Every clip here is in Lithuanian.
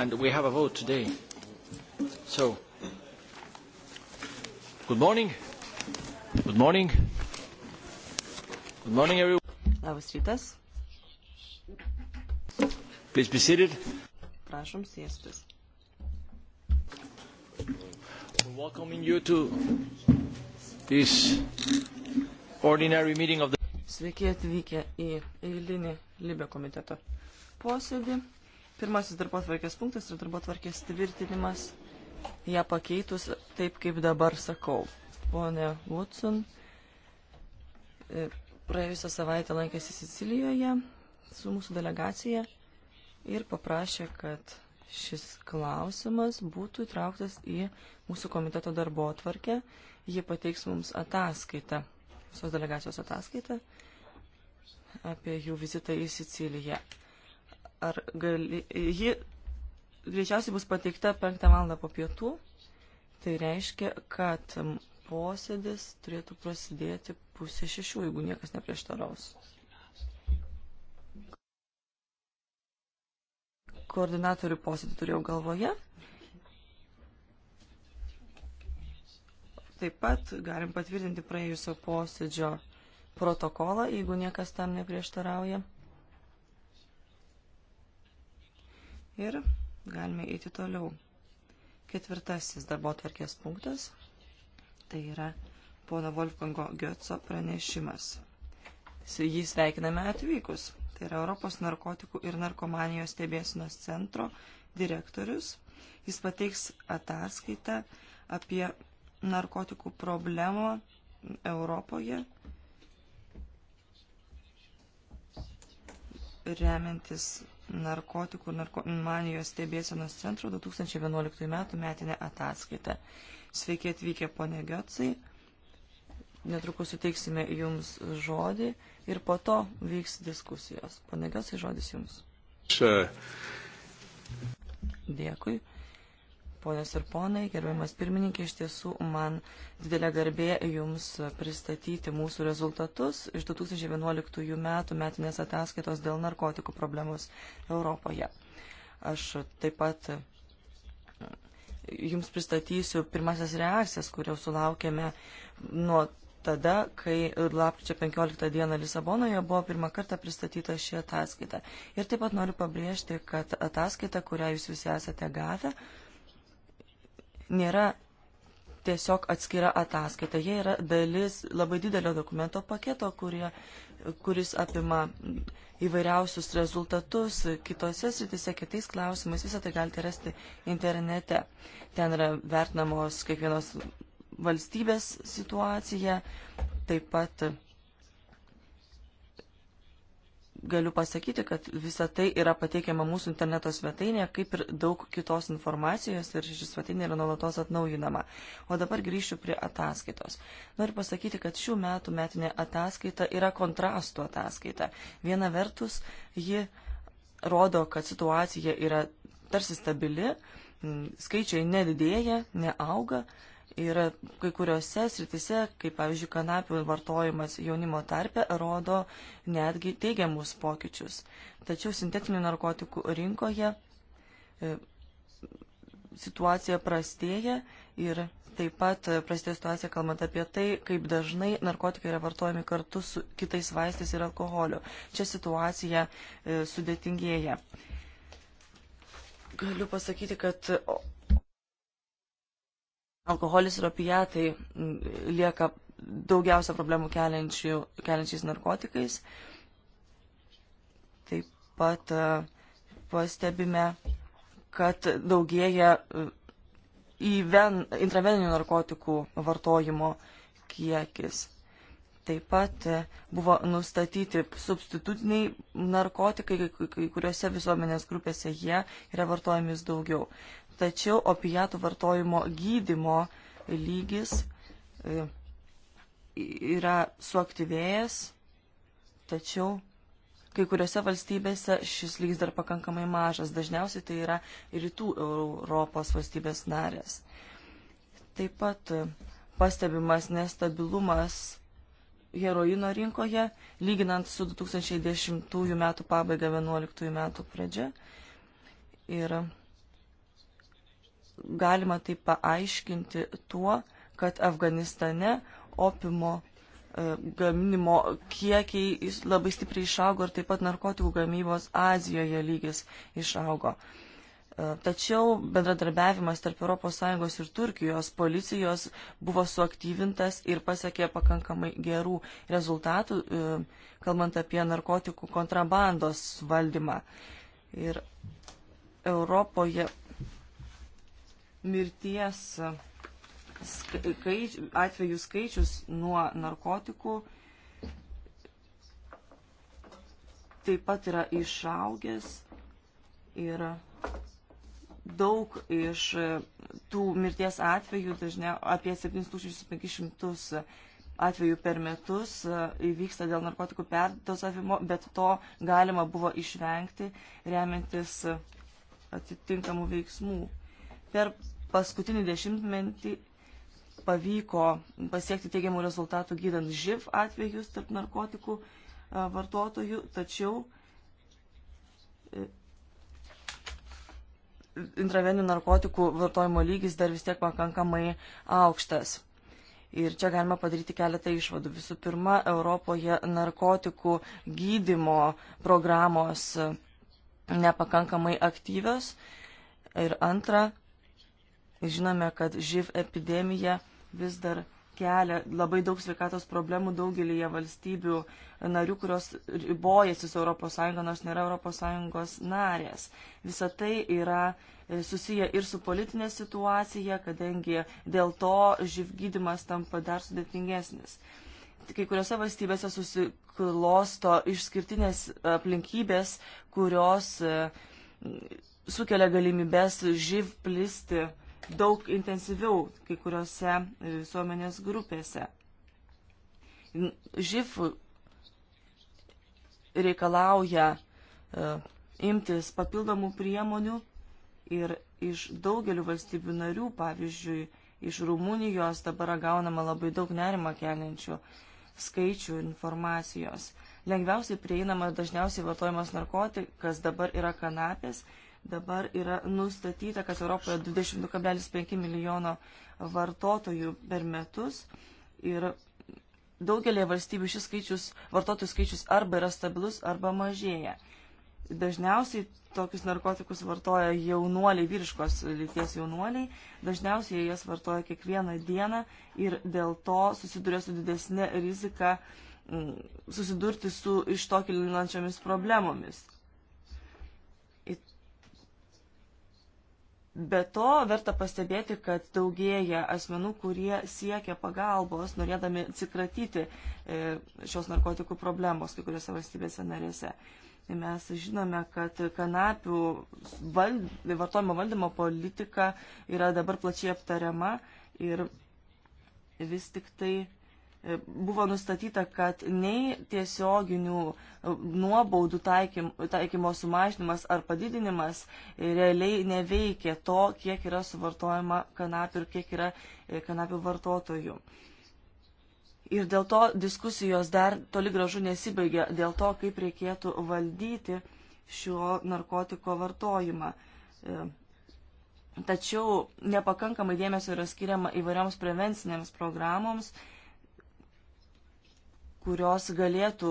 and we have a vote today. So, good morning. Good morning. Good morning, everyone. Labas rytas. Please be seated. Prašom sėstis. We're welcoming you to this ordinary meeting of the Sveiki atvykę į eilinį Libė komiteto posėdį. Pirmasis darbo tvarkės punktas yra darbo tvarkės tvirtinimas, ją pakeitus taip, kaip dabar sakau. Pone Watson e, praėjusią savaitę lankėsi Sicilijoje su mūsų delegacija ir paprašė, kad šis klausimas būtų įtrauktas į mūsų komiteto darbo atvarkę. Ji pateiks mums ataskaitą, visos delegacijos ataskaitą apie jų vizitą į Siciliją ar gali, ji greičiausiai bus pateikta 5 val. po pietų. Tai reiškia, kad posėdis turėtų prasidėti pusė šešių, jeigu niekas neprieštaraus. Koordinatorių posėdį turėjau galvoje. Taip pat galim patvirtinti praėjusio posėdžio protokolą, jeigu niekas tam neprieštarauja. ir galime eiti toliau. Ketvirtasis darbo tvarkės punktas tai yra pono Wolfgango Götso pranešimas. Jį sveikiname atvykus. Tai yra Europos narkotikų ir narkomanijos stebėsinos centro direktorius. Jis pateiks ataskaitą apie narkotikų problemą Europoje, remiantis narkotikų ir narkomanijos stebėsenos centro 2011 metų metinę ataskaitą. Sveiki atvykę, ponė Giocai. Netrukus suteiksime jums žodį ir po to vyks diskusijos. Ponė Giocai, žodis jums. Čia. Dėkui. Ponios ir ponai, gerbiamas pirmininkė, iš tiesų man didelė garbė Jums pristatyti mūsų rezultatus iš 2011 metų metinės ataskaitos dėl narkotikų problemos Europoje. Aš taip pat Jums pristatysiu pirmasias reakcijas, kurio sulaukėme nuo tada, kai lapkričio 15 dieną Lisabonoje buvo pirmą kartą pristatyta ši ataskaita. Ir taip pat noriu pabrėžti, kad ataskaita, kurią jūs visi esate gavę, nėra tiesiog atskira ataskaita. Jie yra dalis labai didelio dokumento paketo, kurie, kuris apima įvairiausius rezultatus kitose sritise, kitais klausimais. Visą tai galite rasti internete. Ten yra vertinamos kiekvienos valstybės situacija, taip pat galiu pasakyti, kad visa tai yra pateikiama mūsų interneto svetainėje, kaip ir daug kitos informacijos ir ši svetainė yra nuolatos atnaujinama. O dabar grįšiu prie ataskaitos. Noriu pasakyti, kad šių metų metinė ataskaita yra kontrastų ataskaita. Viena vertus, ji rodo, kad situacija yra tarsi stabili, skaičiai nedidėja, neauga, yra kai kuriuose sritise, kaip pavyzdžiui, kanapių vartojimas jaunimo tarpe, rodo netgi teigiamus pokyčius. Tačiau sintetinių narkotikų rinkoje e, situacija prastėja ir taip pat prastėja situacija, kalbant apie tai, kaip dažnai narkotikai yra vartojami kartu su kitais vaistais ir alkoholiu. Čia situacija e, sudėtingėja. Galiu pasakyti, kad alkoholis ir opijatai tai, lieka daugiausia problemų keliančiais narkotikais. Taip pat e, pastebime, kad daugėja e, ven, intraveninių narkotikų vartojimo kiekis. Taip pat e, buvo nustatyti substitutiniai narkotikai, kai kuriuose visuomenės grupėse jie yra vartojami daugiau tačiau opijatų vartojimo gydimo lygis e, yra suaktyvėjęs, tačiau kai kuriuose valstybėse šis lygis dar pakankamai mažas. Dažniausiai tai yra rytų Europos valstybės narės. Taip pat e, pastebimas nestabilumas heroino rinkoje, lyginant su 2010 metų pabaiga 2011 metų pradžia. Ir galima tai paaiškinti tuo, kad Afganistane opimo e, gaminimo kiekiai labai stipriai išaugo ir taip pat narkotikų gamybos Azijoje lygis išaugo. E, tačiau bendradarbiavimas tarp ES ir Turkijos policijos buvo suaktyvintas ir pasiekė pakankamai gerų rezultatų, e, kalbant apie narkotikų kontrabandos valdymą. Ir Europoje mirties skaič, atvejų skaičius nuo narkotikų taip pat yra išaugęs ir daug iš tų mirties atvejų, dažniau apie 7500 atvejų per metus įvyksta dėl narkotikų perdozavimo, bet to galima buvo išvengti remiantis atitinkamų veiksmų. Per paskutinį dešimtmetį pavyko pasiekti teigiamų rezultatų gydant živ atvejus tarp narkotikų vartotojų, tačiau e, intraveninių narkotikų vartojimo lygis dar vis tiek pakankamai aukštas. Ir čia galima padaryti keletą išvadų. Visų pirma, Europoje narkotikų gydimo programos e, nepakankamai aktyvios. Ir antra, Žinome, kad živ epidemija vis dar kelia labai daug sveikatos problemų daugelįje valstybių narių, kurios ribojasi su ES, nors nėra ES narės. Visa tai yra e, susiję ir su politinė situacija, kadangi dėl to živ gydimas tampa dar sudėtingesnis. Kai kuriuose valstybėse susiklosto išskirtinės aplinkybės, kurios e, sukelia galimybės živ plisti daug intensyviau kai kuriuose visuomenės grupėse. ŽIF reikalauja e, imtis papildomų priemonių ir iš daugelių valstybių narių, pavyzdžiui, iš Rumunijos dabar gaunama labai daug nerima keliančių skaičių informacijos. Lengviausiai prieinama ir dažniausiai vartojamas narkotikas dabar yra kanapės Dabar yra nustatyta, kad Europoje 22,5 milijono vartotojų per metus ir daugelėje valstybių šis skaičius, vartotojų skaičius arba yra stabilus, arba mažėja. Dažniausiai tokius narkotikus vartoja jaunuoliai, vyriškos lyties jaunuoliai, dažniausiai jie jas vartoja kiekvieną dieną ir dėl to susiduria su didesnė rizika mm, susidurti su iš to kilinančiomis problemomis. Be to, verta pastebėti, kad daugėja asmenų, kurie siekia pagalbos, norėdami atsikratyti e, šios narkotikų problemos kai kuriuose valstybėse narėse. Tai mes žinome, kad kanapių vald... vartojimo valdymo politika yra dabar plačiai aptariama ir vis tik tai buvo nustatyta, kad nei tiesioginių e, nuobaudų taikym, taikymo sumažinimas ar padidinimas e, realiai neveikia to, kiek yra suvartojama kanapių ir kiek yra e, kanapių vartotojų. Ir dėl to diskusijos dar toli gražu nesibaigia dėl to, kaip reikėtų valdyti šio narkotiko vartojimą. Tačiau nepakankamai dėmesio yra skiriama įvairioms prevencinėms programoms kurios galėtų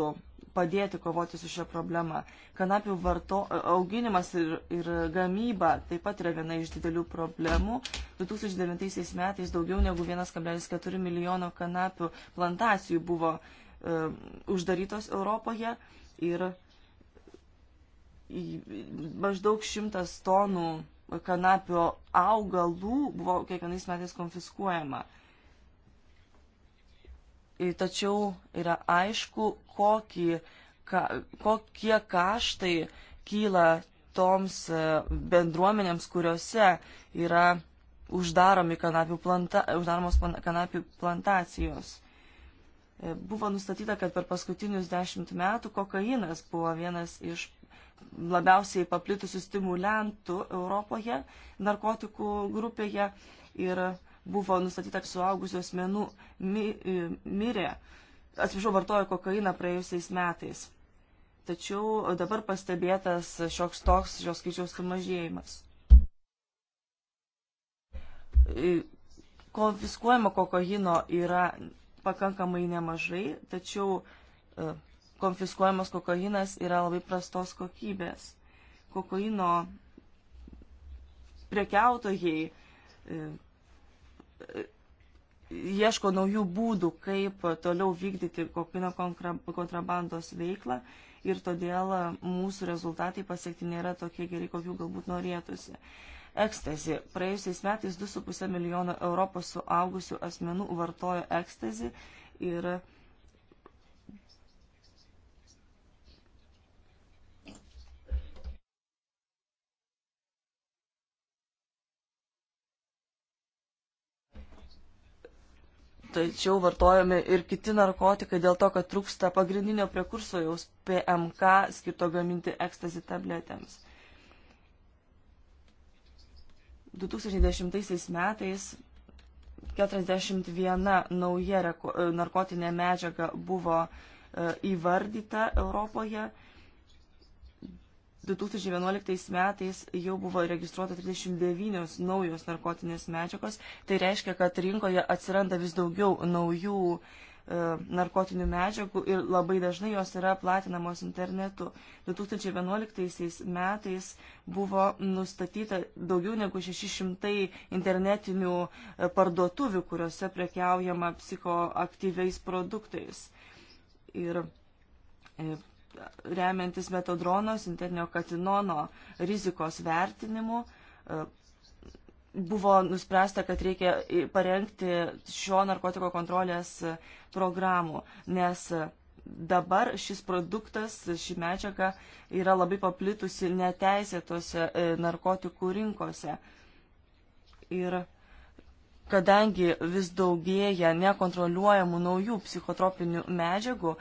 padėti kovoti su šia problema. Kanapių varto, auginimas ir, ir gamyba taip pat yra viena iš didelių problemų. 2009 metais daugiau negu 1,4 milijono kanapių plantacijų buvo uh, uždarytos Europoje ir maždaug šimtas tonų kanapio augalų buvo kiekvienais metais konfiskuojama. Uh, E, tačiau yra aišku, kokį, ka, kokie kaštai kyla toms e, bendruomenėms, kuriuose yra uždaromi kanapių planta, uždaromos kanapių plantacijos. E, buvo nustatyta, kad per paskutinius dešimt metų kokainas buvo vienas iš labiausiai paplitusių stimuliantų Europoje narkotikų grupėje ir buvo nustatyta, kad suaugusių asmenų mi, e, mirė, atsiprašau, vartojo kokainą praėjusiais metais. Tačiau dabar pastebėtas šioks toks šios skaičiaus sumažėjimas. E, konfiskuojama kokaino yra pakankamai nemažai, tačiau e, konfiskuojamas kokainas yra labai prastos kokybės. Kokaino prekiautojai ieško naujų būdų, kaip toliau vykdyti kokino kontrabandos veiklą ir todėl mūsų rezultatai pasiekti nėra tokie geri, kokių galbūt norėtųsi. Ekstasi. Praėjusiais metais 2,5 milijono Europos suaugusių asmenų vartojo ekstasi ir tačiau vartojami ir kiti narkotikai dėl to, kad trūksta pagrindinio prekursoriaus PMK skirto gaminti ekstasi tabletėms. 2010 metais 41 nauja e, narkotinė medžiaga buvo e, įvardyta Europoje 2011 metais jau buvo registruota 39 naujos narkotinės medžiagos. Tai reiškia, kad rinkoje atsiranda vis daugiau naujų e, narkotinių medžiagų ir labai dažnai jos yra platinamos internetu. 2011 metais buvo nustatyta daugiau negu 600 internetinių e, parduotuvių, kuriuose prekiaujama psichoaktyviais produktais. Ir e, remiantis metodrono sintetinio katinono rizikos vertinimu e, buvo nuspręsta, kad reikia parengti šio narkotiko kontrolės e, programų, nes e, dabar šis produktas, ši medžiaga yra labai paplitusi neteisėtose narkotikų rinkose. Ir kadangi vis daugėja nekontroliuojamų naujų psichotropinių medžiagų,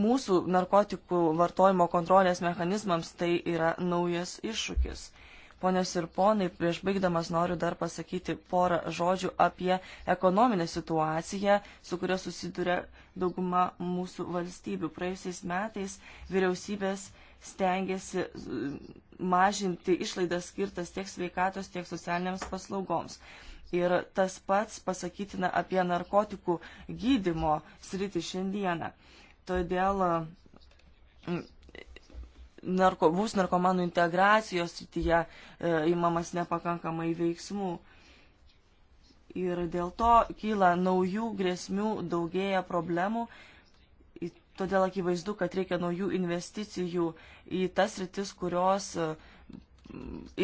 mūsų narkotikų vartojimo kontrolės mechanizmams tai yra naujas iššūkis. Ponios ir ponai, prieš baigdamas noriu dar pasakyti porą žodžių apie ekonominę situaciją, su kuria susiduria dauguma mūsų valstybių. Praėjusiais metais vyriausybės stengiasi e, mažinti išlaidas skirtas tiek sveikatos, tiek socialiniams paslaugoms. Ir tas pats pasakytina apie narkotikų gydimo sritį šiandieną. Todėl mm, narko, bus narkomanų integracijos srityje e, įmamas nepakankamai veiksmų. Ir dėl to kyla naujų grėsmių, daugėja problemų. Todėl akivaizdu, kad reikia naujų investicijų į tas rytis, kurios uh,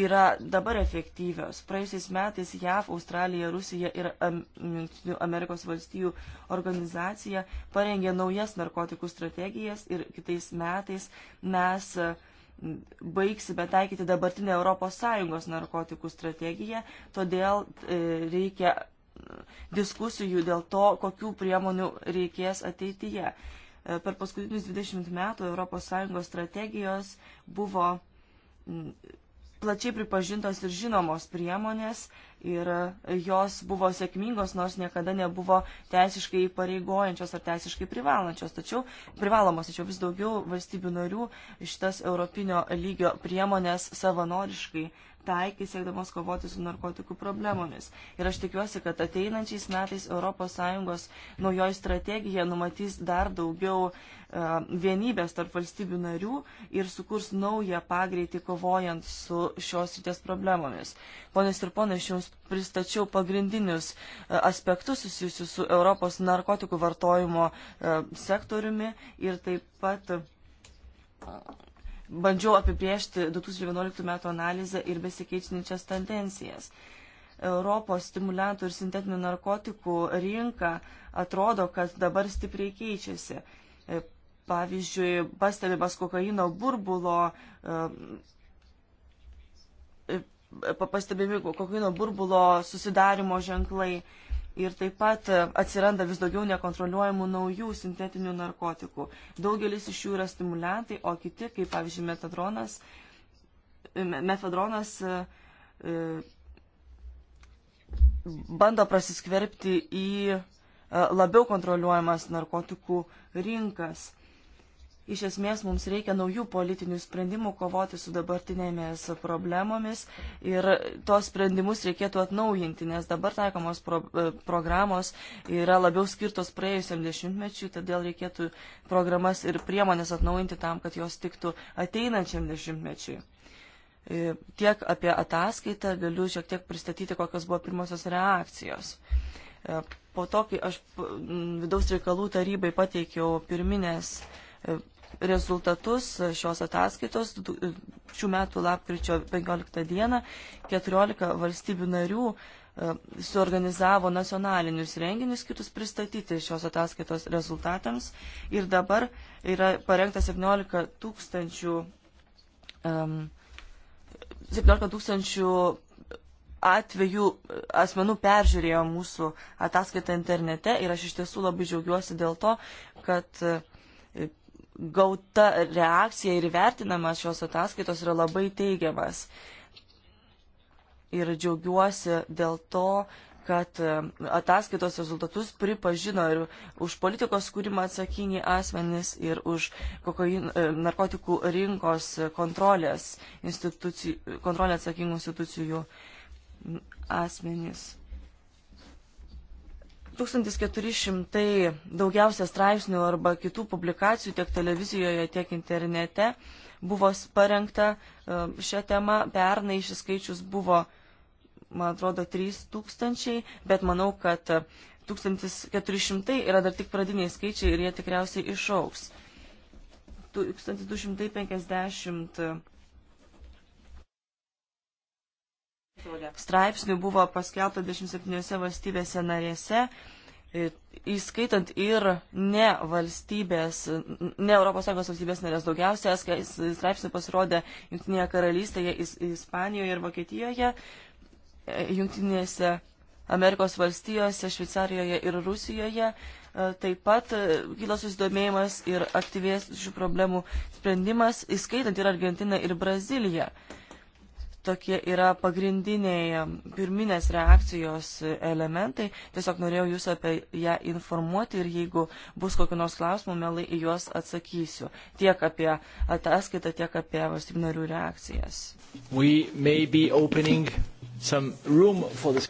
yra dabar efektyvios. Praėjusiais metais JAV, Australija, Rusija ir Amerikos valstijų organizacija parengė naujas narkotikų strategijas ir kitais metais mes baigsime taikyti dabartinę ES narkotikų strategiją, todėl e, reikia diskusijų dėl to, kokių priemonių reikės ateityje. E, per paskutinius 20 metų ES strategijos buvo plačiai pripažintos ir žinomos priemonės ir jos buvo sėkmingos, nors niekada nebuvo teisiškai pareigojančios ar teisiškai privalančios. Tačiau privalomos, tačiau vis daugiau valstybių narių šitas europinio lygio priemonės savanoriškai taikys siekdamos kovoti su narkotikų problemomis. Ir aš tikiuosi, kad ateinančiais metais ES naujoji strategija numatys dar daugiau e, vienybės tarp valstybių narių ir sukurs naują pagreitį kovojant su šios ryties problemomis. Ponės ir ponai, aš jums pristačiau pagrindinius e, aspektus susijusius su Europos narkotikų vartojimo e, sektoriumi ir taip pat bandžiau apibriežti 2011 metų analizę ir besikeičiančias tendencijas. Europos stimulantų ir sintetinių narkotikų rinka atrodo, kad dabar stipriai keičiasi. E, pavyzdžiui, pastebimas kokaino burbulo, e, e, pastebimi kokaino burbulo susidarimo ženklai ir taip pat atsiranda vis daugiau nekontroliuojamų naujų sintetinių narkotikų. Daugelis iš jų yra stimuliantai, o kiti, kaip pavyzdžiui, metadronas, metadronas e, e, bando prasiskverbti į e, labiau kontroliuojamas narkotikų rinkas. Iš esmės mums reikia naujų politinių sprendimų kovoti su dabartinėmis problemomis ir tos sprendimus reikėtų atnaujinti, nes dabar taikomos pro, e, programos yra labiau skirtos praėjusiam dešimtmečiui, todėl reikėtų programas ir priemonės atnaujinti tam, kad jos tiktų ateinančiam dešimtmečiui. E, tiek apie ataskaitą galiu šiek tiek pristatyti, kokios buvo pirmosios reakcijos. E, po to, kai aš vidaus reikalų tarybai pateikiau pirminės rezultatus šios ataskaitos šių metų lapkričio 15 dieną 14 valstybių narių e, suorganizavo nacionalinius renginius skirtus pristatyti šios ataskaitos rezultatams ir dabar yra parengta 17 tūkstančių, um, 17 tūkstančių atvejų asmenų peržiūrėjo mūsų ataskaitą internete ir aš iš tiesų labai džiaugiuosi dėl to, kad uh, gauta reakcija ir vertinamas šios ataskaitos yra labai teigiamas. Ir džiaugiuosi dėl to, kad e, ataskaitos rezultatus pripažino ir už politikos kūrimą atsakingi asmenys, ir už kokain, e, narkotikų rinkos kontrolės, kontrolės atsakingų institucijų asmenys. 1400 daugiausia straipsnių arba kitų publikacijų tiek televizijoje, tiek internete buvo parengta e, šią temą. Pernai šis skaičius buvo, man atrodo, 3000, bet manau, kad 1400 yra dar tik pradiniai skaičiai ir jie tikriausiai išauks. 1250 straipsnių buvo paskelbta 27 valstybėse narėse, įskaitant ir ne valstybės, ne ES valstybės narės daugiausia, straipsnių pasirodė Junktinėje karalystėje, Ispanijoje ir Vokietijoje, e, Junktinėse Amerikos valstijose, Šveicarijoje ir Rusijoje. E, taip pat e, kyla susidomėjimas ir aktyvės šių problemų sprendimas, įskaitant ir Argentiną ir Braziliją. Uh, tokie yra pagrindiniai pirminės reakcijos e, elementai. Tiesiog norėjau jūs apie ją informuoti ir jeigu bus kokiu nors klausimu, melai į juos atsakysiu. Tiek apie ataskaitą, tiek apie valstybinarių reakcijas. This...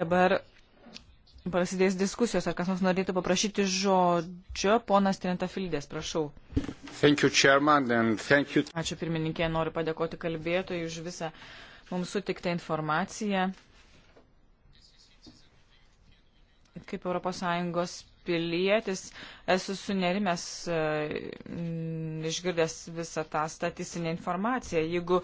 Dabar prasidės diskusijos, ar kas nors norėtų paprašyti žodžio. Ponas Trentafildės, prašau. You, chairman, you... Ačiū pirmininkė, noriu padėkoti kalbėtojai už visą mums sutiktą informaciją, kaip ES pilietis, esu sunerimęs e, išgirdęs visą tą statistinę informaciją. Jeigu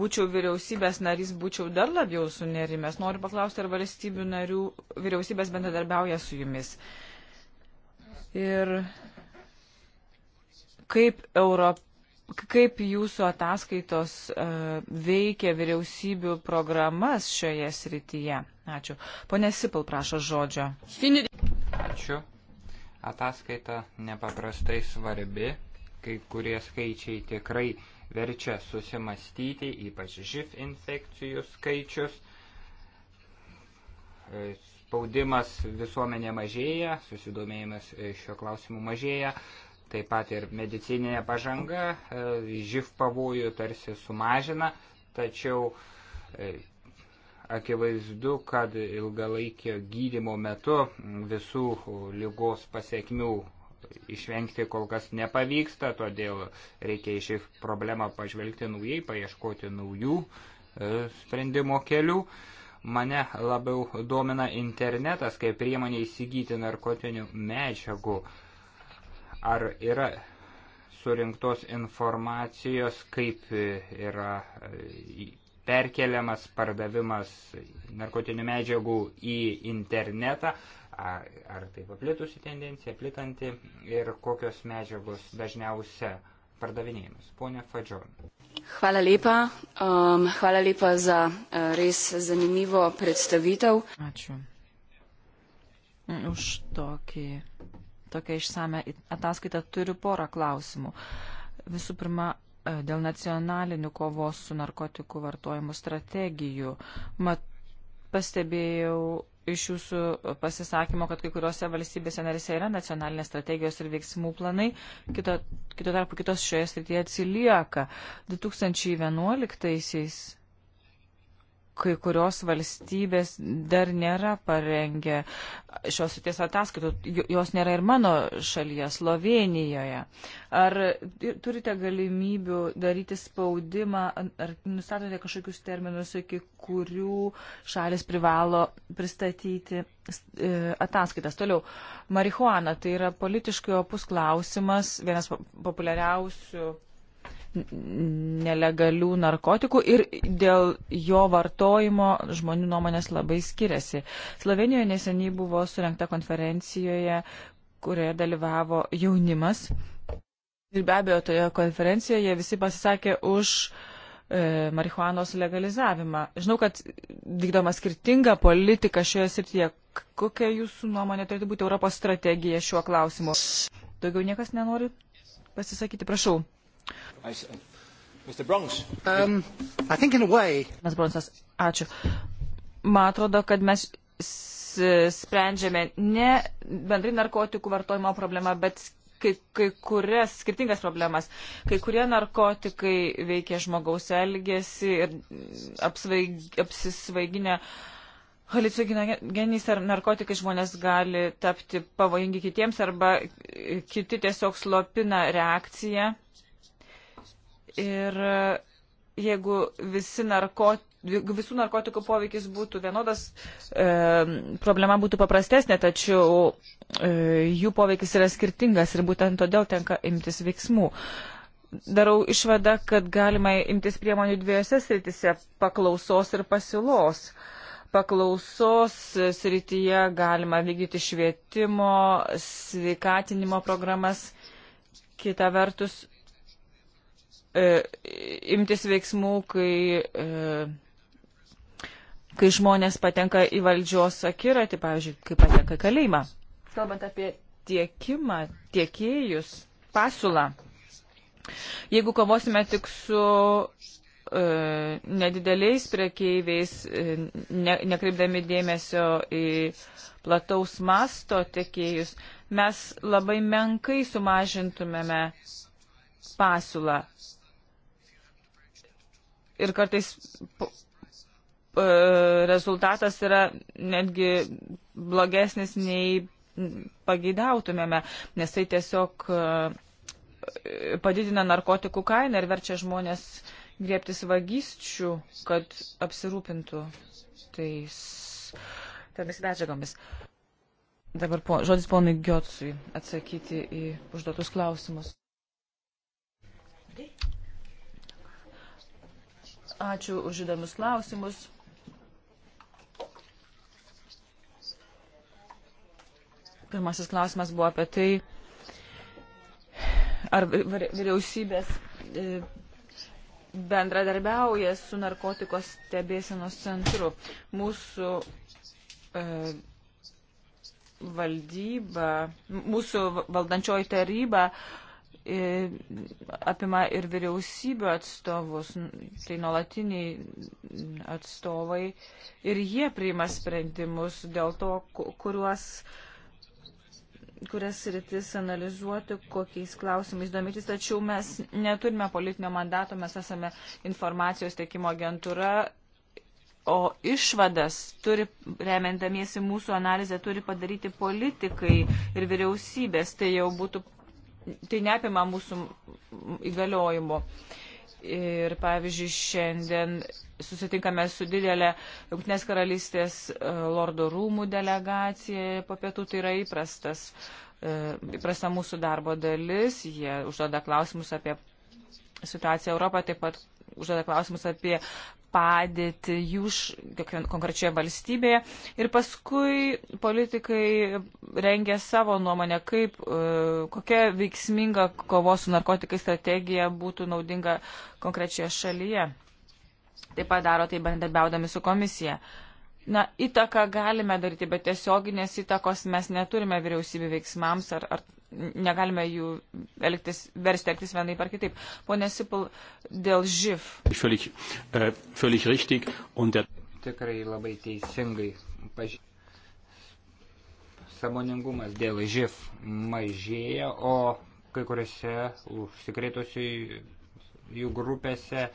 būčiau vyriausybės narys, būčiau dar labiau sunerimęs. Noriu paklausti, ar valstybių narių vyriausybės bendradarbiauja su jumis. Ir kaip Europos kaip jūsų ataskaitos uh, veikia vyriausybių programas šioje srityje? Ačiū. Pone Sipil prašo žodžio. Ačiū. Ataskaita nepaprastai svarbi. Kai kurie skaičiai tikrai verčia susimastyti, ypač živ infekcijų skaičius. E, spaudimas visuomenė mažėja, susidomėjimas e, šio klausimu mažėja. Uh, taip pat ir medicininė pažanga e, živ pavojų tarsi sumažina, tačiau e, akivaizdu, kad ilgalaikio gydimo metu visų lygos pasiekmių išvengti kol kas nepavyksta, todėl reikia į šį problemą pažvelgti naujai, paieškoti naujų e, sprendimo kelių. Mane labiau domina internetas kaip priemonė įsigyti narkotinių medžiagų. Ar yra surinktos informacijos, kaip yra e, perkeliamas pardavimas narkotinių medžiagų į internetą, ar, ar tai paplitusi tendencija, plitanti ir kokios medžiagos dažniausia pardavinėjimas. Pone Fadžion. Hvala lepa. Um, hvala lepa za uh, res zanimivo predstavitev. Ačiū. Mm, už tokį tokią išsame ataskaitą, turiu porą klausimų. Visų pirma, e, dėl nacionalinių kovos su narkotikų vartojimu strategijų. Mat, pastebėjau iš jūsų pasisakymo, kad kai kuriuose valstybėse narise yra nacionalinės strategijos ir veiksmų planai, kito, kito tarpu kitos šioje srityje atsilieka. 2011-aisiais kai kurios valstybės dar nėra parengę šios suties ataskaitų, jos nėra ir mano šalyje, Slovenijoje. Ar turite galimybių daryti spaudimą, ar nustatote kažkokius terminus, iki kurių šalis privalo pristatyti e, ataskaitas. Toliau, marihuana tai yra politiškai opus klausimas, vienas populiariausių nelegalių narkotikų ir dėl jo vartojimo žmonių nuomonės labai skiriasi. Slovenijoje neseniai buvo surinkta konferencijoje, kurioje dalyvavo jaunimas. Ir be abejo, toje konferencijoje visi pasisakė už e, marihuanos legalizavimą. Žinau, kad vykdoma skirtinga politika šioje srityje. Kokia jūsų nuomonė turėtų būti Europos strategija šiuo klausimu? Daugiau niekas nenori pasisakyti, prašau. Mr. Bronx. Um, I think in a way. Mes Bronsas, ačiū. Man atrodo, kad mes sprendžiame ne bendrai narkotikų vartojimo problemą, bet kai, kai kurias skirtingas problemas. Kai kurie narkotikai veikia žmogaus elgesį ir apsvaig, apsisvaiginę. Halicinogenys ar narkotikai žmonės gali tapti pavojingi kitiems arba kiti tiesiog slopina reakciją Ir e, jeigu visi narkotikai visų narkotikų poveikis būtų vienodas, e, problema būtų paprastesnė, tačiau e, jų poveikis yra skirtingas ir būtent todėl tenka imtis veiksmų. Darau išvadą, kad galima imtis priemonių dviejose sritise - paklausos ir pasiūlos. Paklausos srityje galima vykdyti švietimo, sveikatinimo programas. Kita vertus, e, imtis veiksmų, kai, e, kai žmonės patenka į valdžios akiratį, pavyzdžiui, kai patenka į kalėjimą. Kalbant apie tiekimą, tiekėjus, pasiūlą. Jeigu kovosime tik su e, nedideliais prekeiviais, e, ne, nekreipdami dėmesio į plataus masto tiekėjus, mes labai menkai sumažintumėme pasiūlą ir kartais e, rezultatas yra netgi blogesnis nei pageidautumėme, nes tai tiesiog e, padidina narkotikų kainą ir verčia žmonės griebtis vagysčių, kad apsirūpintų tais tomis medžiagomis. Dabar po, žodis ponui Giotsui atsakyti į užduotus klausimus. Ačiū už įdomius klausimus. Pirmasis klausimas buvo apie tai, ar vyriausybės e, bendradarbiauja su narkotikos stebėsenos centru. Mūsų e, valdyba, mūsų valdančioji taryba e, apima ir vyriausybių atstovus, tai nuolatiniai atstovai, ir jie priima sprendimus dėl to, kuriuos kurias rytis analizuoti, kokiais klausimais domytis, tačiau mes neturime politinio mandato, mes esame informacijos tiekimo agentūra, o išvadas turi, remiantamiesi mūsų analizę, turi padaryti politikai ir vyriausybės, tai jau būtų tai neapima mūsų įgaliojimų. Ir pavyzdžiui, šiandien susitinkame su didelė Junktinės karalystės e, Lordo rūmų delegacija, po pietų tai yra įprastas, e, įprasta mūsų darbo dalis, jie užduoda klausimus apie situaciją Europoje, taip pat užduoda klausimus apie padėtį jų konkrečioje valstybėje ir paskui politikai rengia savo nuomonę, kaip, e, kokia veiksminga kovos su narkotikai strategija būtų naudinga konkrečioje šalyje. Taip pat daro tai bendarbiaudami su komisija. Uh, na, įtaką galime daryti, bet tiesioginės įtakos mes neturime vyriausybių veiksmams ar, ar negalime jų elgtis, versti elgtis vienai par kitaip. Pone Sipil, dėl živ. Vėlik, äh, vėlik richtig, der... Tikrai labai teisingai. Paž... Samoningumas dėl živ mažėja, o kai kuriuose užsikrėtusių jų grupėse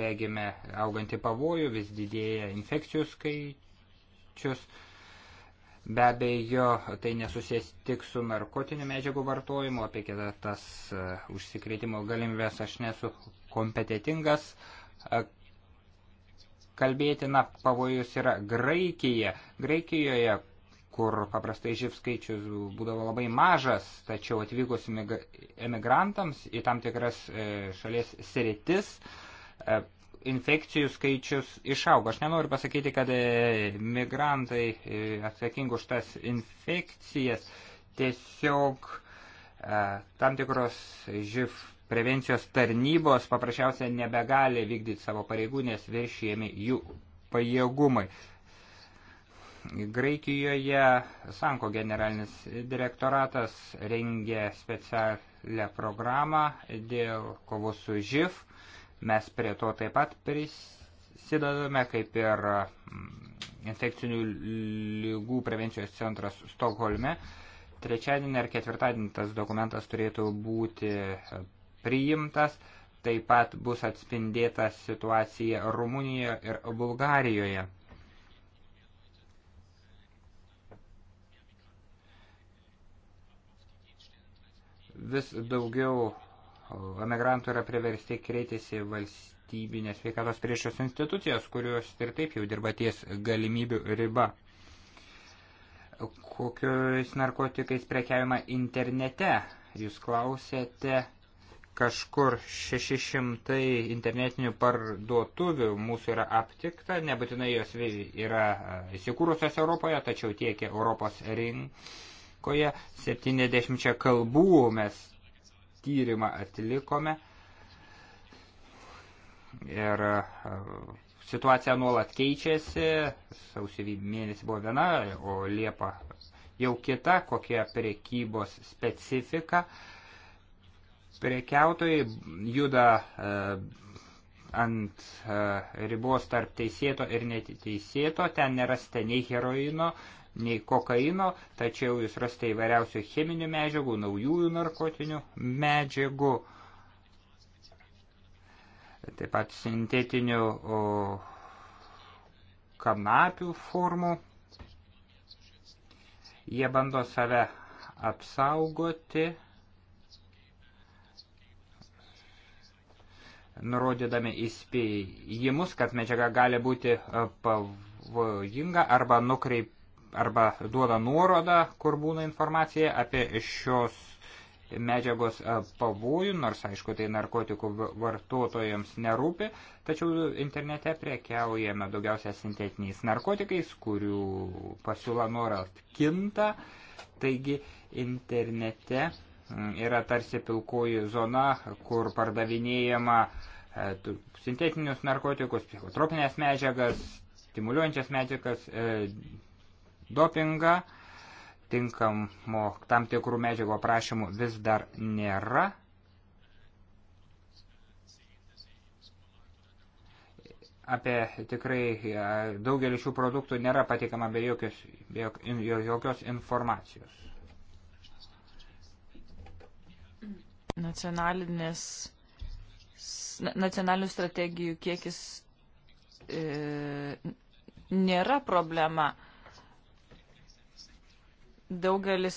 regime augantį pavojų, vis didėja infekcijų skaičius pačius. Be abejo, tai nesusės tik su narkotinių medžiagų vartojimu, apie kitą tas e, užsikrėtimo galimybės aš nesu kompetitingas e, kalbėti, na, pavojus yra Graikija. Graikijoje, kur paprastai živ skaičius būdavo labai mažas, tačiau atvykus emigrantams į tam tikras e, šalies sritis, infekcijų skaičius išaugo. Aš nenoriu pasakyti, kad e, migrantai e, atsakingi už tas infekcijas tiesiog e, tam tikros živ prevencijos tarnybos paprasčiausiai nebegali vykdyti savo pareigų, nes viršijami jų pajėgumai. Graikijoje Sanko generalinis direktoratas rengė specialią programą dėl kovos su živ Mes prie to taip pat prisidedame, kaip ir mm, infekcinių lygų prevencijos centras Stokholme. Trečiadienį ar ketvirtadienį tas dokumentas turėtų būti priimtas. Taip pat bus atspindėta situacija Rumunijoje ir Bulgarijoje. Vis daugiau emigrantų yra priversti kreitis į valstybinės sveikatos priešos institucijas, kurios ir taip jau dirba ties galimybių riba. Kokiais narkotikais prekiavima internete? Jūs klausėte kažkur 600 internetinių parduotuvių mūsų yra aptikta, nebūtinai jos yra įsikūrusios Europoje, tačiau tiekia Europos rinkoje. 70 kalbų mes tyrimą atlikome ir e, situacija nuolat keičiasi, sausio mėnesį buvo viena, o Liepa jau kita, kokia prekybos specifika. Prekiautojai juda e, ant e, ribos tarp teisėto ir neteisėto, ten nerasite nei heroino, nei kokaino, tačiau jūs rasite įvairiausių cheminių medžiagų, naujųjų narkotinių medžiagų, taip pat sintetinių o, kanapių formų. Jie bando save apsaugoti, nurodydami įspėjimus, kad medžiaga gali būti pavojinga arba nukreipta arba duoda nuorodą, kur būna informacija apie šios medžiagos e, pavojų, nors aišku tai narkotikų vartotojams nerūpi, tačiau internete prekiaujame daugiausia sintetiniais narkotikais, kurių pasiūla nuorat kinta, taigi internete yra tarsi pilkoji zona, kur pardavinėjama e, sintetinius narkotikus, psichotropinės medžiagas, stimuliuojančias medžiagas, e, dopingą, tinkamo tam tikrų medžiagų aprašymų vis dar nėra. Apie tikrai e, daugelį šių produktų nėra patikama be jokios, be jokios informacijos. Nacionalinės, nacionalinių strategijų kiekis e, nėra problema. E, Daugelis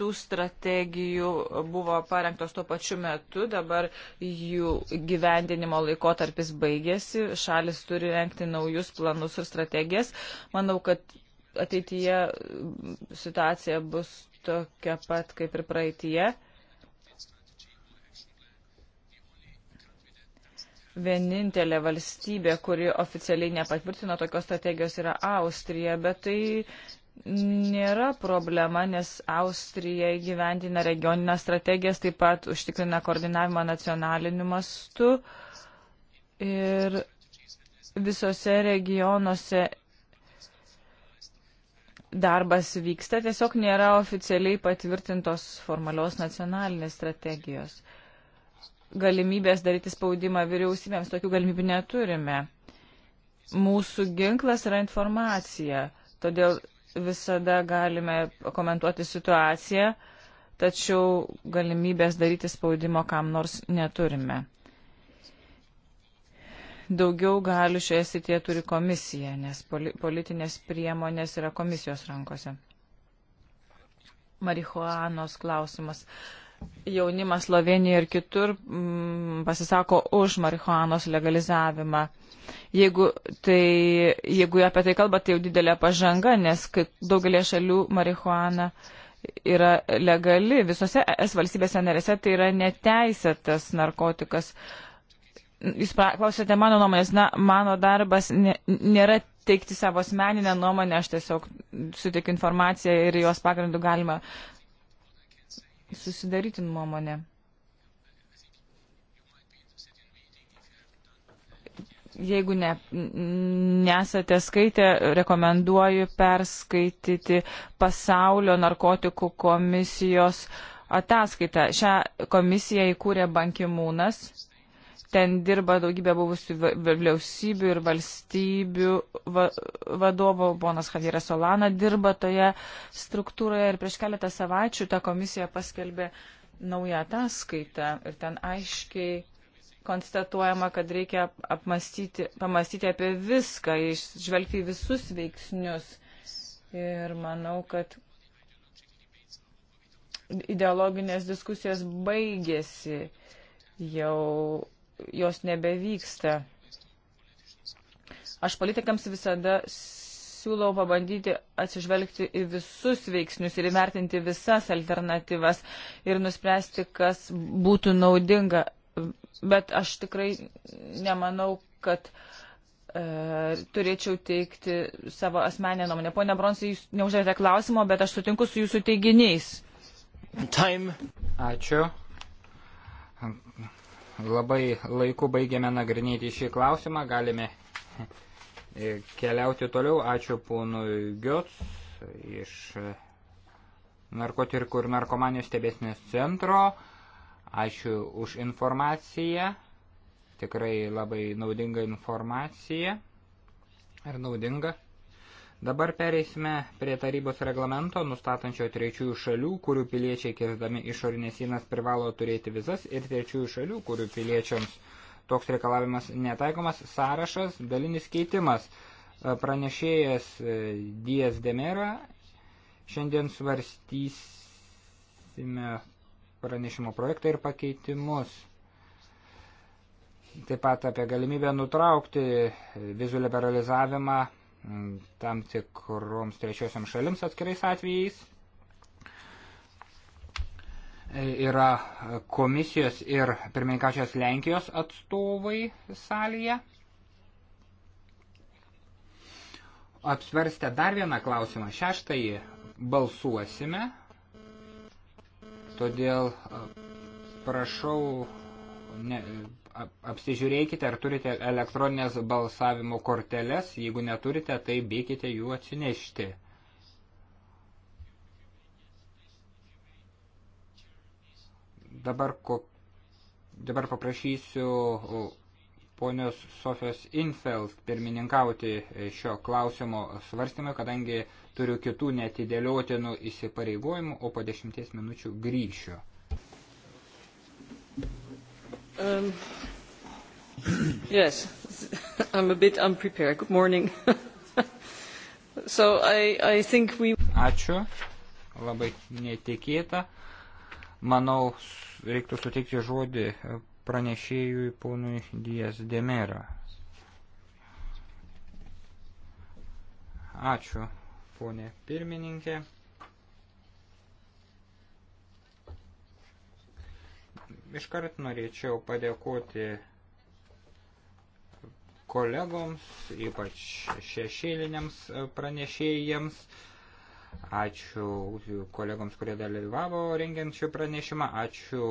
tų strategijų buvo parengtos tuo pačiu metu, dabar jų gyvendinimo laikotarpis baigėsi, šalis turi renkti naujus planus ir strategijas. Manau, kad ateityje situacija bus tokia pat kaip ir praeitie. Vienintelė valstybė, kuri oficialiai nepatvirtino tokios strategijos, yra Austrija, bet tai nėra problema, nes Austrija įgyvendina regioninės strategijas, taip pat užtikrina koordinavimą nacionaliniu mastu ir visose regionuose darbas vyksta, tiesiog nėra oficialiai patvirtintos formalios nacionalinės strategijos. Galimybės daryti spaudimą vyriausybėms tokių galimybių neturime. Mūsų ginklas yra informacija, todėl visada galime komentuoti situaciją, tačiau galimybės daryti spaudimo kam nors neturime. Daugiau galių šioje srityje turi komisija, nes politinės priemonės yra komisijos rankose. Marihuanos klausimas jaunimas Slovenijoje ir kitur mm, pasisako už marihuanos legalizavimą. Jeigu, tai, jeigu apie tai kalba, tai jau didelė pažanga, nes daugelie šalių marihuana yra legali. Visose es valstybėse narėse tai yra neteisėtas narkotikas. Jūs klausėte mano nuomonės, na, mano darbas ne, nėra teikti savo asmeninę nuomonę, aš tiesiog suteikiu informaciją ir jos pagrindų galima susidaryti nuomonę. Jeigu ne, nesate skaitę, rekomenduoju perskaityti pasaulio narkotikų komisijos ataskaitą. Šią komisiją įkūrė Bankimūnas. Ten dirba daugybė buvusių vyriausybių ir valstybių va, vadovų. Ponas Javieras Solana dirba toje struktūroje ir prieš keletą savaičių ta komisija paskelbė naują ataskaitą ir ten aiškiai konstatuojama, kad reikia apmastyti, pamastyti apie viską, išžvelgti visus veiksnius. Ir manau, kad ideologinės diskusijos baigėsi, jau jos nebevyksta. Aš politikams visada siūlau pabandyti atsižvelgti į visus veiksnius ir įvertinti visas alternatyvas ir nuspręsti, kas būtų naudinga bet aš tikrai nemanau, kad e, turėčiau teikti savo asmenę nuomonę. Pone Bronsai, jūs neuždavėte klausimo, bet aš sutinku su jūsų teiginiais. Time. Ačiū. Labai laiku baigėme nagrinėti šį klausimą, galime e, keliauti toliau. Ačiū ponui Giots iš e, narkotirkų ir narkomanijos stebėsnės centro. Ačiū už informaciją, tikrai labai naudinga informacija ir naudinga. Dabar pereisime prie tarybos reglamento, nustatančio trečiųjų šalių, kurių piliečiai kirsdami išorinės sienas privalo turėti vizas ir trečiųjų šalių, kurių piliečiams toks reikalavimas netaikomas, sąrašas, dalinis keitimas. Pranešėjas e, Dijas Demera šiandien svarstysime pranešimo projektą ir pakeitimus. Taip pat apie galimybę nutraukti vizų liberalizavimą tam tikroms trečiosiam šalims atskirais atvejais. E, yra komisijos ir pirmininkačios Lenkijos atstovai salėje. Apsvarstę dar vieną klausimą, šeštąjį balsuosime Todėl prašau, ne, apsižiūrėkite, ar turite elektroninės balsavimo korteles. Jeigu neturite, tai bėkite jų atsinešti. Dabar, ko, dabar paprašysiu ponios Sofijos Infeld pirmininkauti šio klausimo svarstymą, kadangi turiu kitų netidėliotinų įsipareigojimų, o po dešimties minučių grįšiu. Um, yes, I'm a bit unprepared. Good morning. so I, I think we... Ačiū, labai netikėta. Manau, reiktų suteikti žodį pranešėjui ponui Dijas Demera. Ačiū, ponė pirmininkė. Iškart norėčiau padėkoti kolegoms, ypač šešėliniams pranešėjams. Ačiū kolegoms, kurie dalyvavo rengiant šį pranešimą. Ačiū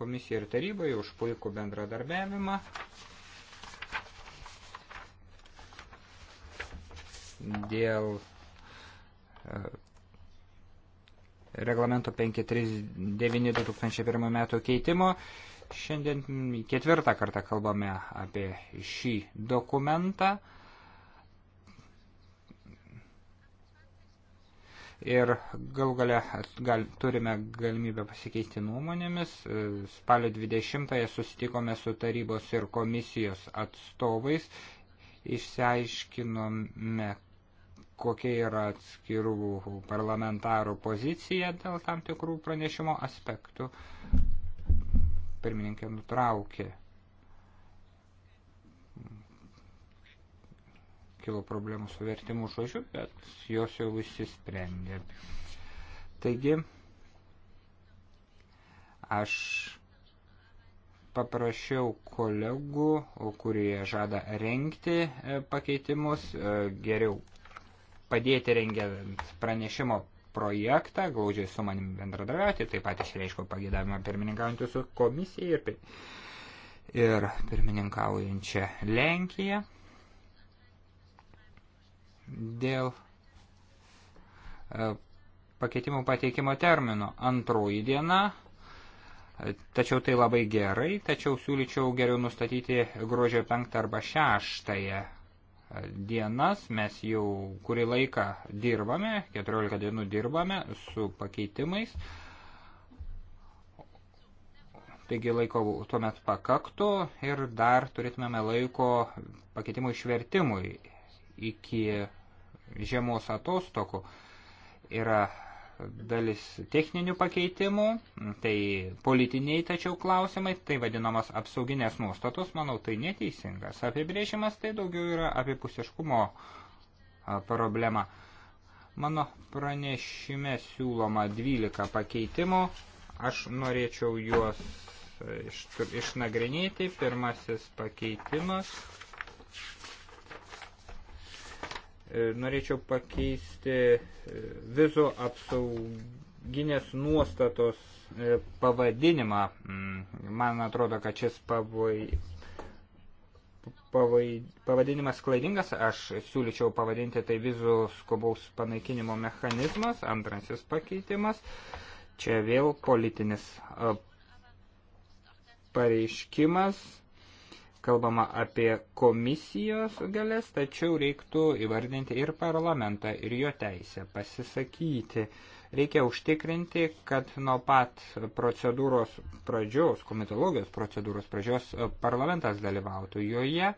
komisijai ir tarybai už puikų bendradarbiavimą. Dėl e, reglamento 539-2001 metų keitimo. Šiandien ketvirtą kartą kalbame apie šį dokumentą. ir gal gale gal, turime galimybę pasikeisti nuomonėmis. Spalio 20-ąją susitikome su tarybos ir komisijos atstovais, išsiaiškinome, kokia yra atskirų parlamentarų pozicija dėl tam tikrų pranešimo aspektų. Pirmininkė nutraukė. kilo problemų su vertimu žodžiu, bet jos jau išsisprendė. Taigi, aš paprašiau kolegų, kurie žada renkti e, pakeitimus, e, geriau padėti rengiant pranešimo projektą, glaudžiai su manim bendradarbiauti, taip pat išreiškiau pagėdavimą pirmininkaujantį su komisija ir, ir pirmininkaujančią Lenkiją. Dėl e, pakeitimų pateikimo termino antroji diena, e, tačiau tai labai gerai, tačiau siūlyčiau geriau nustatyti gruodžio 5 arba 6 e, dienas, mes jau kurį laiką dirbame, 14 dienų dirbame su pakeitimais, taigi laiko tuomet pakaktų ir dar turėtumėme laiko pakeitimų išvertimui iki žiemos atostokų. Yra dalis techninių pakeitimų, tai politiniai tačiau klausimai, tai vadinamas apsauginės nuostatos, manau, tai neteisingas. Apibrėžimas tai daugiau yra apipusiškumo problema. Mano pranešime siūloma 12 pakeitimų, aš norėčiau juos išnagrinėti. Pirmasis pakeitimas E, norėčiau pakeisti e, vizų apsauginės nuostatos e, pavadinimą. Mm, man atrodo, kad šis pavoj... Pavoj... pavadinimas klaidingas. Aš siūlyčiau pavadinti tai vizų skubaus panaikinimo mechanizmas, antrasis pakeitimas. Čia vėl politinis pareiškimas kalbama apie komisijos galės, tačiau reiktų įvardinti ir parlamentą, ir jo teisę pasisakyti. Reikia užtikrinti, kad nuo pat procedūros pradžios, komitologijos procedūros pradžios, parlamentas dalyvautų joje.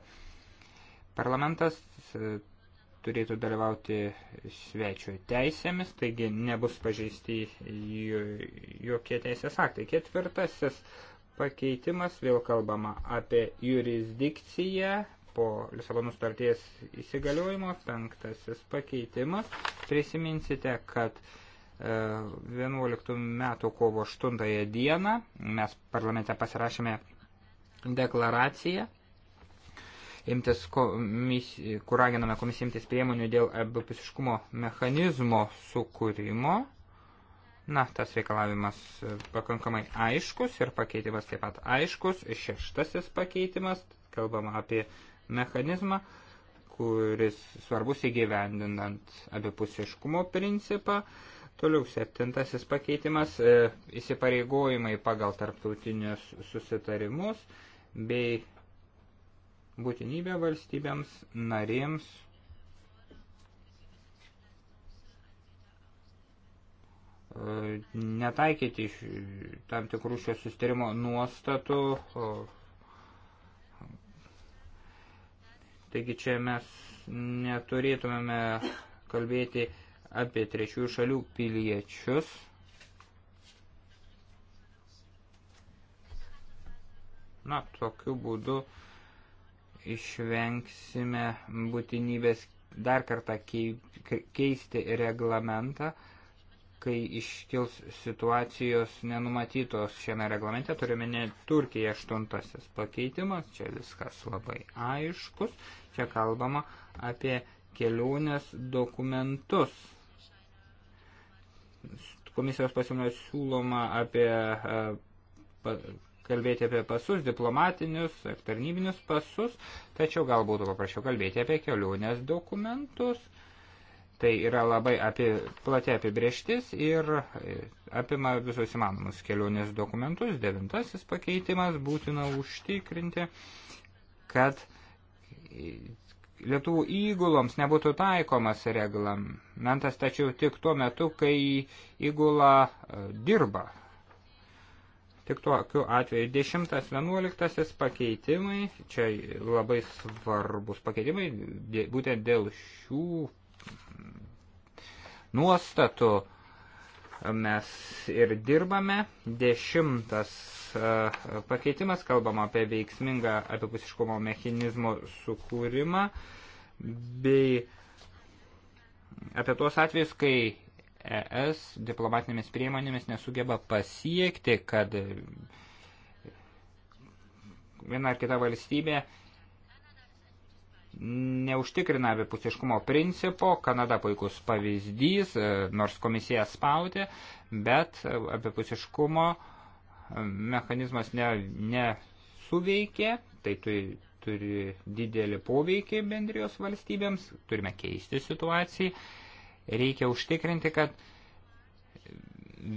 Parlamentas e, turėtų dalyvauti svečio teisėmis, taigi nebus pažeisti jokie teisės aktai. Ketvirtasis pakeitimas, vėl kalbama apie jurisdikciją po Lisabonų starties įsigaliojimo, penktasis pakeitimas. Prisiminsite, kad 11 e, metų kovo 8 dieną mes parlamente pasirašėme deklaraciją, imtis komisijų, kur raginame komisiją imtis priemonių dėl abipusiškumo mechanizmo sukūrimo Na, tas reikalavimas e, pakankamai aiškus ir pakeitimas taip pat aiškus. Šeštasis pakeitimas, kalbama apie mechanizmą, kuris svarbus įgyvendinant abipusiškumo principą. Toliau septintasis pakeitimas e, - įsipareigojimai pagal tarptautinius susitarimus bei būtinybė valstybėms narėms netaikyti tam tikrų šio sustarimo nuostatų. Taigi čia mes neturėtumėme kalbėti apie trečiųjų šalių piliečius. Na, tokiu būdu išvengsime būtinybės dar kartą keisti reglamentą kai iškils situacijos nenumatytos šiame reglamente, turime ne Turkija aštuntasis pakeitimas, čia viskas labai aiškus, čia kalbama apie kelionės dokumentus. Komisijos pasiūlymas siūloma apie, e, kalbėti apie pasus, diplomatinius ar tarnybinius pasus, tačiau gal būtų paprašiau kalbėti apie kelionės dokumentus Tai yra labai apie, platė apibrieštis ir apima visus įmanomus kelionės dokumentus. Devintasis pakeitimas būtina užtikrinti, kad Lietuvų įguloms nebūtų taikomas reglamentas, tačiau tik tuo metu, kai įgula e, dirba. Tik tokiu atveju 10-11 pakeitimai, čia labai svarbus pakeitimai, būtent dėl šių nuostatų mes ir dirbame. Dešimtas e, pakeitimas, kalbam apie veiksmingą apipusiškumo mechanizmo sukūrimą bei apie tuos atvejus, kai ES diplomatinėmis priemonėmis nesugeba pasiekti, kad viena ar kita valstybė neužtikrina abipusiškumo principo, Kanada puikus pavyzdys, e, nors komisija spaudė, bet e, abipusiškumo e, mechanizmas nesuveikė, ne, ne tai turi, turi didelį poveikį bendrijos valstybėms, turime keisti situaciją, reikia užtikrinti, kad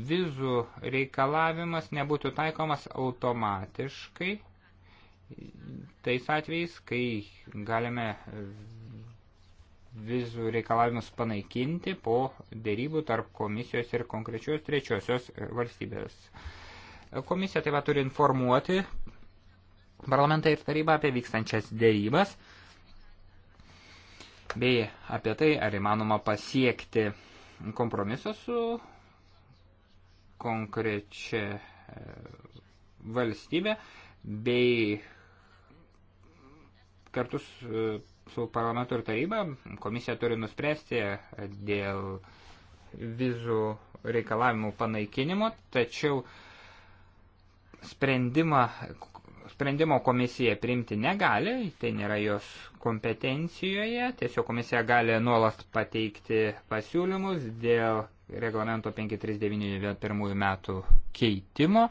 vizų reikalavimas nebūtų taikomas automatiškai tais atvejais, kai galime vizų reikalavimus panaikinti po dėrybų tarp komisijos ir konkrečios trečiosios valstybės. Komisija taip pat turi informuoti parlamentą ir tarybą apie vykstančias dėrybas bei apie tai, ar įmanoma pasiekti kompromisą su konkrečia e, valstybė bei kartu e, su parlamentu ir taryba komisija turi nuspręsti dėl vizų reikalavimų panaikinimo, tačiau sprendimą, sprendimo komisija priimti negali, tai nėra jos kompetencijoje, tiesiog komisija gali nuolat pateikti pasiūlymus dėl reglamento 5391 metų keitimo,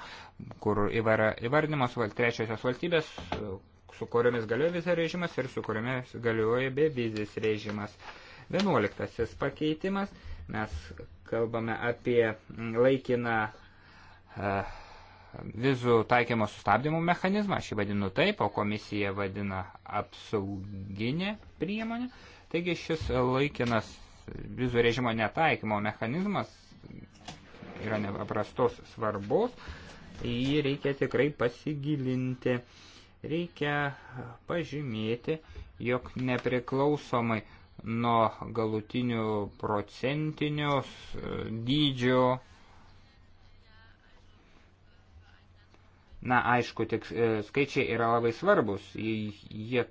kur įvardimas trečiosios valstybės, su kuriomis galioja vizų režimas ir su kuriomis galioja bevizis režimas. Vienuoliktasis pakeitimas. Mes kalbame apie laikiną uh, vizų taikymo sustabdymo mechanizmą. Aš jį vadinu taip, o komisija vadina apsauginė priemonė. Taigi šis laikinas vizų režimo netaikymo mechanizmas yra nepaprastos svarbos. Į jį reikia tikrai pasigilinti. Uh, Reikia pažymėti, jog nepriklausomai nuo galutinių procentinių e, dydžių Na, aišku, tik e, skaičiai yra labai svarbus, jie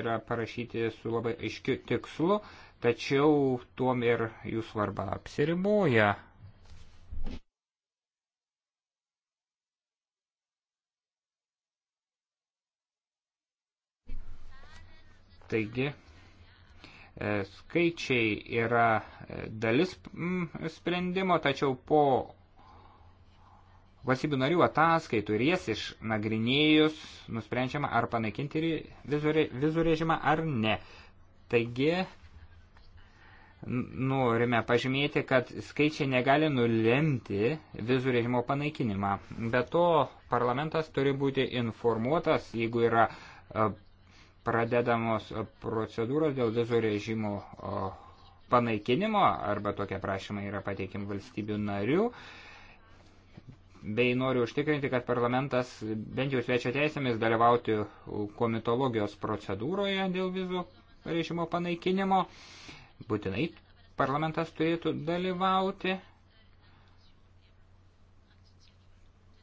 yra parašyti su labai aiškiu tikslu, tačiau tuom ir jų svarba apsiriboja. Taigi, e, skaičiai yra e, dalis sprendimo, tačiau po valstybių narių ataskaitų ir jas išnagrinėjus nusprendžiama ar panaikinti vizų režimą ar ne. Taigi, norime pažymėti, kad skaičiai negali nulemti vizų režimo panaikinimą. Be to, parlamentas turi būti informuotas, jeigu yra e, pradedamos procedūros dėl vizų režimų panaikinimo arba tokie prašymai yra pateikim valstybių narių. Bei noriu užtikrinti, kad parlamentas bent jau svečia teisėmis dalyvauti komitologijos procedūroje dėl vizų režimo panaikinimo. Būtinai parlamentas turėtų dalyvauti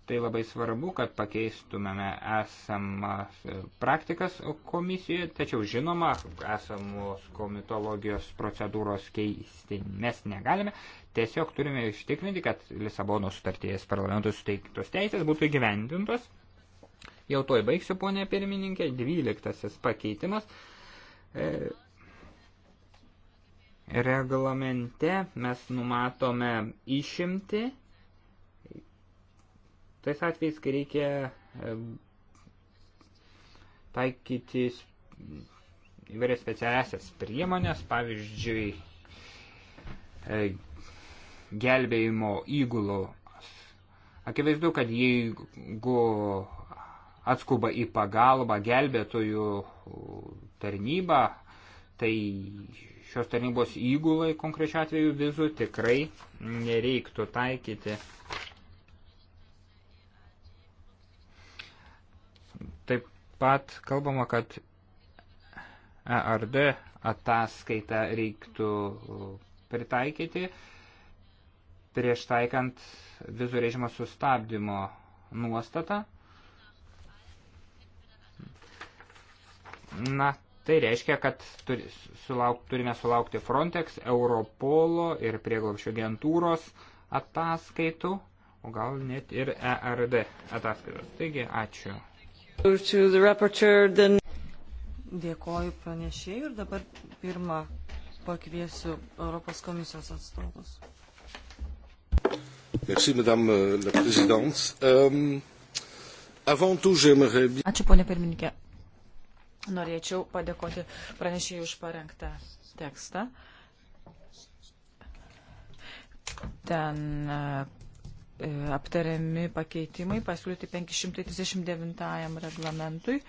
Tai labai svarbu, kad pakeistumėme esamas praktikas komisijoje, tačiau žinoma, esamos komitologijos procedūros keisti mes negalime. Tiesiog turime ištikrinti, kad Lisabono sutarties parlamentui suteiktos teisės būtų įgyvendintos. Jau toj baigsiu, ponė pirmininkė, dvyliktasis pakeitimas. E, reglamente mes numatome išimti Tais atvejais, kai reikia taikyti įvairias specialiasias priemonės, pavyzdžiui, e, gelbėjimo įgulų. Akivaizdu, kad jeigu atskuba į pagalbą gelbėtojų tarnybą, tai šios tarnybos įgulai konkrečiu atveju vizų tikrai nereiktų taikyti. Taip pat kalbama, kad ERD ataskaitą reiktų pritaikyti prieš taikant vizų režimo sustabdymo nuostatą. Na, tai reiškia, kad turi, sulauk, turime sulaukti Frontex, Europolo ir prieglapšio agentūros ataskaitų, o gal net ir ERD ataskaitos. Taigi, ačiū Dėkoju pranešėjui ir dabar pirmą pakviesiu Europos komisijos atstovus. Merci, madame euh, la présidente. Um, avant tout, j'aimerais... Ačiū, ponė pirmininkė. Norėčiau padėkoti pranešėjui už parengtą tekstą. Ten E, aptariami pakeitimai pasiūlyti 539 reglamentui.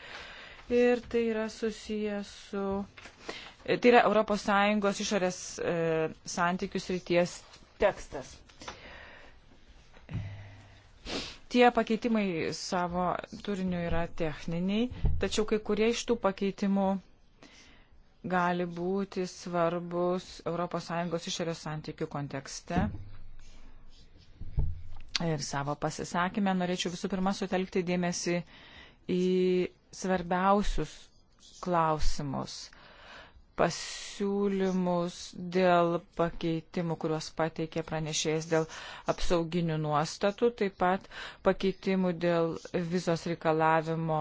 Ir tai yra susiję su. E, tai yra ES išorės e, santykių srities tekstas. Tie pakeitimai savo turiniu yra techniniai, tačiau kai kurie iš tų pakeitimų gali būti svarbus ES išorės santykių kontekste. Mm ir savo pasisakymę norėčiau visų pirma sutelkti dėmesį į svarbiausius klausimus, pasiūlymus dėl pakeitimų, kuriuos pateikė pranešėjas dėl apsauginių nuostatų, taip pat pakeitimų dėl vizos reikalavimo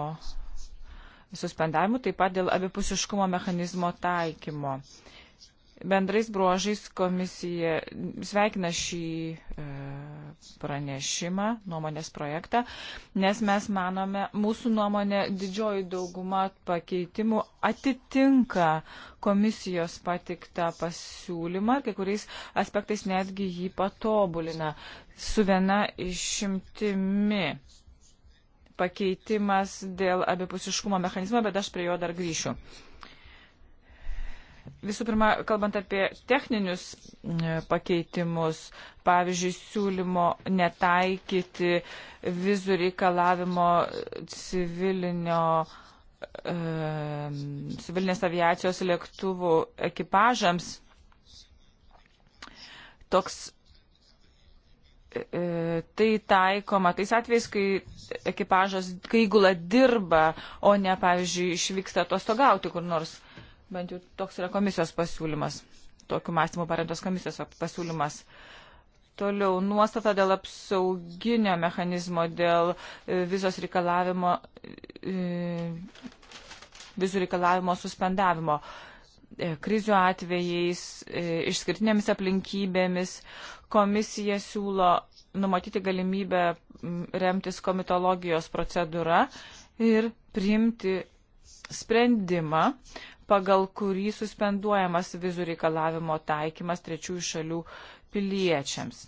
suspendavimų, taip pat dėl abipusiškumo mechanizmo taikymo. Bendrais bruožais komisija sveikina šį e, pranešimą, nuomonės projektą, nes mes manome, mūsų nuomonė didžioji dauguma pakeitimų atitinka komisijos patiktą pasiūlymą, kai kuriais aspektais netgi jį patobulina su viena išimtimi pakeitimas dėl abipusiškumo mechanizmo, bet aš prie jo dar grįšiu. E, Visų pirma, kalbant apie techninius e, pakeitimus, pavyzdžiui, siūlymo netaikyti vizų reikalavimo civilinio e, civilinės aviacijos lėktuvų ekipažams. Toks e, tai taikoma tais atvejais, kai ekipažas, kai įgula dirba, o ne, pavyzdžiui, išvyksta atostogauti kur nors. Bent jau toks yra komisijos pasiūlymas. Tokiu mąstymu paremtas komisijos pasiūlymas. Toliau nuostata dėl apsauginio mechanizmo, dėl e, vizos reikalavimo, e, vizų reikalavimo suspendavimo. E, krizių atvejais, išskirtinėmis aplinkybėmis komisija siūlo numatyti galimybę remtis komitologijos procedūra ir priimti sprendimą, pagal kurį suspenduojamas vizų reikalavimo taikymas trečiųjų šalių piliečiams.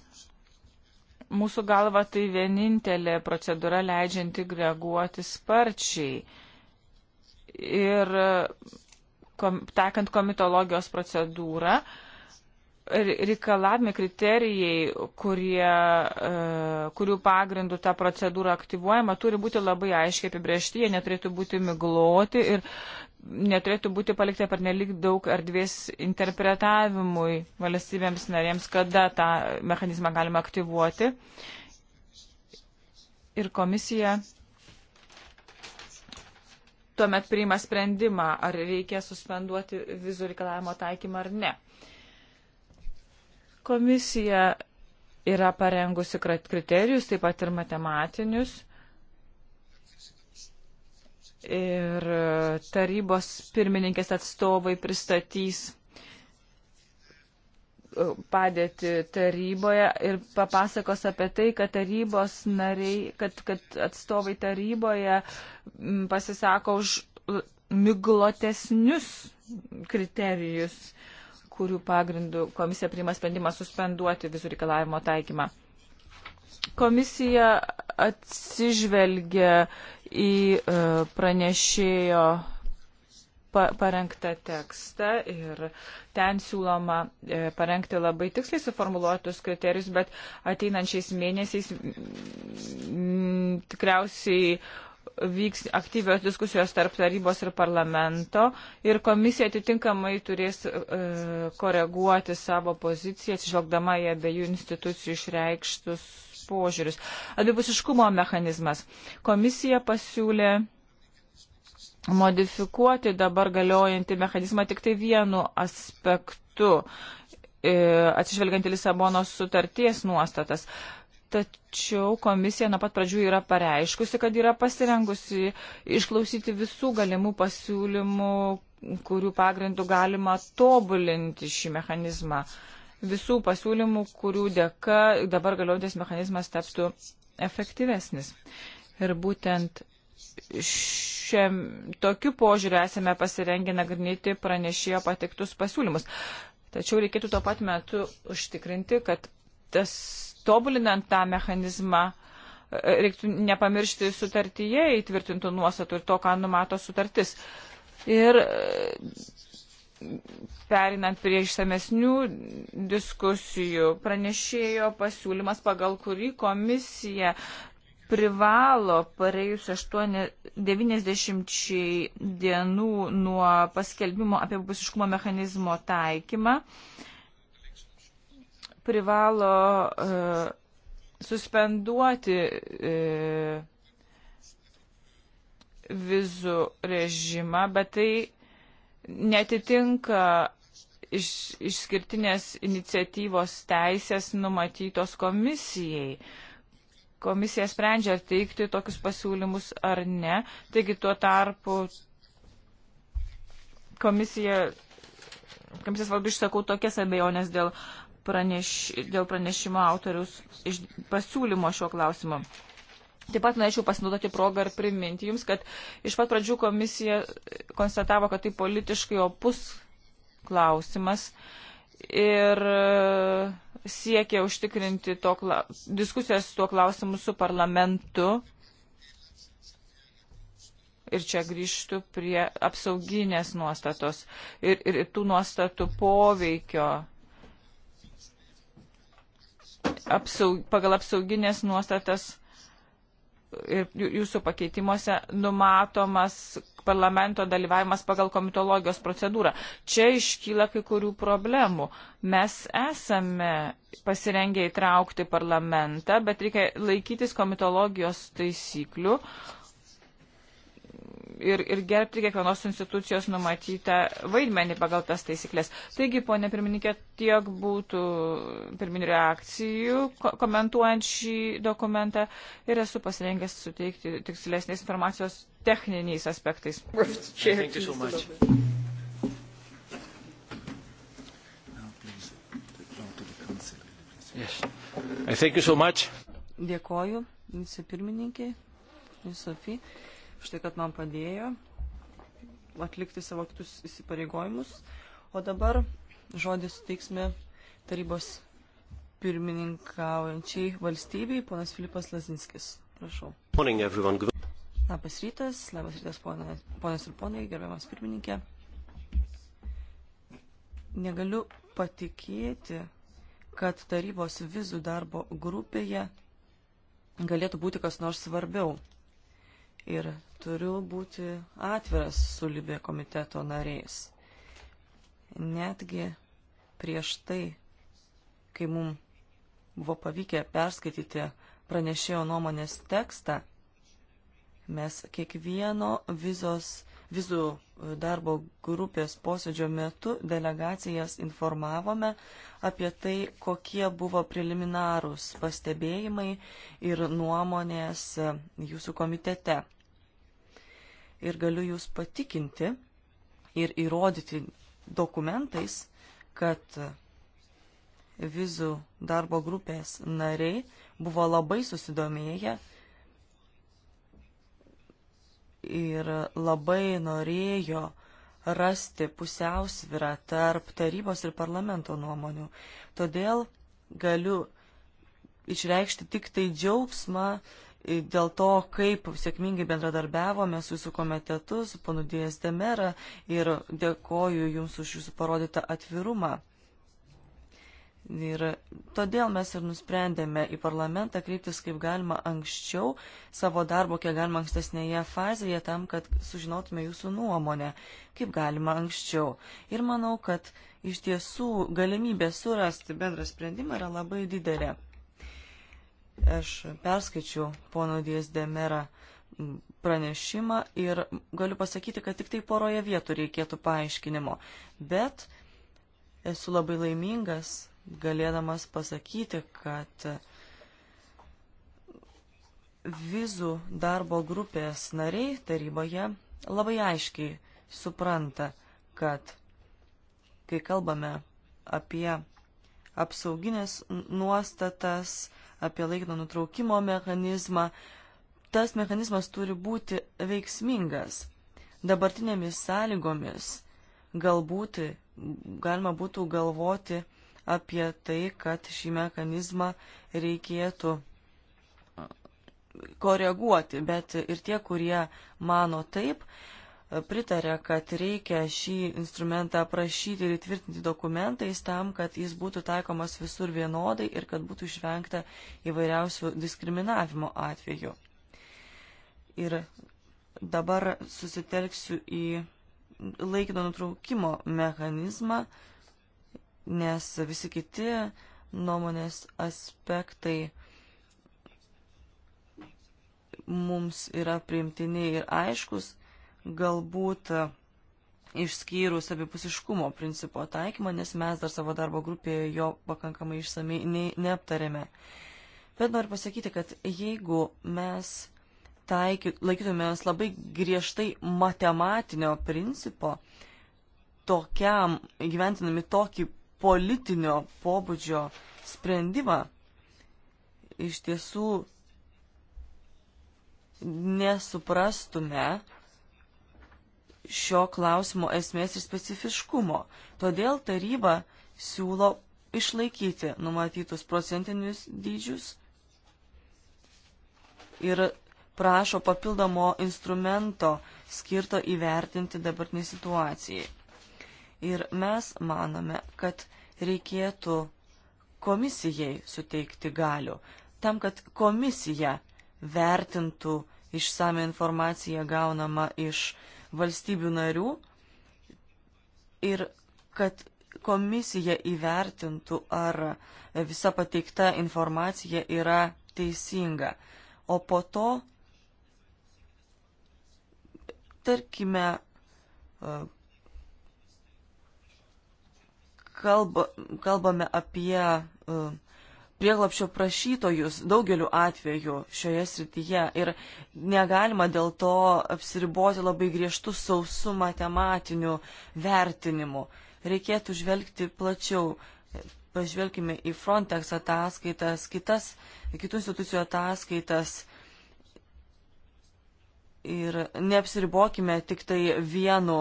Mūsų galva tai vienintelė procedūra leidžianti reaguoti sparčiai ir kom, tekant komitologijos procedūrą, reikalavimai, kriterijai, kurie, e, kurių pagrindų ta procedūra aktyvuojama, turi būti labai aiškiai apibriešti, jie neturėtų būti migloti ir neturėtų būti palikta per nelik daug erdvės interpretavimui valstybėms narėms, kada tą mechanizmą galima aktyvuoti. Ir komisija tuomet priima sprendimą, ar reikia suspenduoti vizų reikalavimo taikymą ar ne. Komisija yra parengusi kriterijus, taip pat ir matematinius ir e, tarybos pirmininkės atstovai pristatys e, padėti taryboje ir papasakos apie tai, kad tarybos nariai, kad, kad atstovai taryboje pasisako už miglotesnius kriterijus, kurių pagrindų komisija priima sprendimą suspenduoti visų reikalavimo taikymą. Komisija atsižvelgia į e, pranešėjo parengtą tekstą ir ten siūloma e, parengti labai tiksliai suformuluotus kriterijus, bet ateinančiais mėnesiais tikriausiai vyks aktyvios diskusijos tarp tarybos ir parlamento ir komisija atitinkamai turės e, koreguoti savo poziciją, atsižvelgdama į abiejų institucijų išreikštus požiūrius. Abipusiškumo mechanizmas. Komisija pasiūlė modifikuoti dabar galiojantį mechanizmą tik tai vienu aspektu, e, atsižvelgiant į Lisabonos sutarties nuostatas. Tačiau komisija nuo pat pradžių yra pareiškusi, kad yra pasirengusi išklausyti visų galimų pasiūlymų, kurių pagrindų galima tobulinti šį mechanizmą. Uh, visų pasiūlymų, kurių dėka dabar galiojantis mechanizmas taptų efektyvesnis. Ir būtent šiam tokiu požiūriu esame pasirengę nagrinėti pranešėjo patiktus pasiūlymus. Tačiau reikėtų tuo pat metu užtikrinti, kad tas tobulinant tą mechanizmą e, reiktų nepamiršti sutartyje įtvirtintų nuostatų ir to, ką numato sutartis. Ir e, Perinant prie išsamesnių diskusijų, pranešėjo pasiūlymas, pagal kurį komisija privalo pareijus 90 dienų nuo paskelbimo apie busiškumo mechanizmo taikymą, privalo uh, suspenduoti uh, vizų režimą, bet tai netitinka iš, išskirtinės iniciatyvos teisės numatytos komisijai. Komisija sprendžia teikti tokius pasiūlymus ar ne. Taigi tuo tarpu komisija, komisijos vardu išsakau tokias abejonės dėl, praneš, dėl pranešimo autorius iš pasiūlymo šio klausimo. Taip pat norėčiau pasinaudoti progą ir priminti Jums, kad iš pat pradžių komisija konstatavo, kad tai politiškai opus klausimas ir e, siekia užtikrinti to, diskusijas tuo klausimu su parlamentu. Ir čia grįžtų prie apsauginės nuostatos ir, ir, ir tų nuostatų poveikio apsaug, pagal apsauginės nuostatas ir jūsų pakeitimuose numatomas parlamento dalyvavimas pagal komitologijos procedūrą. Čia iškyla kai kurių problemų. Mes esame pasirengę įtraukti parlamentą, bet reikia laikytis komitologijos taisyklių, ir, ir gerbti kiekvienos institucijos numatytą vaidmenį pagal tas taisyklės. Taigi, ponė pirmininkė, tiek būtų pirminių reakcijų komentuojant šį dokumentą ir esu pasirengęs suteikti tikslesnės informacijos techniniais aspektais. Yes. So Dėkoju vicepirmininkiai, Sofija štai kad man padėjo atlikti savo kitus įsipareigojimus. O dabar žodį suteiksime tarybos pirmininkaujančiai valstybei, ponas Filipas Lazinskis. Prašau. Morning, everyone. Labas rytas, labas rytas ponas, ponas ir ponai, gerbiamas pirmininkė. Negaliu patikėti, kad tarybos vizų darbo grupėje galėtų būti kas nors svarbiau. Ir turiu būti atviras su Libė komiteto nariais. Netgi prieš tai, kai mums buvo pavykę perskaityti pranešėjo nuomonės tekstą, mes kiekvieno vizos, vizų darbo grupės posėdžio metu delegacijas informavome apie tai, kokie buvo preliminarūs pastebėjimai ir nuomonės jūsų komitete ir galiu jūs patikinti ir įrodyti dokumentais, kad vizų darbo grupės nariai buvo labai susidomėję ir labai norėjo rasti pusiausvirą tarp tarybos ir parlamento nuomonių. Todėl galiu išreikšti tik tai džiaugsmą dėl to, kaip sėkmingai bendradarbiavome su jūsų komitetu, su panu Dijas Demera ir dėkoju jums už jūsų parodytą atvirumą. Ir todėl mes ir nusprendėme į parlamentą kryptis kaip galima anksčiau, savo darbo kiek galima ankstesnėje fazėje, tam, kad sužinotume jūsų nuomonę, kaip galima anksčiau. Ir manau, kad iš tiesų galimybė surasti bendrą sprendimą yra labai didelė. Aš perskaičiau pono Dies Demera pranešimą ir galiu pasakyti, kad tik tai poroje vietų reikėtų paaiškinimo. Bet esu labai laimingas, galėdamas pasakyti, kad vizų darbo grupės nariai taryboje labai aiškiai supranta, kad kai kalbame apie apsauginės nuostatas, apie laikino nutraukimo mechanizmą. Tas mechanizmas turi būti veiksmingas. Dabartinėmis sąlygomis galbūt galima būtų galvoti apie tai, kad šį mechanizmą reikėtų koreguoti, bet ir tie, kurie mano taip, uh, pritarė, kad reikia šį instrumentą aprašyti ir įtvirtinti dokumentais tam, kad jis būtų taikomas visur vienodai ir kad būtų išvengta įvairiausių diskriminavimo atvejų. Ir dabar susitelksiu į laikino nutraukimo mechanizmą, nes visi kiti nuomonės aspektai mums yra priimtini ir aiškus galbūt išskyrus abipusiškumo principo taikymą, nes mes dar savo darbo grupėje jo pakankamai išsamei ne, neaptarėme. Bet noriu pasakyti, kad jeigu mes taikyt, laikytumės labai griežtai matematinio principo, tokiam, gyventinami tokį politinio pobūdžio sprendimą, iš tiesų nesuprastume, šio klausimo esmės ir specifiškumo. Todėl taryba siūlo išlaikyti numatytus procentinius dydžius ir prašo papildomo instrumento skirto įvertinti dabartinį situacijai. Ir mes manome, kad reikėtų komisijai suteikti galių, tam, kad komisija vertintų išsame informaciją gaunamą iš uh, valstybių narių ir kad komisija įvertintų, ar visa pateikta informacija yra teisinga. O po to, tarkime, e, kalba, kalbame apie uh, prieglapšio prašytojus daugeliu atveju šioje srityje ir negalima dėl to apsiriboti labai griežtų sausų matematinių vertinimų. Reikėtų žvelgti plačiau. Pažvelkime į Frontex ataskaitas, kitas, kitų institucijų ataskaitas ir neapsiribokime tik tai vienu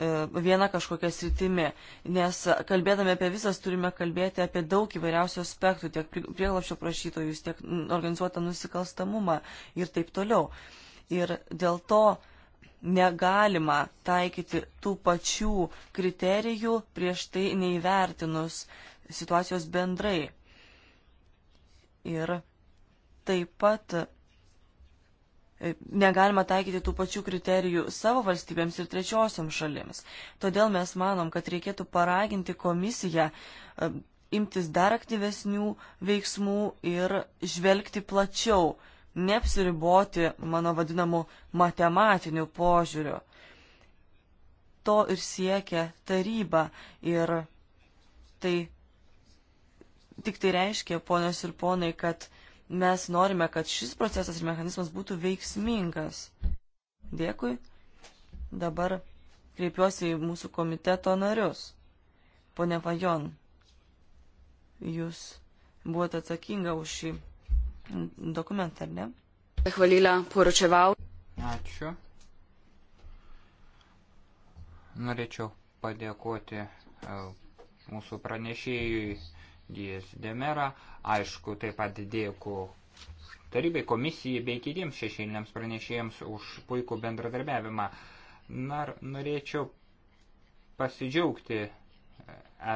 E, viena kažkokia sritimi, nes kalbėdami apie visas turime kalbėti apie daug įvairiausių aspektų, tiek prieglapšio prašytojus, tiek organizuotą nusikalstamumą ir taip toliau. Ir dėl to negalima taikyti tų pačių kriterijų prieš tai neįvertinus situacijos bendrai. Ir taip pat E, negalima taikyti tų pačių kriterijų savo valstybėms ir trečiosiom šalims. Todėl mes manom, kad reikėtų paraginti komisiją e, imtis dar aktyvesnių veiksmų ir žvelgti plačiau, neapsiriboti mano vadinamu matematiniu požiūriu. To ir siekia taryba ir tai tik tai reiškia, ponios ir ponai, kad uh, Mes norime, kad šis procesas ir mechanizmas būtų veiksmingas. Dėkui. Dabar kreipiuosi į mūsų komiteto narius. Pone Fajon, jūs buvote atsakinga už šį dokumentą, ar ne? Hvalila, poručiavau. Ačiū. Norėčiau padėkoti e, mūsų pranešėjui Dijas Demera. Aišku, taip pat dėku tarybai, komisijai bei kitiems šešėliniams pranešėjams už puikų bendradarbiavimą. Nar, norėčiau pasidžiaugti e,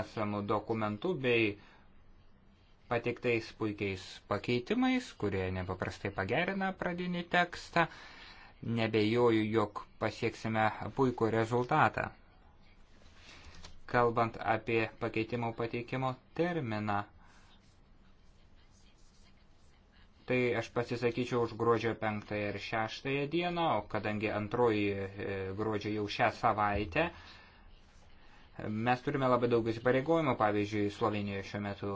esamų dokumentų bei pateiktais puikiais pakeitimais, kurie nepaprastai pagerina pradinį tekstą. Nebejoju, jog pasieksime puikų rezultatą kalbant apie pakeitimo pateikimo terminą. Tai aš pasisakyčiau už gruodžio 5 ir 6 dieną, o kadangi antroji e, gruodžio jau šią savaitę, mes turime labai daug įsipareigojimų, pavyzdžiui, Slovenijoje šiuo metu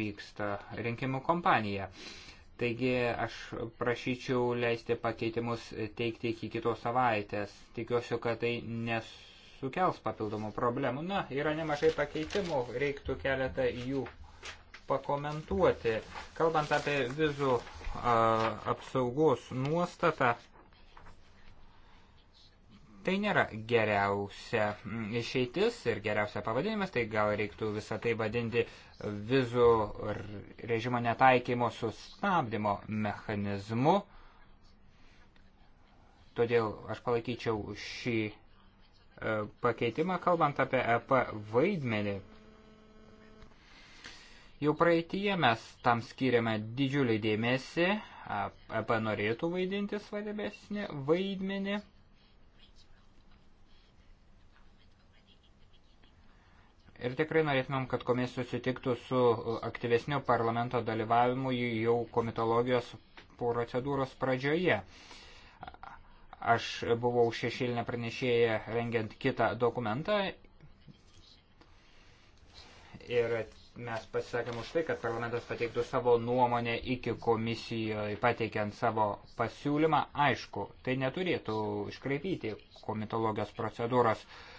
vyksta rinkimų kompanija. Taigi aš prašyčiau leisti pakeitimus teikti iki kitos savaitės. Tikiuosi, kad tai nesu sukels papildomų problemų. Na, yra nemažai pakeitimų, reiktų keletą jų pakomentuoti. Kalbant apie vizų a, apsaugos nuostatą, tai nėra geriausia išeitis ir geriausia pavadinimas, tai gal reiktų visą tai vadinti vizų režimo netaikymo sustabdymo mechanizmu. Todėl aš palaikyčiau šį pakeitimą, kalbant apie EP vaidmenį. Jau praeitie mes tam skiriame didžiulį dėmesį, EP norėtų vaidinti svarbesnį vaidmenį. Ir tikrai norėtumėm, kad komisija susitiktų su aktyvesniu parlamento dalyvavimu jau komitologijos procedūros pradžioje. Uh, Aš buvau šešėlinė pranešėja rengiant kitą dokumentą ir mes pasisakėm už tai, kad parlamentas pateiktų savo nuomonę iki komisijoje pateikiant savo pasiūlymą. Aišku, tai neturėtų iškreipyti komitologijos procedūros. Uh,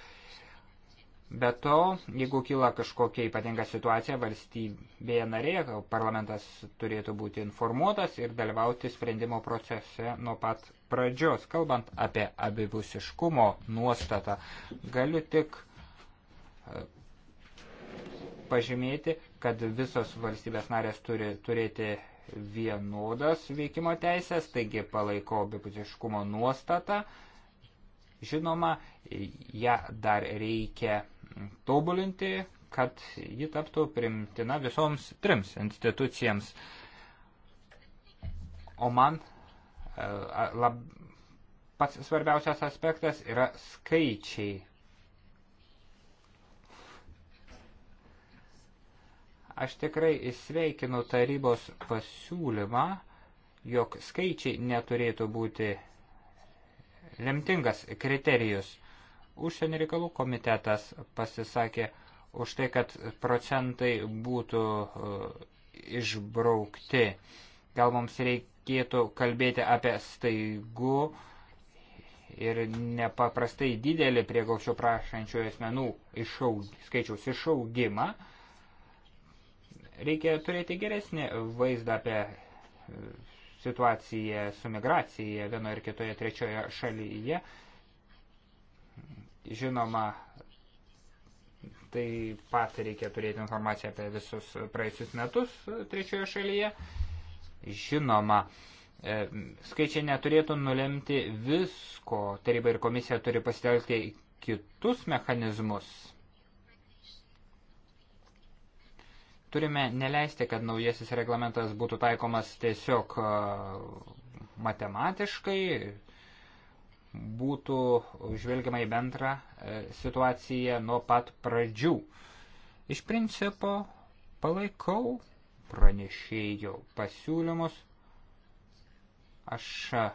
Be to, jeigu kyla kažkokia ypatinga situacija valstybėje narėje, parlamentas turėtų būti informuotas ir dalyvauti sprendimo procese nuo pat pradžios. Kalbant apie abipusiškumo nuostatą, galiu tik e, pažymėti, kad visos valstybės narės turi turėti vienodas veikimo teisės, taigi palaiko abipusiškumo nuostatą. Žinoma, ją dar reikia tobulinti, kad ji taptų primtina visoms trims institucijams. O man e, lab, pats svarbiausias aspektas yra skaičiai. Aš tikrai sveikinu tarybos pasiūlymą, jog skaičiai neturėtų būti lemtingas kriterijus. Užsienio reikalų komitetas pasisakė už tai, kad procentai būtų e, išbraukti. Gal mums reikėtų kalbėti apie staigų ir nepaprastai didelį prieglaušio prašančių asmenų išaug, skaičiaus išaugimą. Reikia turėti geresnį vaizdą apie e, situaciją su migracija vienoje ir kitoje trečioje šalyje. Žinoma, taip pat reikia turėti informaciją apie visus praeisius metus trečiojo šalyje. Žinoma, e, skaičiai neturėtų nulemti visko. Taryba ir komisija turi pasitelkti kitus mechanizmus. Turime neleisti, kad naujasis reglamentas būtų taikomas tiesiog e, matematiškai, būtų žvelgiama į bendrą e, situaciją nuo pat pradžių. Iš principo palaikau pranešėjų pasiūlymus. Aš e,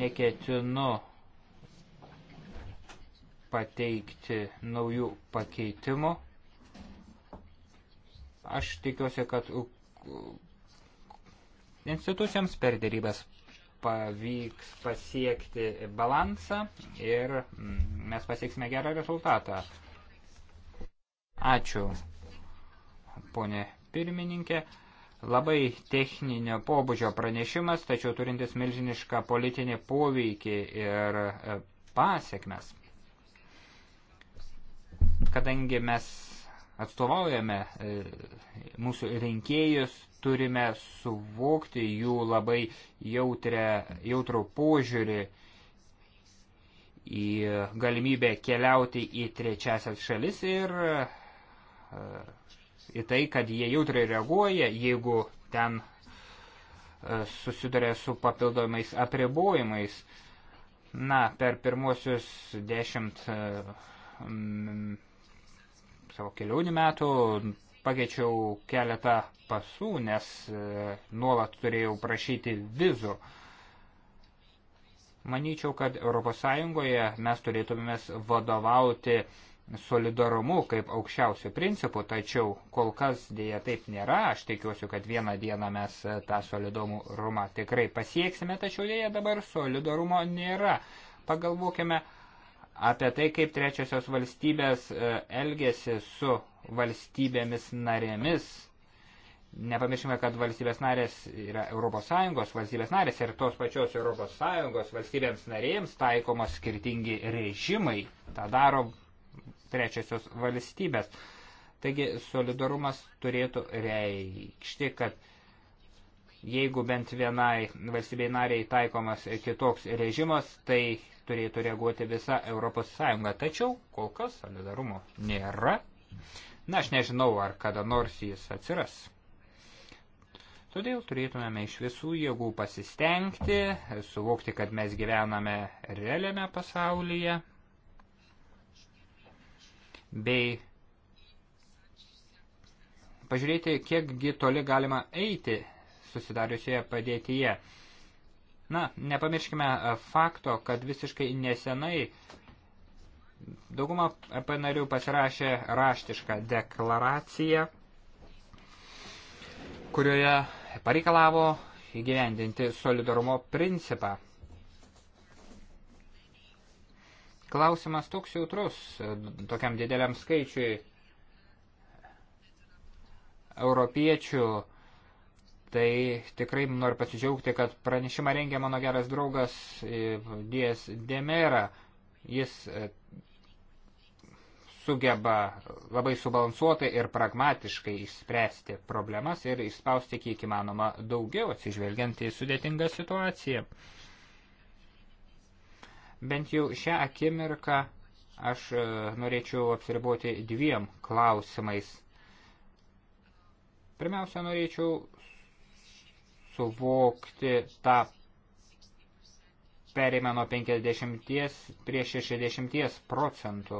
neketinu pateikti naujų pakeitimų. Aš tikiuosi, kad institucijoms per dėrybęs pavyks pasiekti balansą ir mm, mes pasieksime gerą rezultatą. Ačiū, ponė pirmininkė. Labai techninio pobūdžio pranešimas, tačiau turintis milžinišką politinį poveikį ir e, pasiekmes. Kadangi mes atstovaujame e, mūsų rinkėjus, turime suvokti jų labai jautrę, jautrų požiūrį į galimybę keliauti į trečiasias šalis ir e, į tai, kad jie jautriai reaguoja, jeigu ten e, susiduria su papildomais apribojimais. Na, per pirmosius dešimt e, savo kelionių metų pakeičiau keletą pasų, nes e, nuolat turėjau prašyti vizų. Manyčiau, kad ES mes turėtumėmės vadovauti solidarumu kaip aukščiausių principų, tačiau kol kas dėja taip nėra. Aš tikiuosi, kad vieną dieną mes e, tą solidarumą tikrai pasieksime, tačiau dėja dabar solidarumo nėra. Pagalvokime apie tai, kaip trečiosios valstybės e, elgesi su valstybėmis narėmis. Nepamirškime, kad valstybės narės yra ES valstybės narės ir tos pačios ES valstybėms narėjams taikomos skirtingi režimai. Ta daro trečiosios valstybės. Taigi solidarumas turėtų reikšti, kad jeigu bent vienai valstybei nariai taikomas kitoks režimas, tai turėtų reaguoti visa ES. Tačiau kol kas solidarumo nėra. Na, aš nežinau, ar kada nors jis atsiras. Todėl turėtumėme iš visų jėgų pasistengti, suvokti, kad mes gyvename realiame pasaulyje, bei pažiūrėti, kiekgi toli galima eiti susidariusioje padėtyje. Na, nepamirškime fakto, kad visiškai nesenai Dauguma EP narių pasirašė raštišką deklaraciją, kurioje pareikalavo įgyvendinti solidarumo principą. Klausimas toks jautrus tokiam dideliam skaičiui europiečių. Tai tikrai noriu pasidžiaugti, kad pranešimą rengia mano geras draugas e, Dies Demera. De Jis e, sugeba labai subalansuotai ir pragmatiškai išspręsti problemas ir išspausti kiek įmanoma daugiau atsižvelgiant į sudėtingą situaciją. Bent jau šią akimirką aš e, norėčiau apsiriboti dviem klausimais. Pirmiausia, norėčiau suvokti tą perėmė nuo 50 prie 60 procentų.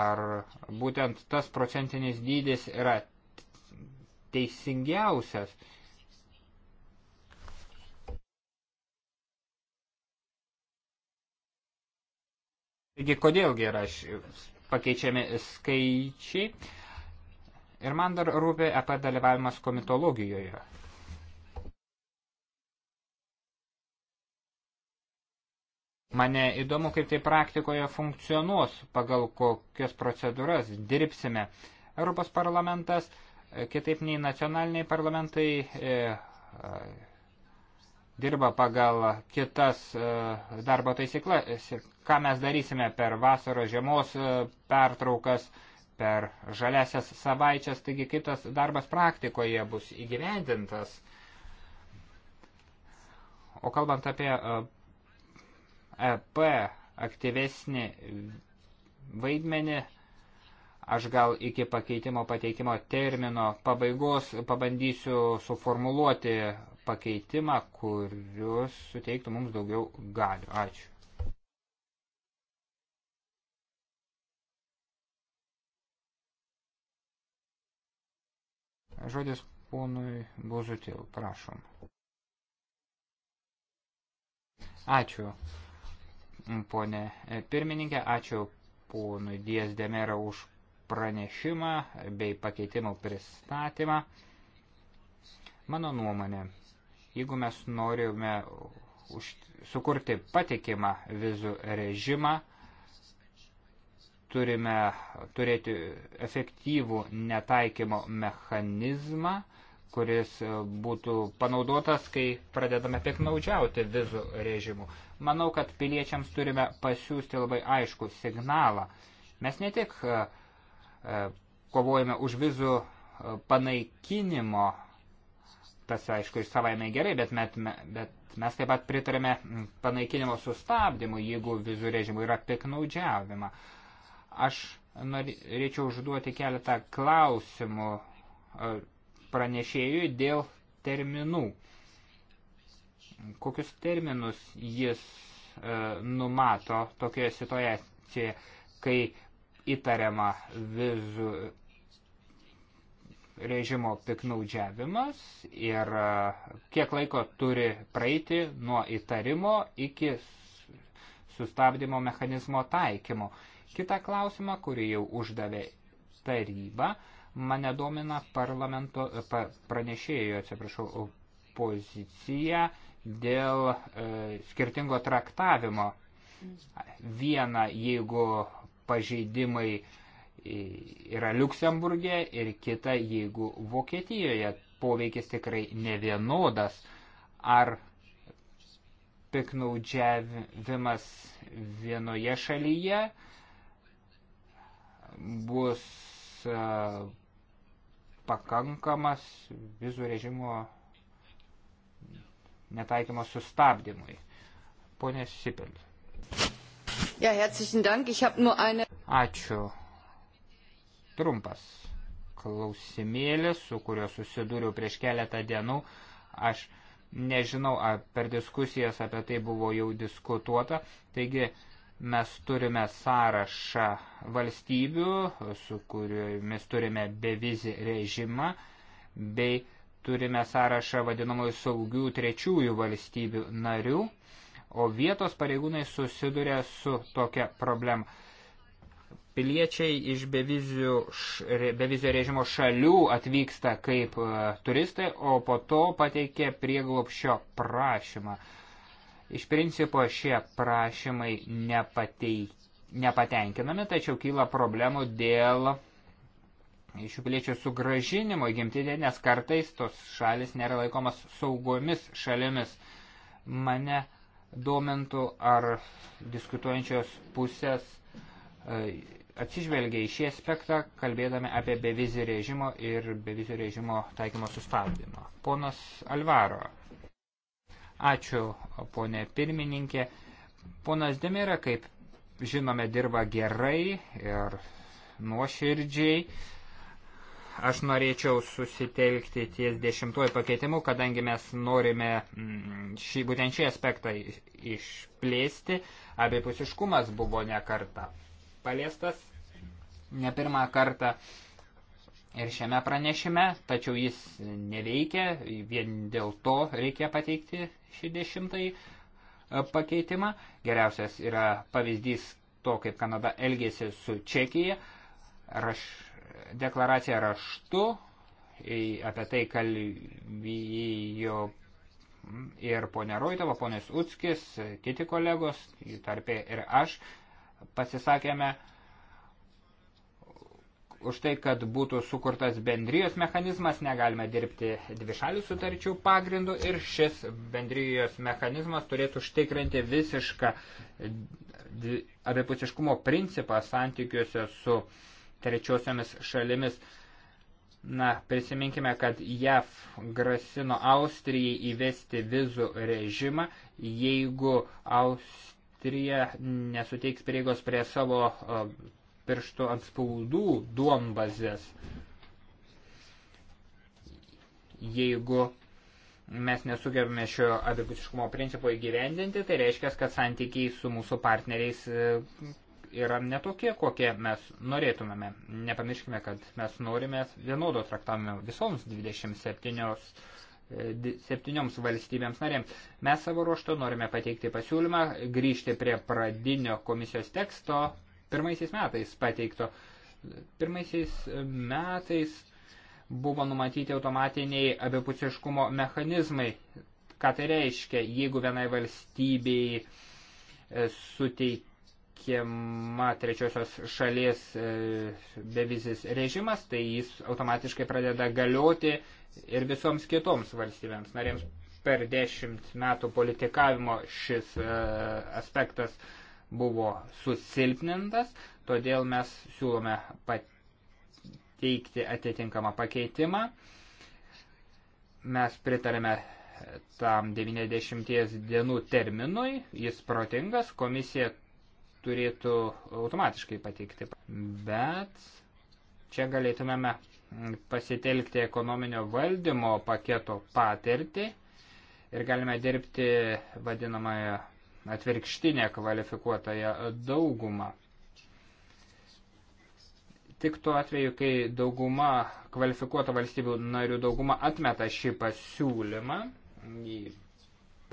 Ar būtent tas procentinis dydis yra teisingiausias? Taigi, kodėlgi yra pakeičiami skaičiai? Ir man dar rūpi apie dalyvavimas komitologijoje. Mane įdomu, kaip tai praktikoje funkcionuos, pagal kokias procedūras dirbsime. Europos parlamentas, e, kitaip nei nacionaliniai parlamentai, e, e, dirba pagal kitas e, darbo taisyklas. E, ką mes darysime per vasaros žiemos e, pertraukas, per žaliasias savaičias, taigi kaip tas darbas praktikoje bus įgyvendintas. O kalbant apie e, EP aktyvesnį vaidmenį. Aš gal iki pakeitimo pateikimo termino pabaigos pabandysiu suformuluoti pakeitimą, kurius suteiktų mums daugiau galių. Ačiū. Žodis ponui Buzutil, prašom. Ačiū ponė pirmininkė, ačiū ponui Dies Demera už pranešimą bei pakeitimų pristatymą. Mano nuomonė, jeigu mes norime už, sukurti patikimą vizų režimą, turime turėti efektyvų netaikymo mechanizmą, kuris e, būtų panaudotas, kai pradedame piknaudžiauti vizų režimu. Manau, kad piliečiams turime pasiūsti labai aišku signalą. Mes ne tik e, e, kovojame už vizų panaikinimo, tas aišku ir savaime gerai, bet, met, bet mes taip pat pritarėme panaikinimo sustabdymu, jeigu vizų režimu yra piknaudžiavima. Aš norėčiau užduoti keletą klausimų pranešėjui dėl terminų. Kokius terminus jis e, numato tokioje situacijoje, kai įtariama vizų režimo piknaudžiavimas ir e, kiek laiko turi praeiti nuo įtarimo iki sustabdymo mechanizmo taikymo. Kita klausima, kurį jau uždavė taryba, Mane domina parlamento e, pa, pranešėjo, atsiprašau, pozicija dėl e, skirtingo traktavimo. Viena, jeigu pažeidimai yra Luksemburgė ir kita, jeigu Vokietijoje poveikis tikrai nevienodas. Ar piknaudžiavimas vienoje šalyje bus e, pakankamas vizų režimo netaikymo sustabdymui. Pone Sipel. Ja, herzlichen Dank. Ich habe nur eine. Ačiū. Trumpas klausimėlis, su kuriuo susidūriau prieš keletą dienų. Aš nežinau, ar per diskusijas apie tai buvo jau diskutuota. Taigi, Mes turime sąrašą valstybių, su kuriomis turime bevizį režimą, bei turime sąrašą vadinamųjų saugių trečiųjų valstybių narių, o vietos pareigūnai susiduria su tokia problema. Piliečiai iš bevizio, bevizio režimo šalių atvyksta kaip e, turistai, o po to pateikia prieglopšio prašymą. Iš principo šie prašymai nepatei, nepatenkinami, tačiau kyla problemų dėl šių piliečių sugražinimo į gimtinę, nes kartais tos šalis nėra laikomas saugomis šalimis. Mane domintų, ar diskutuojančios pusės e, atsižvelgia į šį aspektą, kalbėdami apie bevizį režimo ir bevizį režimo taikymo sustabdymą. Ponas Alvaro. Ačiū, ponė pirmininkė. Ponas Demira, kaip žinome, dirba gerai ir nuoširdžiai. Aš norėčiau susitelkti ties dešimtuoju pakeitimu, kadangi mes norime mm, šį, būtent šį aspektą išplėsti. Abipusiškumas buvo ne kartą paliestas, ne pirmą kartą ir šiame pranešime, tačiau jis neveikia, vien dėl to reikia pateikti 60 e, pakeitimą. Geriausias yra pavyzdys to, kaip Kanada elgėsi su Čekija. Raš, deklaracija raštu, apie tai kalbėjo ir ponė Roitova, ponės Utskis, kiti kolegos, tarpė ir aš, pasisakėme už tai, kad būtų sukurtas bendrijos mechanizmas, negalime dirbti dvišalių sutarčių pagrindų ir šis bendrijos mechanizmas turėtų užtikrinti visišką abipusiškumo principą santykiuose su trečiosiomis šalimis. Na, prisiminkime, kad JAV grasino Austrijai įvesti vizų režimą, jeigu Austrija nesuteiks prieigos prie savo piršto atspaudų duombazės. Jeigu mes nesugebame šio abipusiškumo principo įgyvendinti, tai reiškia, kad santykiai su mūsų partneriais e, yra netokie, kokie mes norėtumėme. Nepamirškime, kad mes norime vienodo traktavimo visoms 27 e, septynioms valstybėms narėms. Mes savo ruoštų norime pateikti pasiūlymą, grįžti prie pradinio komisijos teksto, pirmaisiais metais pateikto. Pirmaisiais metais buvo numatyti automatiniai abipusiškumo mechanizmai. Ką tai reiškia, jeigu vienai valstybei e, suteikiama trečiosios šalies e, bevizis režimas, tai jis automatiškai pradeda galioti ir visoms kitoms valstybėms narėms. Per dešimt metų politikavimo šis e, aspektas buvo susilpnintas, todėl mes siūlome pateikti atitinkamą pakeitimą. Mes pritarėme tam 90 dienų terminui, jis protingas, komisija turėtų automatiškai pateikti. Bet čia galėtumėme pasitelkti ekonominio valdymo paketo patirtį ir galime dirbti vadinamąją atvirkštinę kvalifikuotąją daugumą. Tik tuo atveju, kai dauguma, kvalifikuota valstybių narių dauguma atmeta šį pasiūlymą,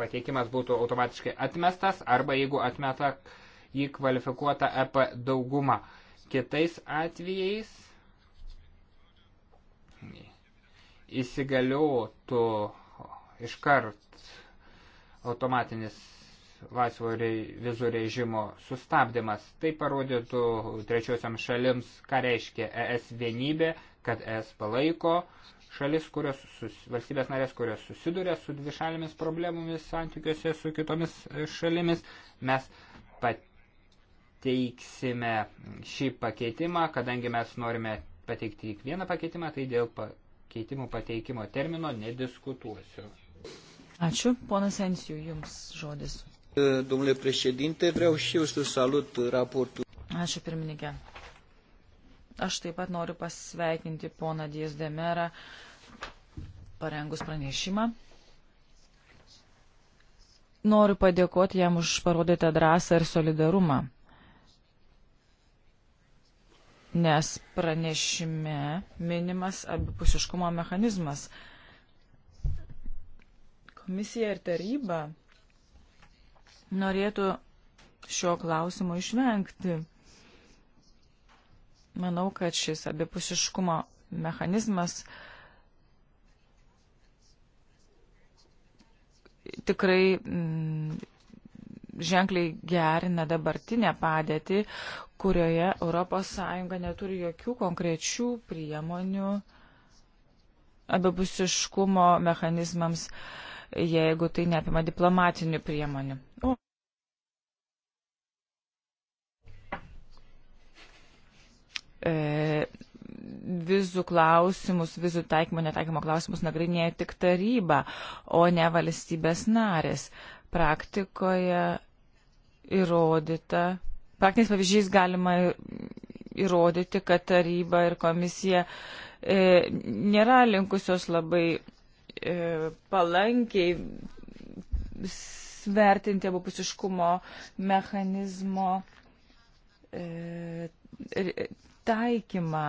pateikimas būtų automatiškai atmestas arba jeigu atmeta jį kvalifikuota EP dauguma. Kitais atvejais įsigaliotų iškart automatinis laisvo vizų režimo sustabdymas. Tai parodytų trečiosiam šalims, ką reiškia ES vienybė, kad ES palaiko šalis, kurios, sus, valstybės narės, kurios susiduria su dvišalėmis problemomis santykiuose su kitomis šalimis. Mes pateiksime šį pakeitimą, kadangi mes norime pateikti tik vieną pakeitimą, tai dėl pakeitimų pateikimo termino nediskutuosiu. Ačiū, ponas Ensijų, jums žodis. E, domnule președinte, vreau și eu să salut raportul. Ačiū pirmininkė. Aš taip pat noriu pasveikinti poną Dies Demerą parengus pranešimą. Noriu padėkoti jam už parodytą drąsą ir solidarumą. Nes pranešime minimas abipusiškumo mechanizmas. Komisija ir taryba norėtų šio klausimo išvengti. Manau, kad šis abipusiškumo mechanizmas tikrai mm, ženkliai gerina dabartinę padėtį, kurioje ES neturi jokių konkrečių priemonių abipusiškumo mechanizmams uh, jeigu tai neapima diplomatinių priemonių. O. E, vizų klausimus, vizų taikymo, netaikymo klausimus nagrinėja tik taryba, o ne valstybės narės. Praktikoje įrodyta, praktiniais pavyzdžiais galima įrodyti, kad taryba ir komisija e, nėra linkusios labai E, palankiai svertinti abupusiškumo mechanizmo e, e, taikymą.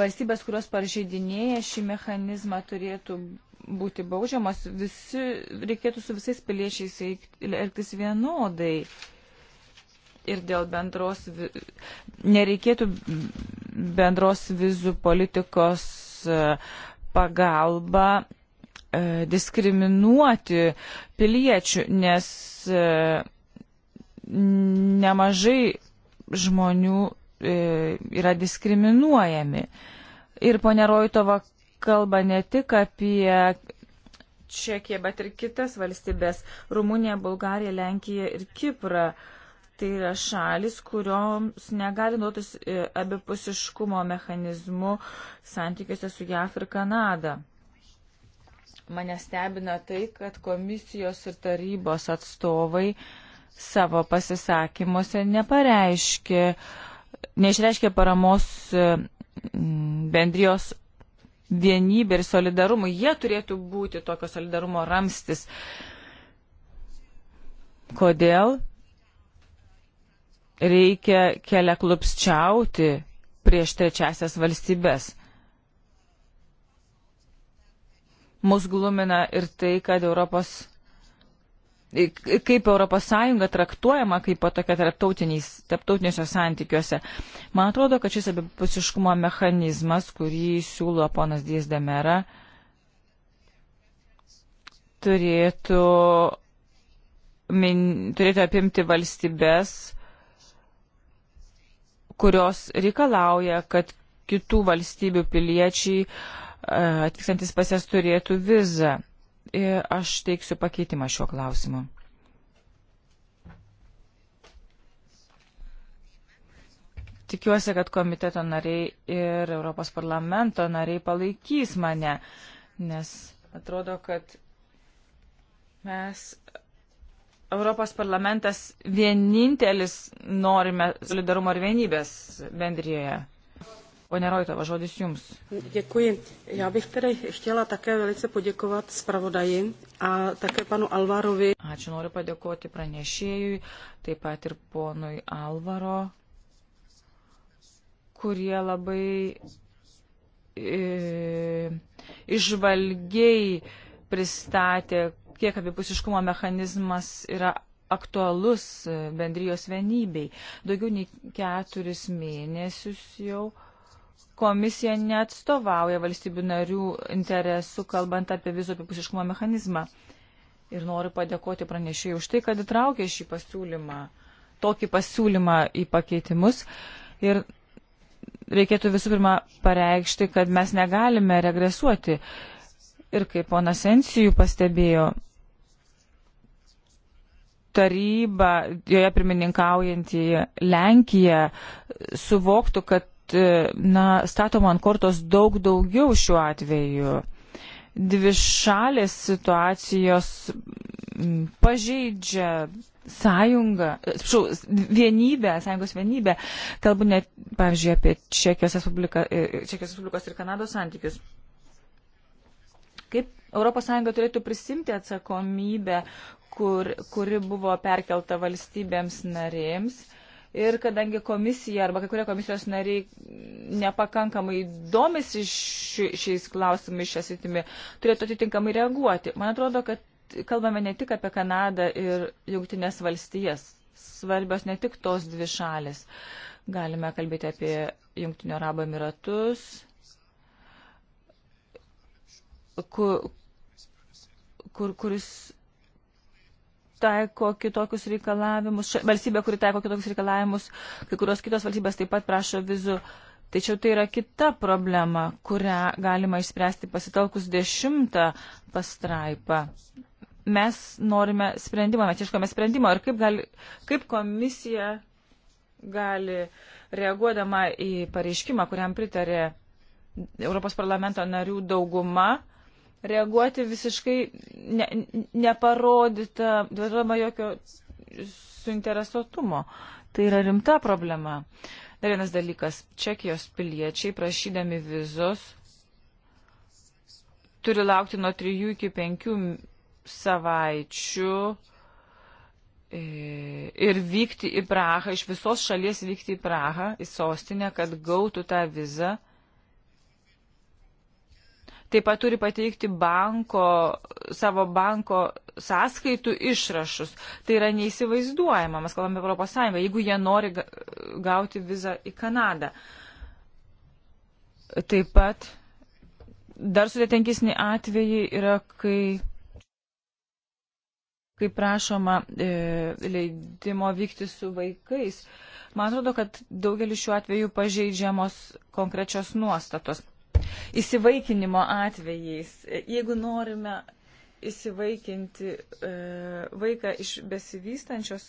Valstybės, kurios pažeidinėja šį mechanizmą, turėtų būti baudžiamas, visi, reikėtų su visais piliečiais elgtis vienodai. Ir dėl bendros, nereikėtų bendros vizų politikos pagalba e, diskriminuoti piliečių, nes e, nemažai žmonių e, yra diskriminuojami. Ir ponė Roitova kalba ne tik apie Čekiją, bet ir kitas valstybės - Rumuniją, Bulgariją, Lenkiją ir Kiprą. E, Tai yra šalis, kurioms negali duotis e, abipusiškumo mechanizmu santykiuose su JAF ir Kanada. Mane stebina tai, kad komisijos ir tarybos atstovai savo pasisakymuose nepareiškė, neišreiškė paramos e, bendrijos vienybė ir solidarumui. Jie turėtų būti tokio solidarumo ramstis. Kodėl? reikia kelia klupščiauti prieš trečiasias valstybės. Mus glumina ir tai, kad Europos, kaip Europos Sąjunga traktuojama kaip po tokia tarptautiniuose santykiuose. Man atrodo, kad šis abipusiškumo mechanizmas, kurį siūlo ponas Dies Demera, turėtų, min, turėtų apimti valstybės, kurios reikalauja, kad kitų valstybių piliečiai e, atvykstantis pas jas turėtų vizą. Ir aš teiksiu pakeitimą šiuo klausimu. Tikiuosi, kad komiteto nariai ir Europos parlamento nariai palaikys mane, nes atrodo, kad mes Europos parlamentas vienintelis norime solidarumo ir vienybės bendryje. Pone Rojtova, žodis Jums. Děkuji. Já bych tedy chtěla také velice poděkovat zpravodaji a také panu Alvarovi. Ačiū noriu padėkoti pranešėjui, taip pat ir ponui Alvaro, kurie labai e, išvalgiai pristatė, kiek abipusiškumo mechanizmas yra aktualus e, bendrijos vienybei. Daugiau nei keturis mėnesius jau komisija neatstovauja valstybių narių interesų, kalbant apie vizų apipusiškumo mechanizmą. Ir noriu padėkoti pranešėjai už tai, kad įtraukė šį pasiūlymą, tokį pasiūlymą į pakeitimus. Ir reikėtų visų pirma pareikšti, kad mes negalime regresuoti. Ir kaip ponas Sensijų pastebėjo, taryba, joje pirmininkaujantį Lenkiją, suvoktų, kad e, na, statoma ant kortos daug daugiau šiuo atveju. Dvi šalės situacijos pažeidžia sąjungą, e, atsiprašau, vienybę, sąjungos vienybę. Kalbu net, pavyzdžiui, apie Čekijos, Respublika, e, Čekijos Respublikos ir Kanados santykius. Kaip ES turėtų prisimti atsakomybę kur, kuri buvo perkelta valstybėms narėms. Ir kadangi komisija arba kai kurie komisijos nariai nepakankamai domisi ši, šiais klausimais, šią sritimį, turėtų atitinkamai reaguoti. Man atrodo, kad kalbame ne tik apie Kanadą ir Junktinės valstijas. Svarbios ne tik tos dvi šalis. Galime kalbėti apie Junktinio Arabo Emiratus, kur, kur, kuris taiko kitokius reikalavimus, valstybė, kuri taiko kitokius reikalavimus, kai kurios kitos valstybės taip pat prašo vizų. Tačiau tai yra kita problema, kurią galima išspręsti pasitelkus dešimtą pastraipą. Mes norime sprendimo, mes ieškome sprendimo ir kaip, gali, kaip komisija gali, reaguodama į pareiškimą, kuriam pritarė Europos parlamento narių dauguma, uh, reaguoti visiškai ne, neparodyta, duodama jokio suinteresuotumo. Tai yra rimta problema. Dar vienas dalykas. Čekijos piliečiai prašydami vizos turi laukti nuo 3 iki 5 savaičių e, ir vykti į Prahą, iš visos šalies vykti į Prahą, į sostinę, kad gautų tą vizą Taip pat turi pateikti banko, savo banko sąskaitų išrašus. Tai yra neįsivaizduojama, mes kalbame Europos Sąjungą, jeigu jie nori gauti vizą į Kanadą. Taip pat dar sudėtingesni atvejai yra, kai kai prašoma e, leidimo vykti su vaikais. Man atrodo, kad daugelis šiuo atveju pažeidžiamos konkrečios nuostatos įsivaikinimo atvejais. Jeigu norime įsivaikinti e, vaiką iš besivystančios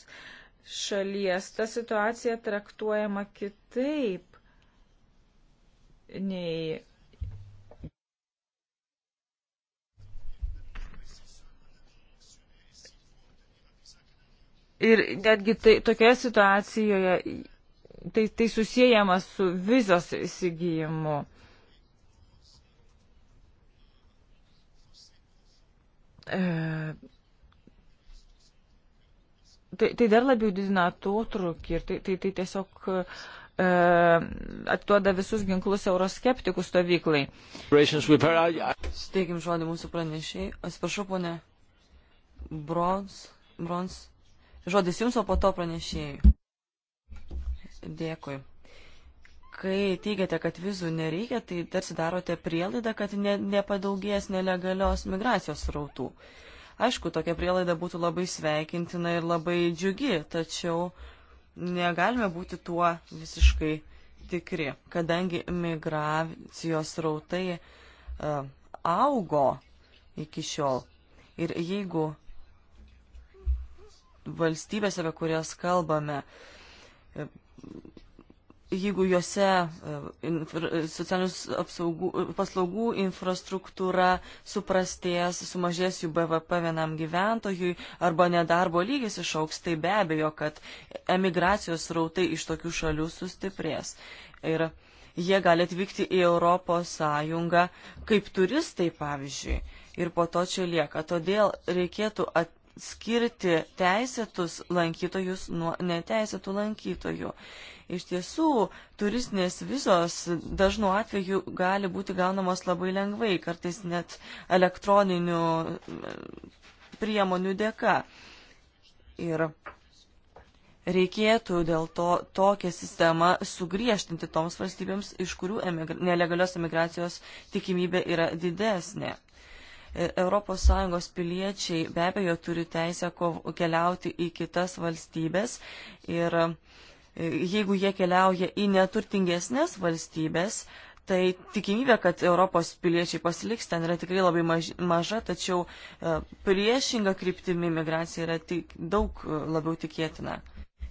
šalies, ta situacija traktuojama kitaip nei. Ir netgi tai, tokioje situacijoje tai, tai susijęma su vizos įsigijimu. E, E, tai, tai dar labiau didina atotrukį ir tai, tai, tai tiesiog e, atiduoda visus ginklus euroskeptikų stovyklai. Suteikim žodį mūsų pranešiai. Atsiprašau, ponė. Brons. Brons. Žodis jums, o po to pranešėjai. Dėkui kai teigiate, kad vizų nereikia, tai tarsi darote prielaidą, kad ne, nepadaugės nelegalios migracijos rautų. Aišku, tokia prielaida būtų labai sveikintina ir labai džiugi, tačiau negalime būti tuo visiškai tikri, kadangi migracijos rautai uh, e, augo iki šiol. Ir jeigu valstybės, apie kurias kalbame, uh, jeigu juose e, socialinių apsaugų, paslaugų infrastruktūra suprastės, sumažės jų BVP vienam gyventojui arba nedarbo lygis išauks, tai be abejo, kad emigracijos rautai iš tokių šalių sustiprės. Ir jie gali atvykti į Europos Sąjungą kaip turistai, pavyzdžiui, ir po to čia lieka. Todėl reikėtų at skirti teisėtus lankytojus nuo neteisėtų lankytojų. Iš tiesų, turistinės vizos dažnu atveju gali būti gaunamos labai lengvai, kartais net elektroninių e, priemonių dėka. Ir reikėtų dėl to tokią sistemą sugriežtinti toms valstybėms, iš kurių emigr nelegalios emigracijos tikimybė yra didesnė. ES piliečiai be abejo turi teisę keliauti į kitas valstybės ir e, jeigu jie keliauja į neturtingesnės valstybės, tai tikimybė, kad Europos piliečiai pasiliks ten yra tikrai labai maž, maža, tačiau e, priešinga kryptimi migracija yra tik daug e, labiau tikėtina.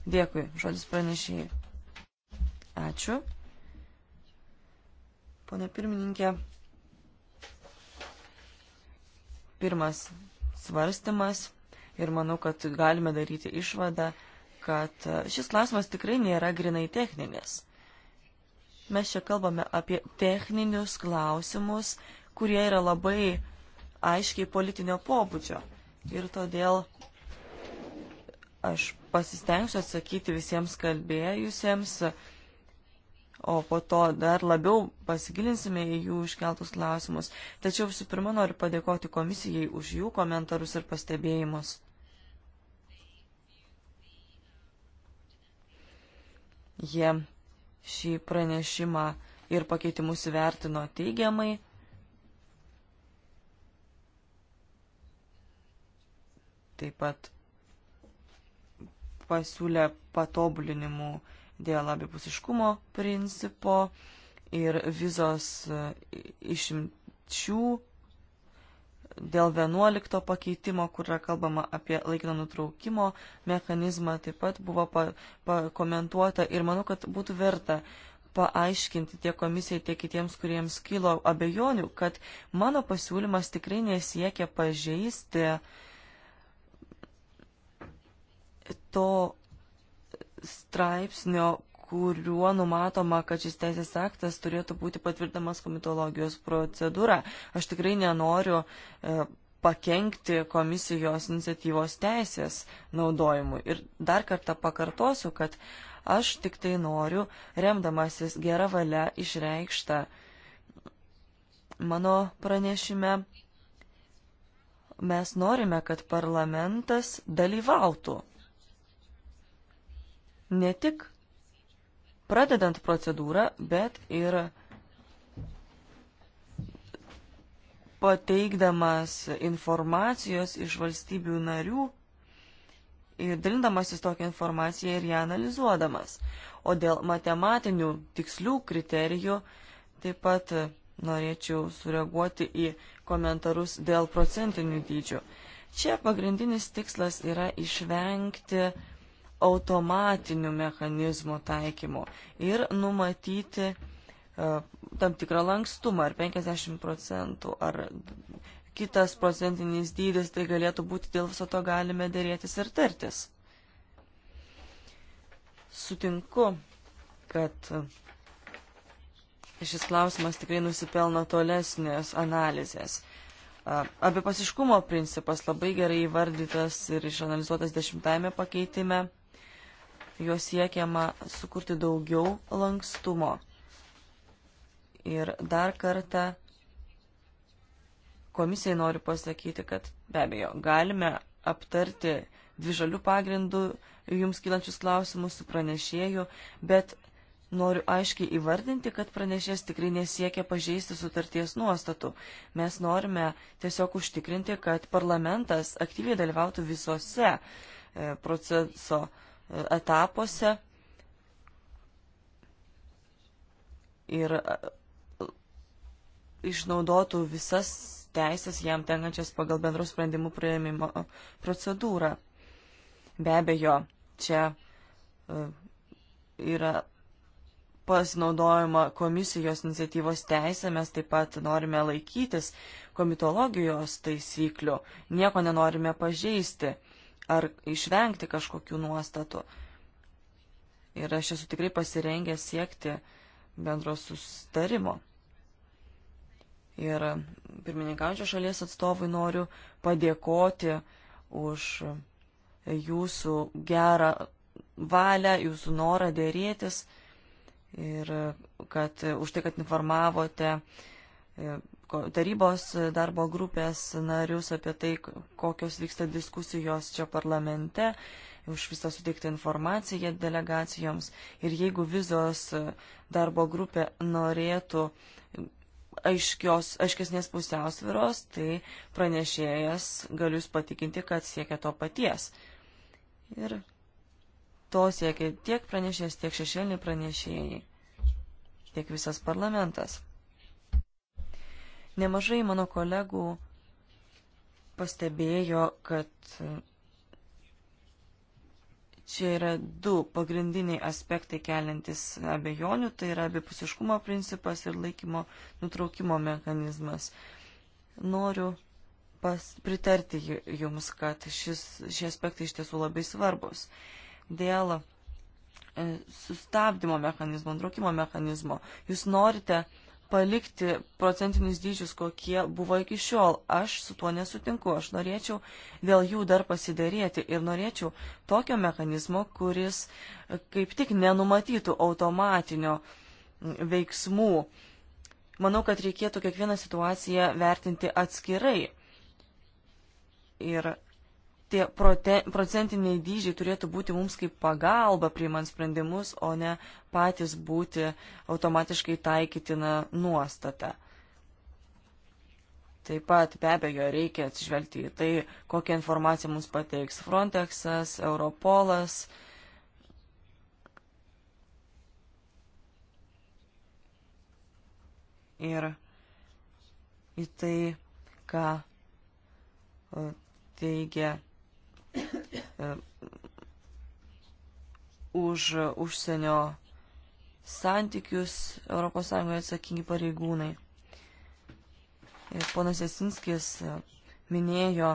Dėkui, žodis pranešėjai. Ačiū. Pone pirmininkė, pirmas svarstymas ir manau, kad galime daryti išvadą, kad e, šis klausimas tikrai nėra grinai techninis. Mes čia kalbame apie techninius klausimus, kurie yra labai aiškiai politinio pobūdžio. Ir todėl aš pasistengsiu atsakyti visiems kalbėjusiems, uh, o po to dar labiau pasigilinsime į jų iškeltus klausimus. Tačiau visų pirma noriu padėkoti komisijai už jų komentarus ir pastebėjimus. Jie šį pranešimą ir pakeitimus įvertino teigiamai. Taip pat pasiūlė patobulinimų dėl abipusiškumo principo ir vizos e, išimčių dėl 11 pakeitimo, kur yra kalbama apie laikino nutraukimo mechanizmą, taip pat buvo pakomentuota pa, ir manau, kad būtų verta paaiškinti tiek komisijai, tiek kitiems, kuriems kilo abejonių, kad mano pasiūlymas tikrai nesiekia pažeisti to straipsnio, kuriuo numatoma, kad šis teisės aktas turėtų būti patvirtinamas komitologijos procedūra. Aš tikrai nenoriu e, pakengti komisijos iniciatyvos teisės naudojimui. Ir dar kartą pakartosiu, kad aš tik tai noriu, remdamasis gerą valią išreikštą mano pranešime, mes norime, kad parlamentas dalyvautų ne tik pradedant procedūrą, bet ir pateikdamas informacijos iš valstybių narių ir dalindamasis tokią informaciją ir ją analizuodamas. O dėl matematinių tikslių kriterijų taip pat norėčiau sureaguoti į komentarus dėl procentinių dydžių. Čia pagrindinis tikslas yra išvengti uh, automatinių mechanizmų taikymu ir numatyti uh, tam tikrą lankstumą ar 50 procentų ar kitas procentinis dydis, tai galėtų būti dėl viso to galime dėrėtis ir tartis. Sutinku, kad šis klausimas tikrai nusipelno tolesnės analizės. Abipasiškumo principas labai gerai įvardytas ir išanalizuotas dešimtajame pakeitime juos siekiama sukurti daugiau lankstumo. Ir dar kartą komisijai noriu pasakyti, kad be abejo, galime aptarti dvižalių pagrindų jums kylančius klausimus su pranešėju, bet noriu aiškiai įvardinti, kad pranešės tikrai nesiekia pažeisti sutarties nuostatų. Mes norime tiesiog užtikrinti, kad parlamentas aktyviai dalyvautų visose e, proceso etapuose. Ir išnaudotų visas teisės jam tenkančias pagal bendrų sprendimų prieimimo procedūrą. Be abejo, čia yra pasinaudojama komisijos iniciatyvos teisė, mes taip pat norime laikytis komitologijos taisyklių, nieko nenorime pažeisti ar išvengti kažkokių nuostatų. Ir aš esu tikrai pasirengęs siekti bendro sustarimo. Ir pirmininkaujančio šalies atstovui noriu padėkoti už jūsų gerą valią, jūsų norą dėrėtis ir kad už tai, kad informavote uh, E, tarybos darbo grupės narius apie tai, kokios vyksta diskusijos čia parlamente, už visą suteiktą informaciją delegacijoms. Ir jeigu vizos darbo grupė norėtų aiškios, aiškesnės pusiausviros, tai pranešėjas galiu jūs patikinti, kad siekia to paties. Ir to siekia tiek pranešėjas, tiek šešėlį pranešėjai, tiek visas parlamentas. Nemažai mano kolegų pastebėjo, kad čia yra du pagrindiniai aspektai keliantis abejonių, tai yra abipusiškumo principas ir laikymo nutraukimo mechanizmas. Noriu pas, pritarti jums, kad šis, šie aspektai iš tiesų labai svarbus. Dėl e, sustabdymo mechanizmo, nutraukimo mechanizmo, jūs norite palikti procentinius dydžius, kokie buvo iki šiol. Aš su tuo nesutinku. Aš norėčiau dėl jų dar pasidarėti ir norėčiau tokio mechanizmo, kuris kaip tik nenumatytų automatinio veiksmų. Manau, kad reikėtų kiekvieną situaciją vertinti atskirai. Ir tie prote, procentiniai dydžiai turėtų būti mums kaip pagalba priimant sprendimus, o ne patys būti automatiškai taikytina nuostata. Taip pat be abejo reikia atsižvelgti į tai, kokią informaciją mums pateiks Frontexas, Europolas. Ir į tai, ką e, teigia už užsienio santykius ES atsakingi pareigūnai. Ir ponas Jasinskis minėjo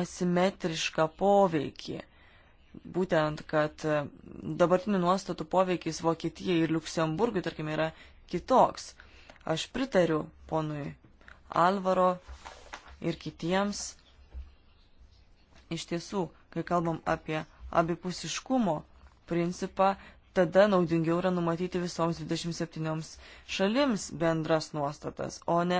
asimetrišką poveikį. Būtent, kad dabartinių nuostatų poveikis Vokietijai ir Luksemburgui, tarkim, yra kitoks. Aš pritariu ponui Alvaro ir kitiems Iš tiesų, kai kalbam apie abipusiškumo principą, tada naudingiau yra numatyti visoms 27 šalims bendras nuostatas, o ne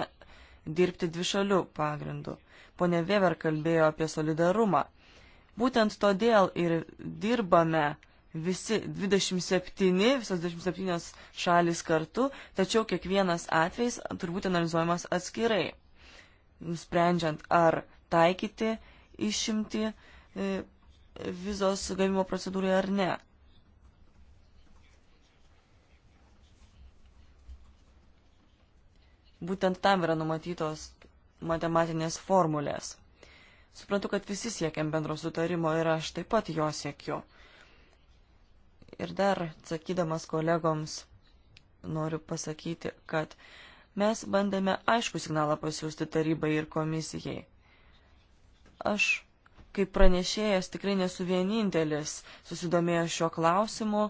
dirbti dvišalių pagrindų. Pone Weber kalbėjo apie solidarumą. Būtent todėl ir dirbame visi 27, visos 27 šalis kartu, tačiau kiekvienas atvejs turbūt analizuojamas atskirai, sprendžiant ar taikyti išimti e, vizos gavimo procedūrai ar ne. Būtent tam yra numatytos matematinės formulės. Suprantu, kad visi siekiam bendro sutarimo ir aš taip pat jo siekiu. Ir dar, atsakydamas kolegoms, noriu pasakyti, kad mes bandėme aišku signalą pasiūsti tarybai ir komisijai. Aš, kaip pranešėjas, tikrai nesu vienintelis susidomėjęs šiuo klausimu.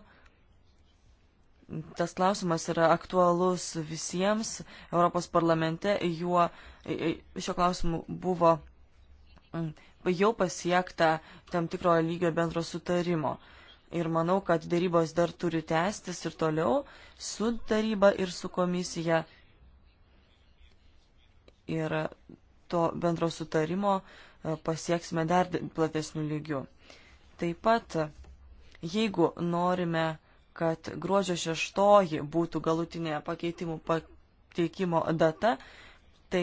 Tas klausimas yra aktualus visiems. Europos parlamente juo, šiuo klausimu buvo mm, jau pasiekta tam tikro lygio bendro sutarimo. Ir manau, kad dėrybos dar turi tęstis ir toliau su taryba ir su komisija. Ir to bendro sutarimo pasieksime dar platesnių lygių. Taip pat, jeigu norime, kad gruodžio šeštoji būtų galutinė pakeitimų pateikimo data, tai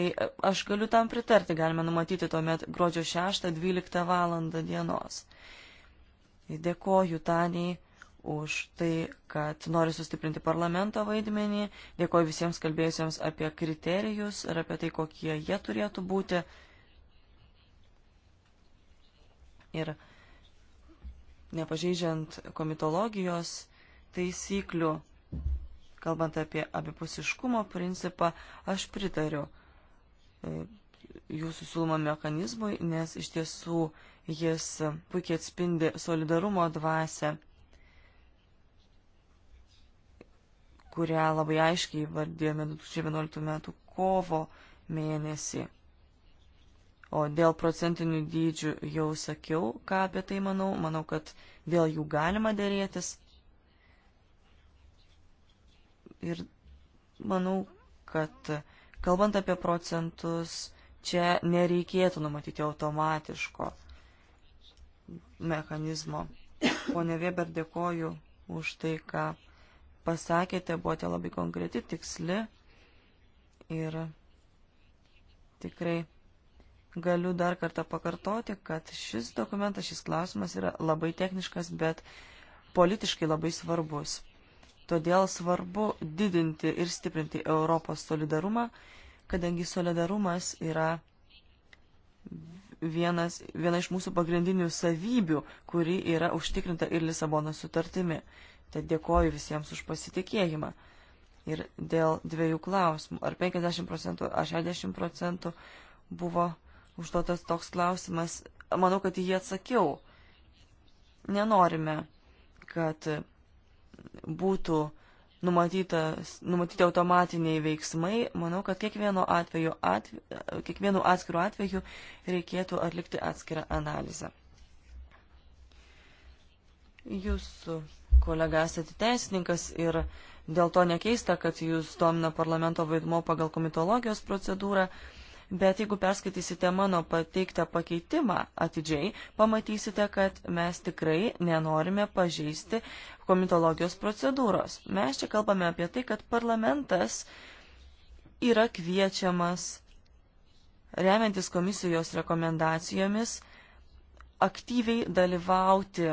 aš galiu tam pritarti, galime numatyti tuomet gruodžio 6-12 valandą dienos. Dėkoju Taniai už tai, kad nori sustiprinti parlamento vaidmenį, dėkoju visiems kalbėjusiems apie kriterijus ir apie tai, kokie jie turėtų būti ir nepažeidžiant komitologijos taisyklių, kalbant apie abipusiškumo principą, aš pritariu e, jūsų siūlomam mechanizmui, nes iš tiesų jis puikiai atspindi solidarumo dvasę, kurią labai aiškiai vardėjome 2011 m. kovo mėnesį. O dėl procentinių dydžių jau sakiau, ką apie tai manau. Manau, kad dėl jų galima dėrėtis. Ir manau, kad kalbant apie procentus, čia nereikėtų numatyti automatiško mechanizmo. Pone Weber, dėkoju už tai, ką pasakėte, buvote labai konkreti, tiksli ir tikrai galiu dar kartą pakartoti, kad šis dokumentas, šis klausimas yra labai techniškas, bet politiškai labai svarbus. Todėl svarbu didinti ir stiprinti Europos solidarumą, kadangi solidarumas yra vienas, viena iš mūsų pagrindinių savybių, kuri yra užtikrinta ir Lisabono sutartimi. Tad dėkoju visiems už pasitikėjimą. Ir dėl dviejų klausimų, ar 50 procentų, ar 60 procentų buvo užduotas toks klausimas. Manau, kad jį atsakiau. Nenorime, kad būtų numatyti automatiniai veiksmai. Manau, kad kiekvienu, atveju, atve, kiekvienu atskiru atveju reikėtų atlikti atskirą analizę. Jūsų kolega esate teisininkas ir dėl to nekeista, kad jūs domina parlamento vaidmo pagal komitologijos procedūrą. Uh, Bet jeigu perskaitysite mano pateiktą pakeitimą atidžiai, pamatysite, kad mes tikrai nenorime pažeisti komitologijos procedūros. Mes čia kalbame apie tai, kad parlamentas yra kviečiamas, remiantis komisijos rekomendacijomis, aktyviai dalyvauti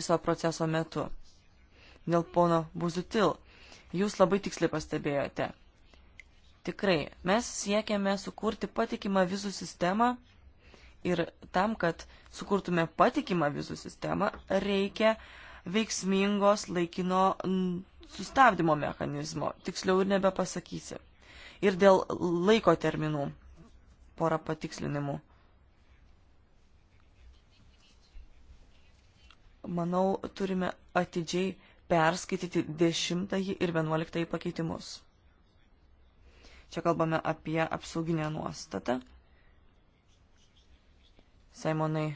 viso proceso metu. Dėl pono Buzutil, jūs labai tiksliai pastebėjote, Tikrai, mes siekiame sukurti patikimą vizų sistemą ir tam, kad sukurtume patikimą vizų sistemą, reikia veiksmingos laikino sustabdymo mechanizmo. Tiksliau ir nebepasakysi. Ir dėl laiko terminų porą patikslinimų. Manau, turime atidžiai perskaityti 10 ir 11 pakeitimus. Čia kalbame apie apsauginę nuostatą. Saimonai,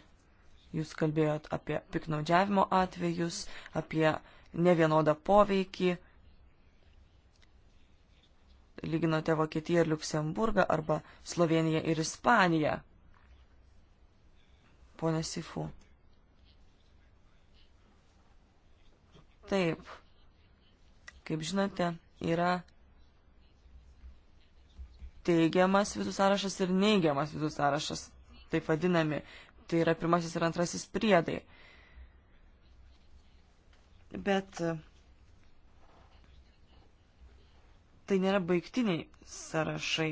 jūs kalbėjot apie piknaudžiavimo atvejus, apie nevienodą poveikį. Lyginote Vokietiją ir Luksemburgą arba Sloveniją ir Ispaniją. Pone Sifu. Taip. Kaip žinote, yra teigiamas vizų sąrašas ir neigiamas vizų sąrašas, taip vadinami. Tai yra pirmasis ir antrasis priedai. Bet e, tai nėra baigtiniai sąrašai.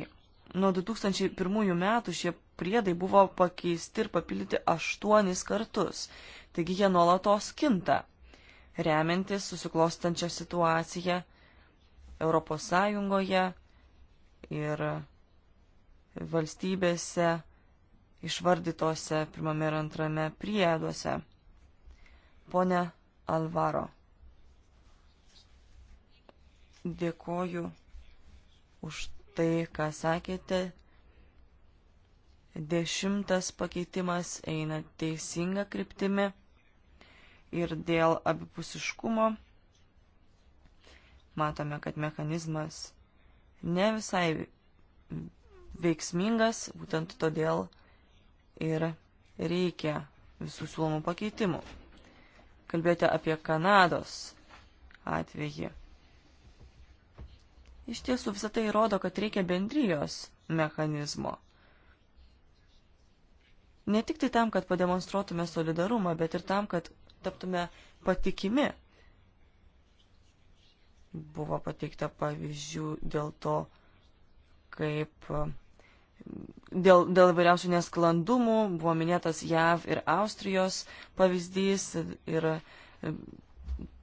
Nuo 2001 metų šie priedai buvo pakeisti ir papildyti aštuonis kartus, taigi jie nuolatos kinta. Remiantis susiklostančią situaciją Europos Sąjungoje, ir valstybėse išvardytose pirmame ir antrame prieduose. Pone Alvaro, dėkoju už tai, ką sakėte. Dešimtas pakeitimas eina teisinga kryptimi ir dėl abipusiškumo matome, kad mechanizmas ne visai veiksmingas, būtent todėl ir reikia visų siūlomų pakeitimų. Kalbėjote apie Kanados atvejį. Iš tiesų visą tai rodo, kad reikia bendrijos mechanizmo. Ne tik tai tam, kad pademonstruotume solidarumą, bet ir tam, kad taptume patikimi Buvo pateikta pavyzdžių dėl to, kaip dėl, dėl vairiausių nesklandumų buvo minėtas JAV ir Austrijos pavyzdys ir e,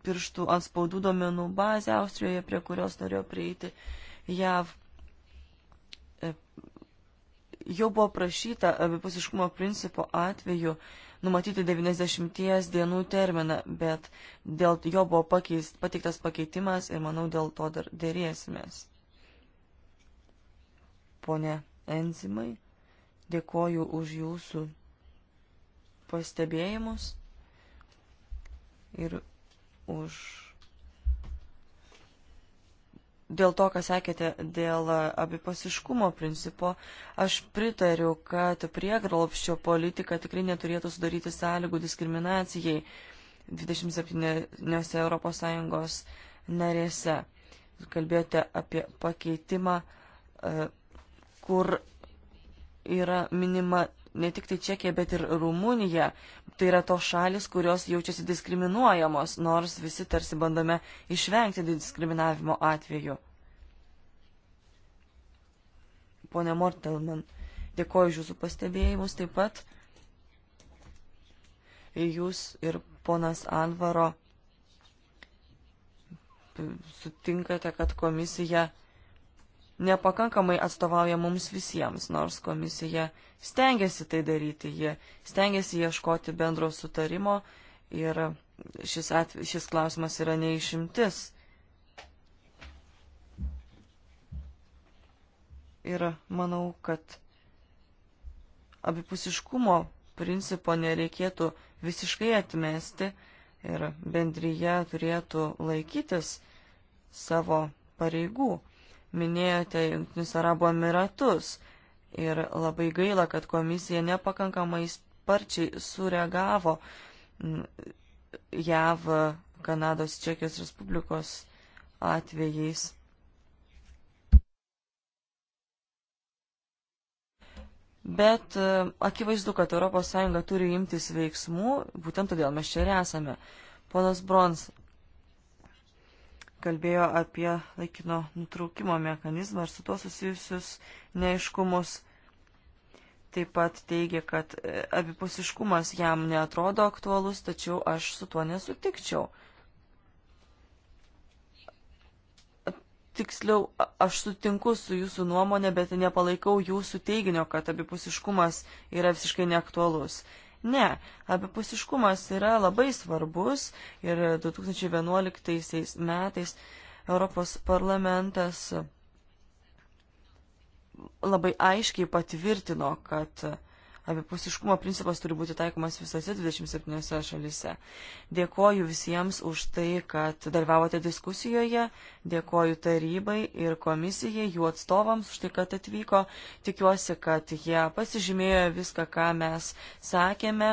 pirštų ant spaudų domenų bazę Austrijoje, prie kurios norėjo prieiti JAV. E, jau buvo prašyta abipusiškumo principo atveju numatyti 90 dienų terminą, bet dėl jo buvo pakeist, pateiktas pakeitimas ir manau dėl to dar dėrėsimės. Pone Enzimai, dėkoju už jūsų pastebėjimus ir už dėl to, ką sakėte, dėl abipasiškumo principo, aš pritariu, kad prieglobščio politika tikrai neturėtų sudaryti sąlygų diskriminacijai 27 ES narėse. Kalbėjote apie pakeitimą, e, kur yra minima ne tik tai Čekija, bet ir Rumunija, tai yra tos šalis, kurios jaučiasi diskriminuojamos, nors visi tarsi bandome išvengti diskriminavimo atveju. Pone Mortelman, dėkoju už jūsų pastebėjimus taip pat. Jūs ir ponas Anvaro sutinkate, kad komisija nepakankamai atstovauja mums visiems, nors komisija stengiasi tai daryti, jie stengiasi ieškoti bendro sutarimo ir šis, atve, šis klausimas yra neišimtis. Ir manau, kad abipusiškumo principo nereikėtų visiškai atmesti ir bendryje turėtų laikytis savo pareigų minėjote Junktinius Arabų Emiratus ir labai gaila, kad komisija nepakankamai sparčiai sureagavo JAV, Kanados, Čekijos Respublikos atvejais. Bet e, akivaizdu, kad ES turi imtis veiksmų, būtent todėl mes čia ir esame. Ponas Brons kalbėjo apie laikino nutraukimo mechanizmą ir su tuo susijusius neiškumus. Taip pat teigia, kad e, abipusiškumas jam neatrodo aktualus, tačiau aš su tuo nesutikčiau. Tiksliau, aš sutinku su jūsų nuomonė, bet nepalaikau jūsų teiginio, kad abipusiškumas yra visiškai neaktualus. Ne, abipusiškumas yra labai svarbus ir 2011 metais Europos parlamentas labai aiškiai patvirtino, kad Abipusiškumo principas turi būti taikomas visose 27 šalise. Dėkoju visiems už tai, kad dalyvavote diskusijoje, dėkoju tarybai ir komisijai, jų atstovams už tai, kad atvyko. Tikiuosi, kad jie pasižymėjo viską, ką mes sakėme,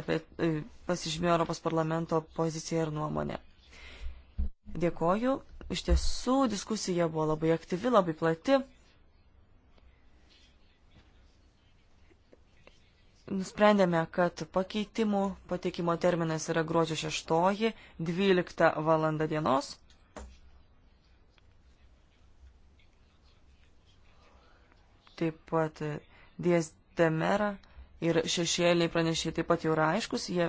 apie, e, pasižymėjo Europos parlamento poziciją ir nuomonę. Dėkoju. Iš tiesų diskusija buvo labai aktyvi, labai plati. Nusprendėme, kad pakeitimų pateikimo terminas yra gruodžio 6, 12 val. dienos. Taip pat Dies Demera ir šešėliai pranešiai taip pat jau yra aiškus, jie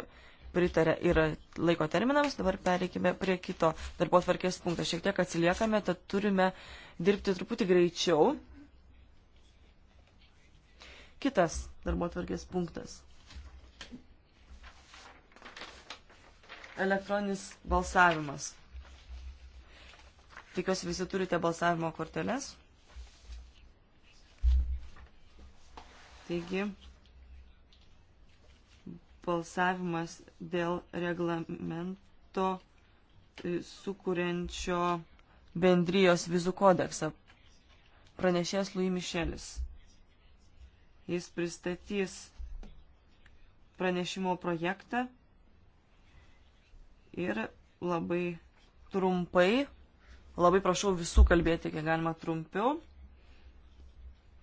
pritarė ir laiko terminams, dabar pereikime prie kito darbo tvarkės punkto. Šiek tiek atsiliekame, tad turime dirbti truputį greičiau. Kitas darbo tvarkės punktas. Elektroninis balsavimas. Tikiuosi visi turite balsavimo korteles. Taigi, balsavimas dėl reglamento e, sukūrenčio bendrijos vizų kodeksą. Pranešės Louis Michelis. Jis pristatys pranešimo projektą ir labai trumpai, labai prašau visų kalbėti, kiek galima trumpiau.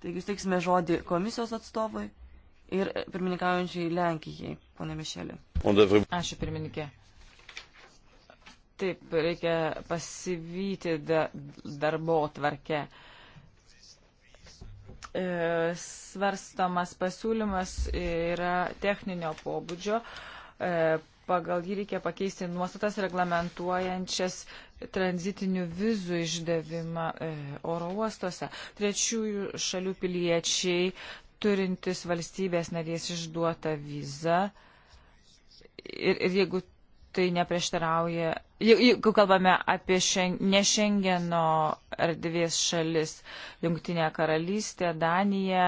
Taigi steiksime žodį komisijos atstovui ir pirmininkaujančiai Lenkijai, ponė Mišelė. Ačiū pirmininkė. Taip, reikia pasivyti darbo tvarkę. Uh, E, svarstomas pasiūlymas yra techninio pobūdžio. E, pagal jį reikia pakeisti nuostatas reglamentuojančias tranzitinių vizų išdavimą e, oro uostuose. Trečiųjų šalių piliečiai turintis valstybės narės išduotą vizą ir, ir jeigu tai neprieštarauja, jeigu kalbame apie šeng, ne Šengeno erdvės šalis, Junktinė karalystė, Danija,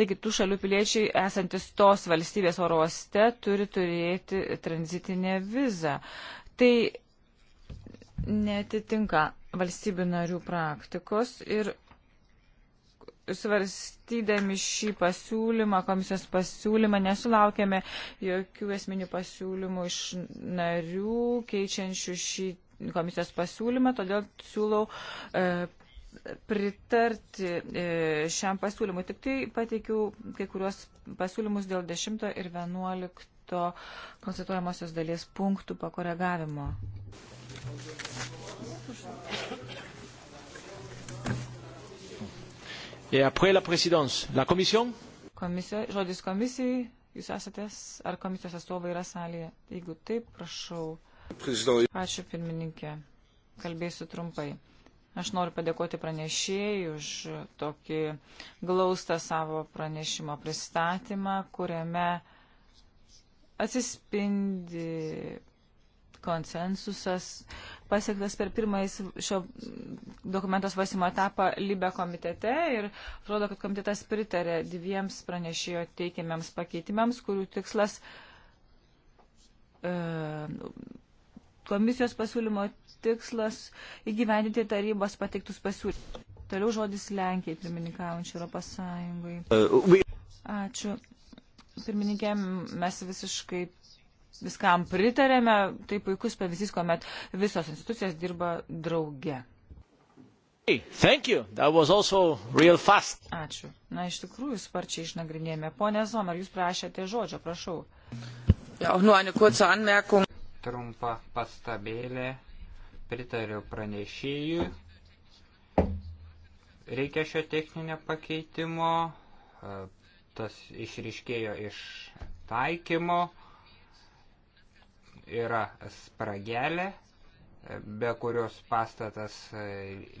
taigi tų šalių piliečiai esantis tos valstybės oruoste turi turėti tranzitinę vizą. Tai netitinka valstybių narių praktikos ir svarstydami šį pasiūlymą, komisijos pasiūlymą, nesulaukėme jokių esminių pasiūlymų iš narių keičiančių šį komisijos pasiūlymą, todėl siūlau e, pritarti e, šiam pasiūlymui. Tik tai pateikiau kai kuriuos pasiūlymus dėl 10 ir 11 konstatuojamosios dalies punktų pakoregavimo. Et après la présidence, la commission Komisija, žodis komisijai, jūs esate, ar komisijos atstovai yra salėje? Jeigu taip, prašau. Ačiū pirmininkė, kalbėsiu trumpai. Aš noriu padėkoti pranešėjai už tokį glaustą savo pranešimo pristatymą, kuriame atsispindi konsensusas pasiektas per pirmąjį šio dokumento svarstymo etapą Libe komitete ir atrodo, kad komitetas pritarė dviems pranešėjo teikiamiams pakeitimams, kurių tikslas e, komisijos pasiūlymo tikslas įgyvendinti tarybos pateiktus pasiūlymus. Toliau žodis Lenkijai, pirmininkaujančiai Europos Sąjungai. E, Ačiū. Pirmininkė, mes visiškai viskam pritarėme, tai puikus pavyzdys, kuomet visos institucijos dirba drauge. Ačiū. Na, iš tikrųjų, sparčiai išnagrinėjome. Pone Zomer, jūs prašėte žodžio, prašau. Trumpa pastabėlė. Pritariu pranešėjui. Reikia šio techninio pakeitimo. Tas išriškėjo iš taikymo yra spragelė, be kurios pastatas e,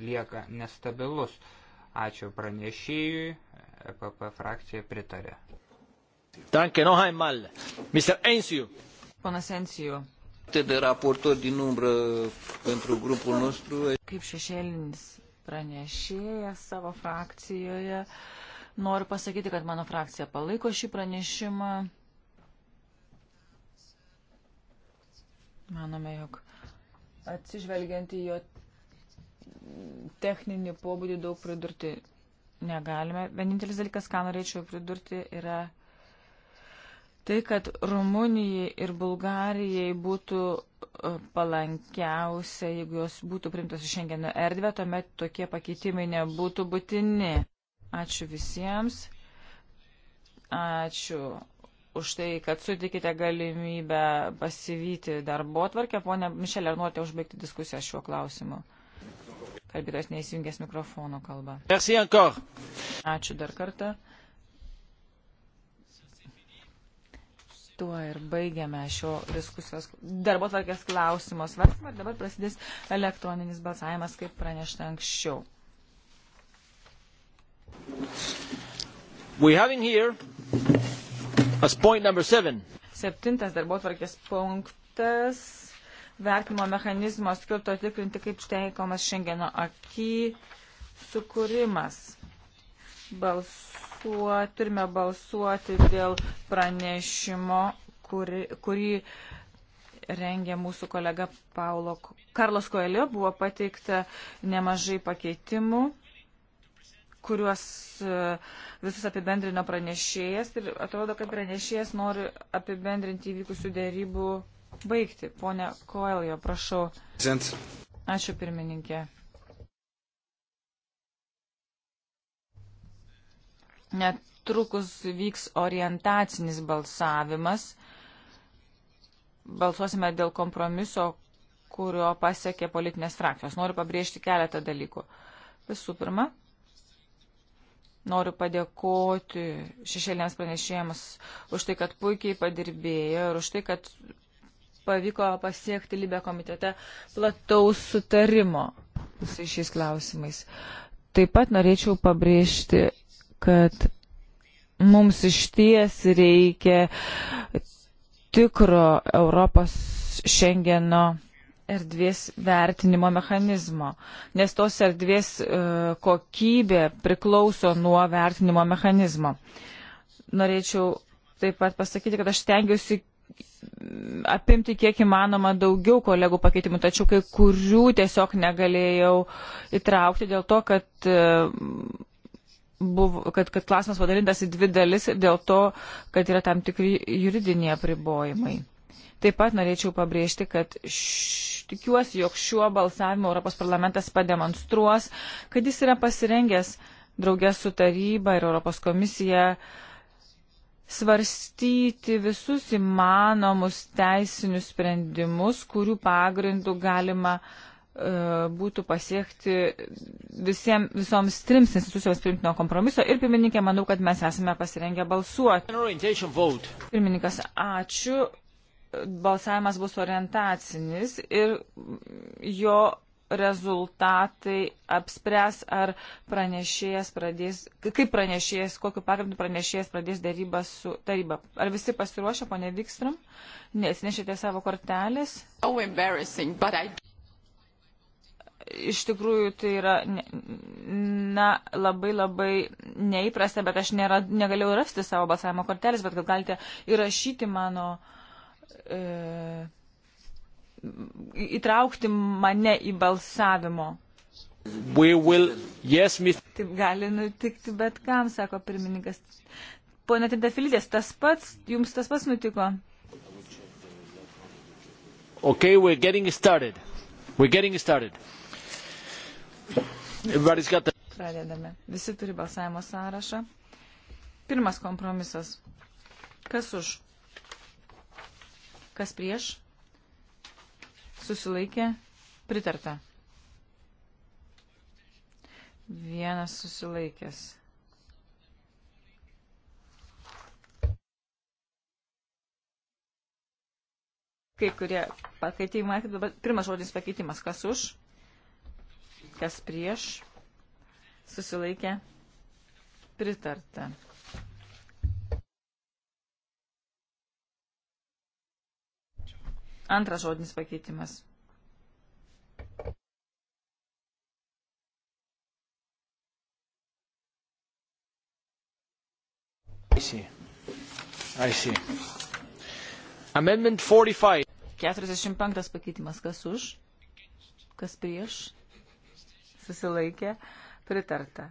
lieka nestabilus. Ačiū pranešėjui, EPP frakcija pritarė. Danke, no Heimal. Mr. Ensiju. Ponas Ensiju. De raportor din umbră pentru grupul nostru. Kaip šešėlinis pranešėjas savo frakcijoje, noriu pasakyti, kad mano frakcija palaiko šį pranešimą. Manome, jog atsižvelgiant į jo techninį pobūdį daug pridurti negalime. Vienintelis dalykas, ką norėčiau pridurti, yra tai, kad Rumunijai ir Bulgarijai būtų e, palankiausia, jeigu jos būtų primtos į šiandieno erdvę, tuomet tokie pakeitimai nebūtų būtini. Ačiū visiems. Ačiū už tai, kad sutikite galimybę pasivyti darbo atvarkę. Pone Mišelė, ar norite užbaigti diskusiją šiuo klausimu? Kalbėtojas neįsijungęs mikrofono kalba. Ačiū dar kartą. tuo ir baigiame šio diskusijos darbo tvarkės klausimo svarstymą ir dabar prasidės elektroninis balsavimas, kaip pranešta anksčiau. We have in here Septintas darbo tvarkės punktas. Vertimo mechanizmo skirto atlikrinti, kaip šteikomas šiandieno akį sukūrimas. Balsuo, turime balsuoti dėl pranešimo, kuri, kurį rengė mūsų kolega Paulo Karlos Koelio. Buvo pateikta nemažai pakeitimų kuriuos e, visus apibendrino pranešėjas ir atrodo, kad pranešėjas nori apibendrinti įvykusių dėrybų baigti. Pone Koelio, prašau. Ačiū pirmininkė. Netrukus vyks orientacinis balsavimas. Balsuosime dėl kompromiso, kurio pasiekė politinės frakcijos. Noriu pabrėžti keletą dalykų. Visų pirma, Noriu padėkoti šešėlėms pranešėjams už tai, kad puikiai padirbėjo ir už tai, kad pavyko pasiekti Libė komitete plataus sutarimo visais šiais klausimais. Taip pat norėčiau pabrėžti, kad mums iš ties reikia tikro Europos Šengeno erdvės vertinimo mechanizmo, nes tos erdvės e, kokybė priklauso nuo vertinimo mechanizmo. Norėčiau taip pat pasakyti, kad aš tengiuosi apimti kiek įmanoma daugiau kolegų pakeitimų, tačiau kai kurių tiesiog negalėjau įtraukti dėl to, kad, e, buvo, kad, kad klausimas padalintas į dvi dalis ir dėl to, kad yra tam tikri juridiniai apribojimai. Mm. Taip pat norėčiau pabrėžti, kad š... tikiuosi, jog šiuo balsavimu Europos parlamentas pademonstruos, kad jis yra pasirengęs draugės su taryba ir Europos komisija svarstyti visus įmanomus teisinius sprendimus, kurių pagrindų galima e, būtų pasiekti visiem, visoms trims institucijoms primtino kompromiso ir pirmininkė, manau, kad mes esame pasirengę balsuoti. Pirmininkas, ačiū balsavimas bus orientacinis ir jo rezultatai apspręs, ar pranešėjas pradės, kaip pranešėjas, kokiu pagrindu pranešėjas pradės dėrybą su taryba. Ar visi pasiruošę, ponė Vikstram? Nesinešite savo kortelės? Oh, iš tikrųjų tai yra na, labai labai neįprasta, bet aš nėra, negalėjau rasti savo balsavimo kortelės, bet gal galite įrašyti mano uh, e, įtraukti mane į balsavimo. Will, yes, Taip gali nutikti bet kam, sako pirmininkas. Pone Tedafilidės, tas pats, jums tas pats nutiko. Okay, we're getting started. We're getting started. Everybody's got the... Pradedame. Visi turi balsavimo sąrašą. Pirmas kompromisas. Kas už? Kas prieš? Susilaikė. Pritarta. Vienas susilaikęs. Kai kurie pakeitimai, dabar pirmas žodis pakeitimas, kas už, kas prieš, susilaikė, pritarta. Antras žodinis pakeitimas. I see. I see. Amendment 45. 45 pakeitimas. Kas už? Kas prieš? Susilaikė. Pritarta.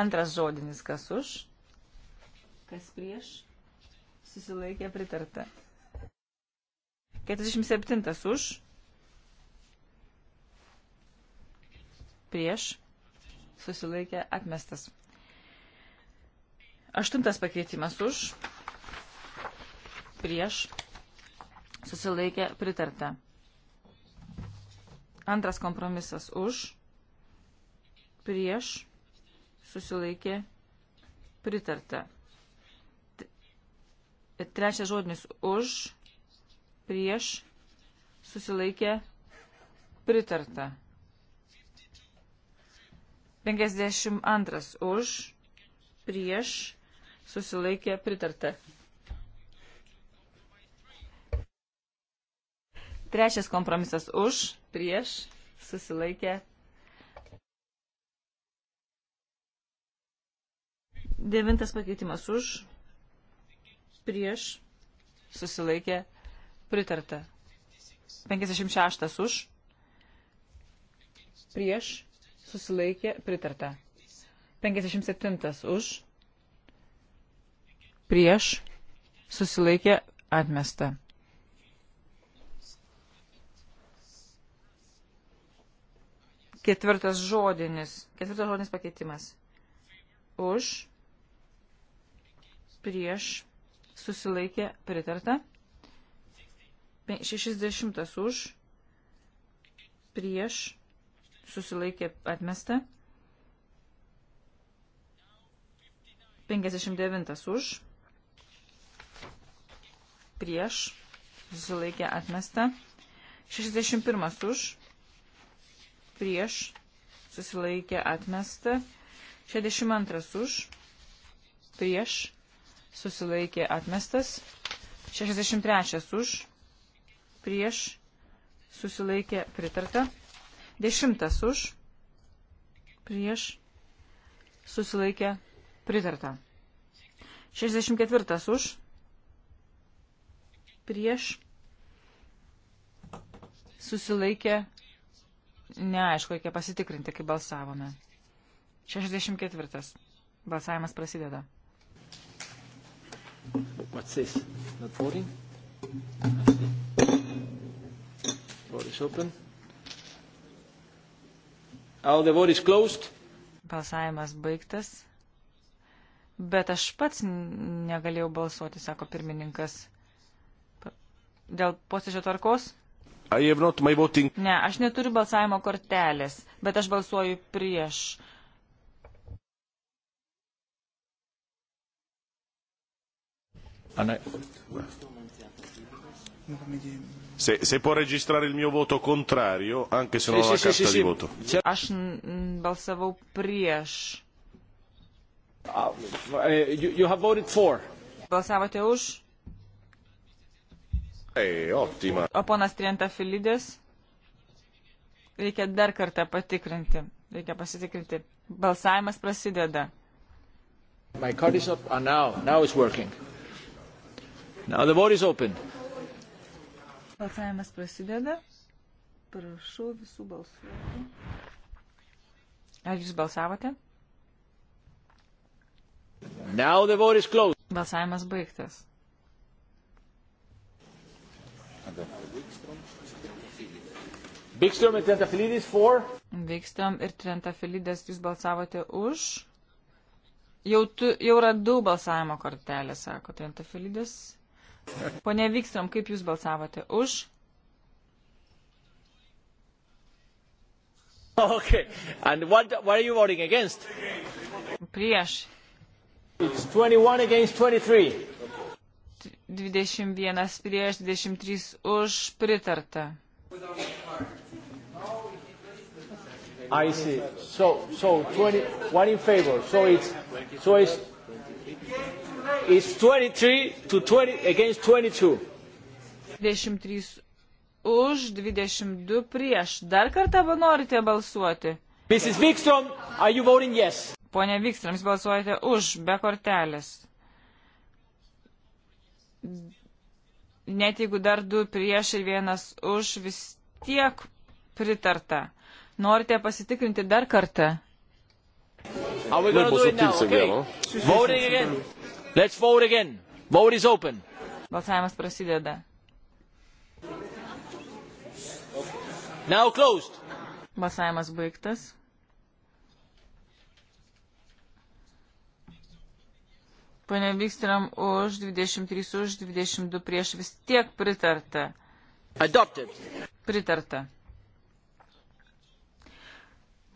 Antras žodinis. Kas už? Kas prieš? Susilaikė. Pritarta. 47 už. Prieš. Susilaikė atmestas. Aštuntas pakeitimas už. Prieš. Susilaikė pritarta. Antras kompromisas už. Prieš. Susilaikė pritarta. Trečias žodinis už prieš, susilaikė, pritarta. 52 už, prieš, susilaikė, pritarta. Trečias kompromisas už, prieš, susilaikė. Devintas pakeitimas už, prieš, susilaikė, pritarta. 56 už, prieš, susilaikė, pritarta. 57 už, prieš, susilaikė, atmesta. Ketvirtas žodinis, ketvirtas žodinis pakeitimas. Už, prieš, susilaikė, pritarta. 60 už, prieš, susilaikė atmesta. 59 už, prieš, susilaikė atmesta. 61 už, prieš, susilaikė atmesta. 62 už, prieš, susilaikė atmestas. 63 už, prieš, susilaikė pritarta. Dešimtas už, prieš, susilaikė pritarta. 64 už, prieš, susilaikė, neaišku, reikia pasitikrinti, kaip balsavome. 64. Balsavimas prasideda. What's this? Not voting? is open. All the vote is closed. Balsavimas baigtas. Bet aš pats negalėjau balsuoti, sako pirmininkas. Dėl posėdžio tvarkos? Ne, aš neturiu balsavimo kortelės, bet aš balsuoju prieš. And I, well. Se, se può registrare il mio voto contrario, anche se non sì, ho la sì, carta sì, di voto. Aš balsavau prieš. Uh, you, you have voted for. Balsavote už? Ei, eh, ottima. O ponas Trienta Filidės? Reikia dar kartą patikrinti. Reikia pasitikrinti. Balsavimas prasideda. My card is up. Uh, now, now it's working. Now the vote is open. Balsavimas prasideda. Prašau visų balsuoti. Ar jūs balsavote? Now the vote is closed. Balsavimas baigtas. Bikstrom ir Trentafilidis 4. Bikstrom ir Trentafilidis jūs balsavote už. Jau, tu, jau yra du balsavimo kortelės, sako Trentafilidis. Pone Vykstrom, kaip Jūs balsavote? Už? Okay. And what, what are you voting against? Prieš. It's 21 against 23. 21 prieš, 23 už pritarta. I see. So, so 20, one in favor. So it's, so it's is 23 to 20 against 22. 23 už, 22 prieš. Dar kartą norite balsuoti? Mrs. Wikstrom, are you voting yes? Pone Wikstrom, jūs balsuojate už, be kortelės. Net jeigu dar du prieš ir vienas už, vis tiek pritarta. Norite pasitikrinti dar kartą? Are we going to do it now? Okay. Voting again. Let's vote again. Vote is open. Balsavimas prasideda. Now closed. Balsavimas baigtas. Pane Vikstram už 23 už 22 prieš vis tiek pritarta. Adopted. Pritarta.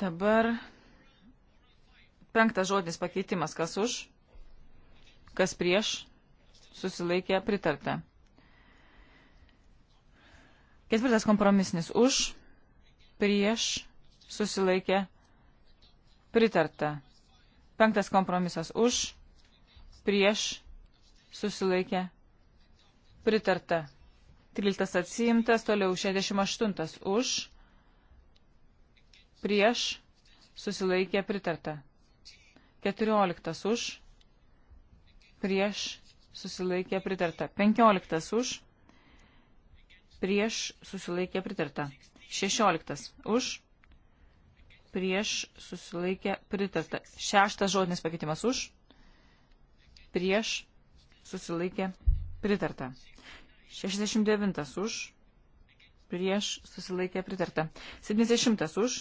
Dabar penktas žodis pakeitimas. Kas už? Kas prieš? Susilaikė pritarta. Ketvirtas kompromisnis už, prieš, susilaikė pritarta. Penktas kompromisas už, prieš, susilaikė pritarta. Tryliktas atsiimtas, toliau 68 už, prieš, susilaikė pritarta. Keturioliktas už, prieš susilaikė pritarta. 15 už, prieš susilaikė pritarta. 16 už, prieš susilaikė pritarta. Šeštas žodinis pakeitimas už, prieš susilaikė pritarta. 69 už, prieš susilaikė pritarta. 70 už,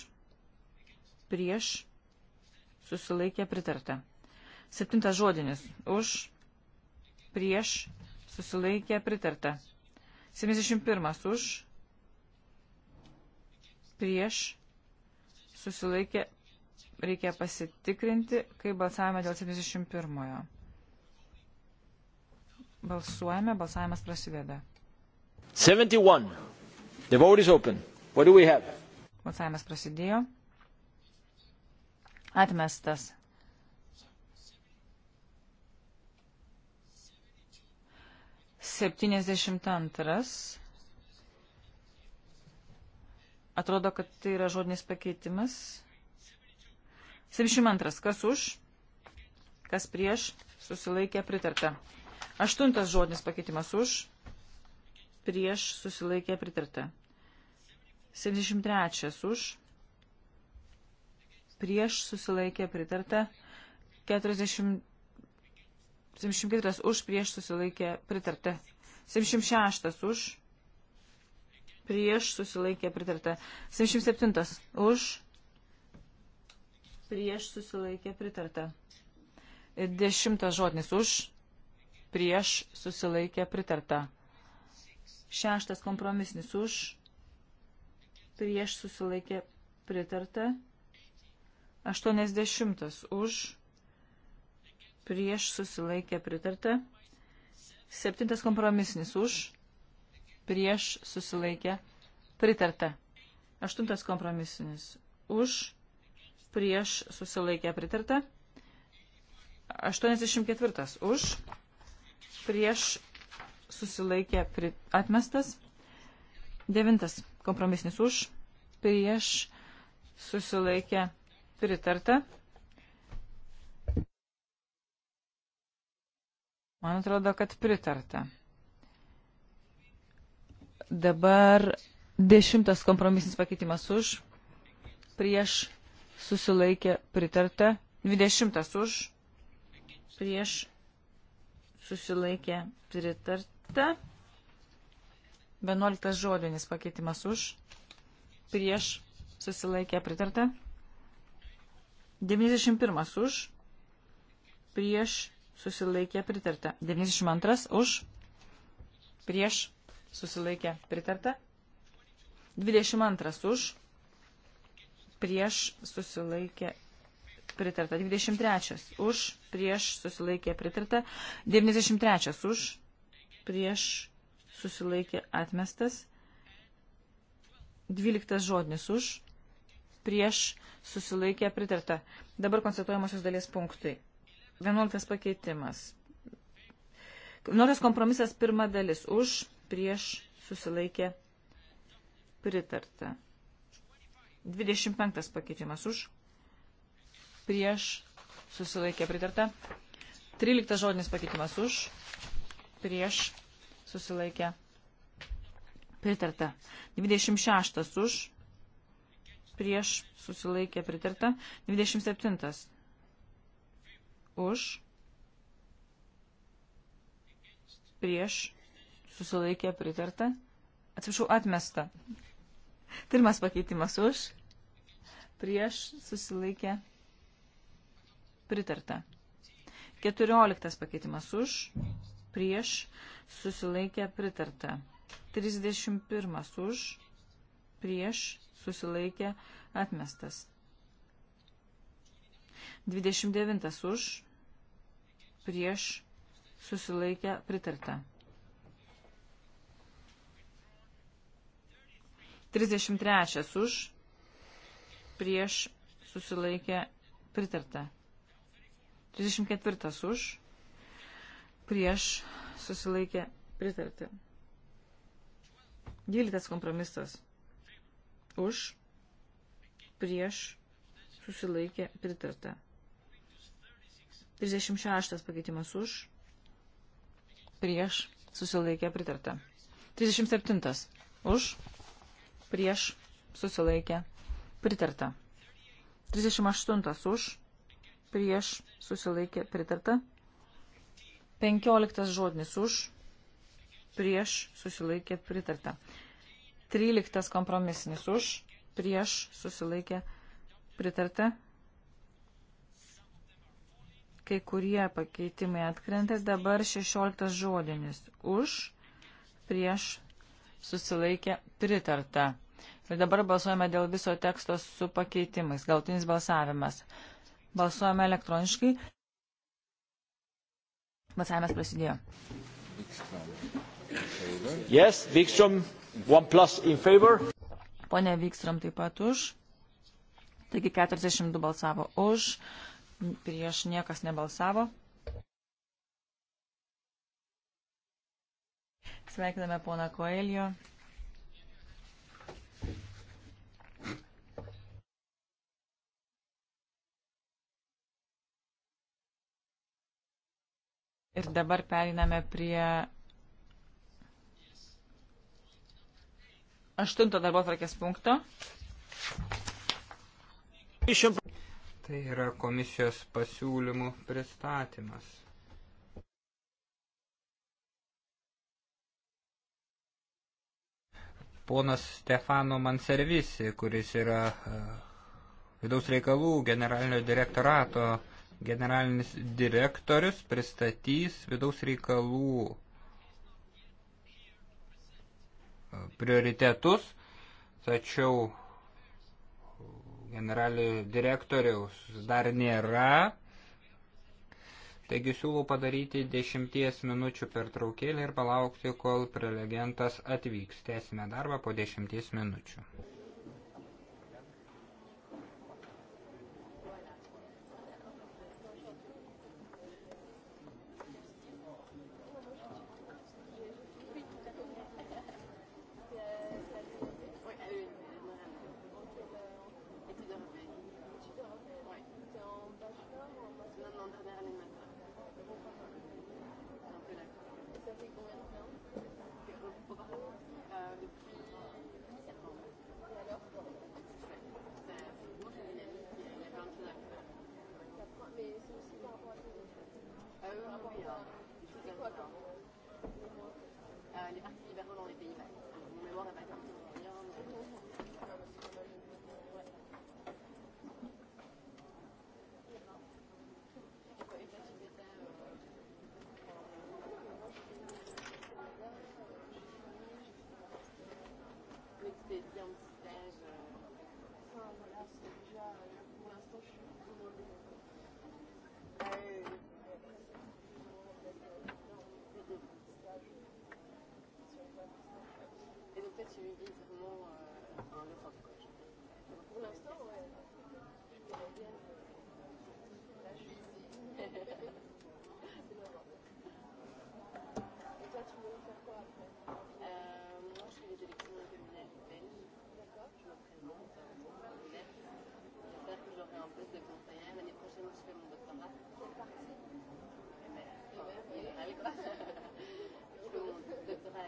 prieš susilaikė pritarta. Septintas žodinis. Už, prieš, susilaikė, pritarta. 71. Už, prieš, susilaikė, reikia pasitikrinti, kaip balsavome dėl 71. Balsuojame, balsavimas prasideda. 71. The vote is open. What do we have? Balsavimas prasidėjo. Atmestas. 72. Atrodo, kad tai yra žodinis pakeitimas. 72. Kas už? Kas prieš? Susilaikė pritarta. Aštuntas žodinis pakeitimas už. Prieš susilaikė pritarta. 73. Už. Prieš susilaikė pritarta. 40. 74 už prieš susilaikė pritarta. 76 už prieš susilaikė pritarta. 77 už prieš susilaikė pritarta. 10 žodinis už prieš susilaikė pritarta. 6 kompromisnis už prieš susilaikė pritarta. 80 už prieš susilaikė pritarta. Septintas kompromisinis už, prieš susilaikė pritarta. Aštuntas kompromisinis už, prieš susilaikė pritarta. 84 už, prieš susilaikė atmestas. 9 kompromisinis už, prieš susilaikė pritarta. Man atrodo, kad pritarta. Dabar dešimtas kompromisinis pakeitimas už, prieš susilaikė pritarta, dvidešimtas už, prieš susilaikė pritarta, vienuoliktas žodinis pakeitimas už, prieš susilaikė pritarta, 91 už, prieš susilaikė pritarta. 92 už, prieš, susilaikė pritarta. 22 už, prieš, susilaikė pritarta. 23 už, prieš, susilaikė pritarta. 93 už, prieš, susilaikė atmestas. 12 žodinis už, prieš, susilaikė pritarta. Dabar konstatuojamosios dalies punktai. 11 pakeitimas. 11 kompromisas pirma dalis. Už, prieš, susilaikė, pritarta. 25 pakeitimas. Už, prieš, susilaikė, pritarta. 13 žodinis pakeitimas. Už, prieš, susilaikė, pritarta. 26 už, prieš, susilaikė, pritarta. 27 už, prieš, susilaikė pritarta, atsiprašau, atmesta. Pirmas pakeitimas už, prieš, susilaikė pritarta. Keturioliktas pakeitimas už, prieš, susilaikė pritarta. Trisdešimt pirmas už, prieš, susilaikė atmestas. 29 už, prieš susilaikę pritarta. 33 už prieš susilaikę pritarta. 34 už prieš susilaikę pritarta. 12 kompromisas už prieš susilaikę pritarta. 36 pakeitimas už, prieš, susilaikė pritarta. 37 už, prieš, susilaikė pritarta. 38 už, prieš, susilaikė pritarta. 15 žodinis už, prieš, susilaikė pritarta. 13 kompromisinis už, prieš, susilaikė pritarta kai kurie pakeitimai atkrenta, dabar 16 žodinis už, prieš, susilaikė, pritarta. Ir dabar balsuojame dėl viso teksto su pakeitimais, galtinis balsavimas. Balsuojame elektroniškai. Balsavimas prasidėjo. Yes, Vikstrom, one plus in favor. Pone Vikstrom taip pat už. Taigi 42 balsavo už, prieš niekas nebalsavo. Sveikiname poną Koelio. Ir dabar periname prie aštunto darbo tvarkės punkto. Tai yra komisijos pasiūlymų pristatymas. Ponas Stefano Manservisi, kuris yra e, vidaus reikalų generalinio direktorato generalinis direktorius, pristatys vidaus reikalų e, prioritetus, tačiau generalinio direktoriaus dar nėra. Taigi siūlau padaryti dešimties minučių pertraukėlį ir palaukti, kol prelegentas atvyks. Tęsime darbą po dešimties minučių.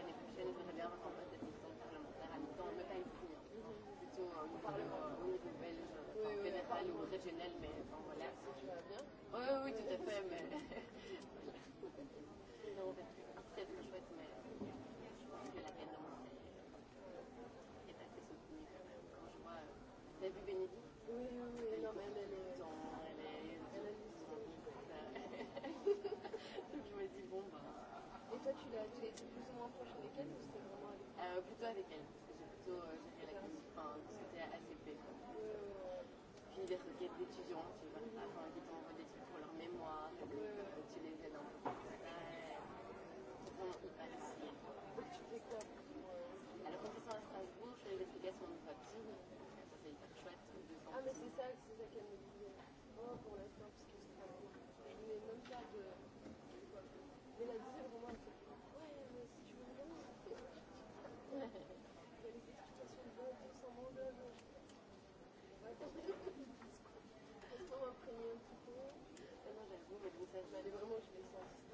l'année prochaine et ça serait bien qu'on passe cette mission parlementaire à mi-temps, mais pas ici, hein. plutôt euh, au Parlement, au niveau belge, oui, enfin, oui, fédéral oui. ou régional, mais enfin voilà. Ça, tu vas bien Oui, oui, tout à fait, mais as, tu les étais plus ou moins proche avec elle ou c'était vraiment avec elle euh, Plutôt avec elle, parce que j'ai plutôt euh, géré la question, enfin, c'était assez peu. Quoi. Euh... Puis les requêtes d'étudiants, tu vois, mm -hmm. enfin, qui t'envoient des trucs pour leur mémoire, donc euh... tu les aides un peu. Ouais. C'est vraiment hyper utile. Donc tu fais quoi pour, euh... Alors en passant à Strasbourg, je fais les explications de vote. Ça c'est hyper chouette. Ah mais c'est ça, c'est ça qu'elle me dit. Oh, pour l'instant, parce Laisse-moi me prévenir un petit peu. Et moi, j'avoue, mais le message m'allait vraiment, je l'ai senti.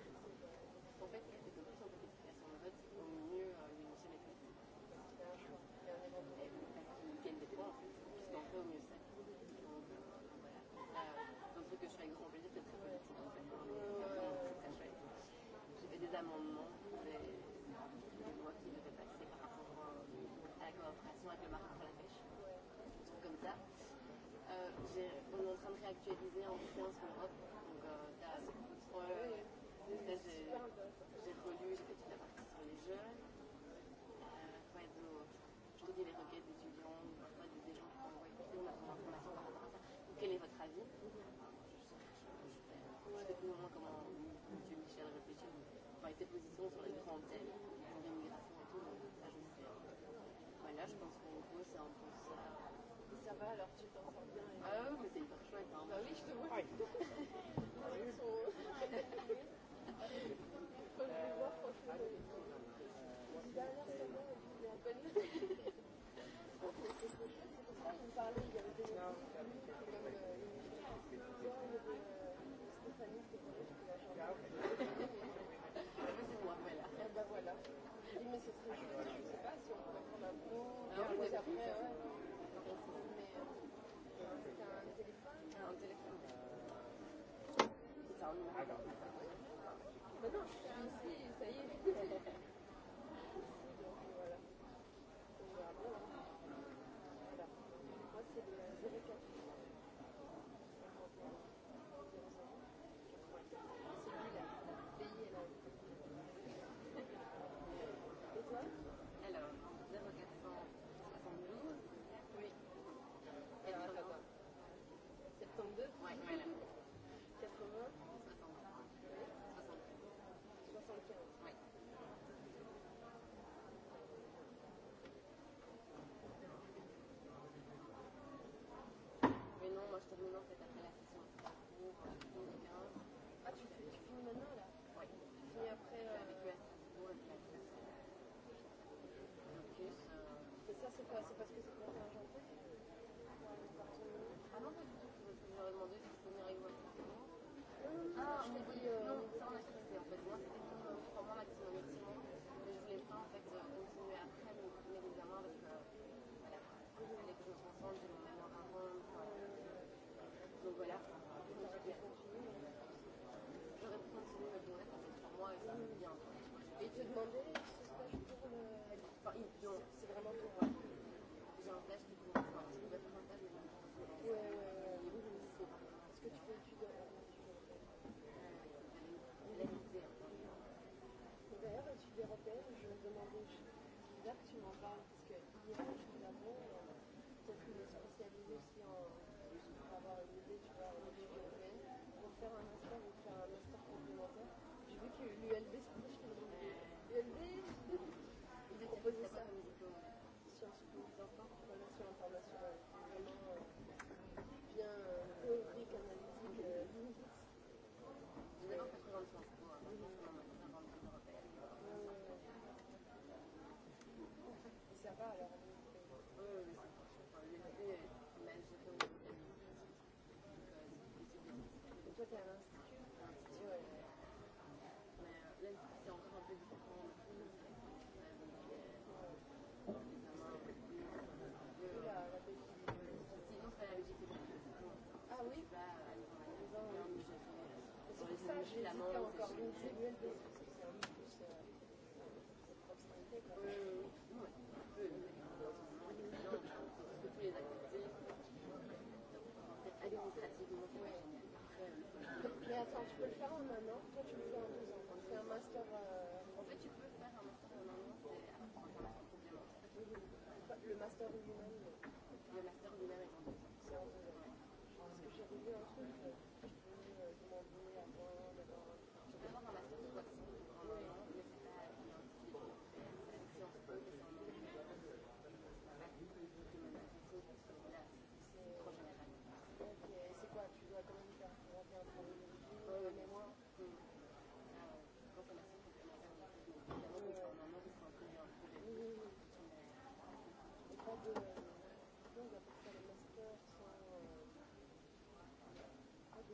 En fait, elle était de plus en plus efficace. En fait, au mieux, une émission est faite. C'est un choix. Il y a un événement. Elle veut pas qu'ils gagnent des points, en fait. Parce qu'en fait, au mieux, ça. Voilà. C'est un truc que je fais avec grand plaisir, c'est très politique, en fait. C'est très chouette. J'ai fait des amendements, des lois qui devaient passer par rapport à la coopération avec le Maroc. réactualisé en sciences en Europe. Donc, euh, t'as ce contrôle. Euh, oui, là, j'ai, j'ai relu, j'ai fait toute la partie sur les jeunes. Euh, ouais, donc, je relis les requêtes d'étudiants, parfois des gens qui m'envoient écouter, on a besoin d'informations par rapport à ça. Donc, quel est votre avis Je sais plus vraiment comment tu, euh, Michel, réfléchir. Enfin, tes positions sur les grands thèmes, l'immigration et tout. Donc, ça, je sais. Voilà, je pense qu'en gros, c'est un peu ça va, alors tu t'en sens bien. Et... Ah oui, mais c'est hyper chouette. Hein. Bah oui, je te vois. Oui. Ils sont... Faut que je les vois, franchement. Les dernières semaines, je voulais à peine. Je pense que c'est trop chouette, c'est pour ça qu'il me parlait, il y avait des gens comme Stéphanie, c'est pour elle, je peux la changer. Ah, bah voilà. Il me s'est très chouette. c'est maintenant cette appellation. Amour, combien Ah, tu, tu finis maintenant là Ouais. Tu finis après. J'ai vécu à Strasbourg et puis à Bruxelles. Plus, euh... Et ça, c'est quoi C'est parce que c'est pour un genre Monday non, non, c'est sûr. Administrativement. Ouais. Mais attends, tu peux le faire en un an Toi, tu le fais en deux ans. C'est un master. Euh... En fait, tu peux faire un master en un an. Le master humain.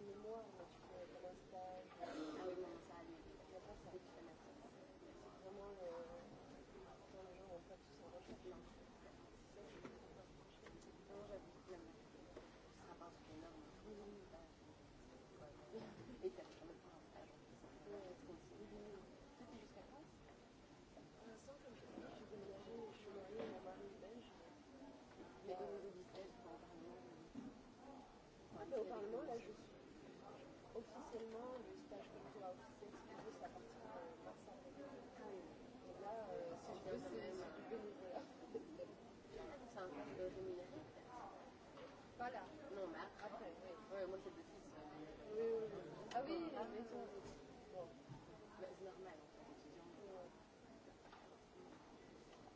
mémoire seulement le stage culturel officiel qui veut ça partir de Marseille. Et là, euh, si je veux, c'est du bénévolat. c'est un terme de rémunéré. Voilà. Non, mais après, oui. Ouais, moi, c'est d'office. Oui, oui, oui. Ah oui, ah, mais toi. Bon. Bah, c'est normal, en tant qu'étudiant. Ouais.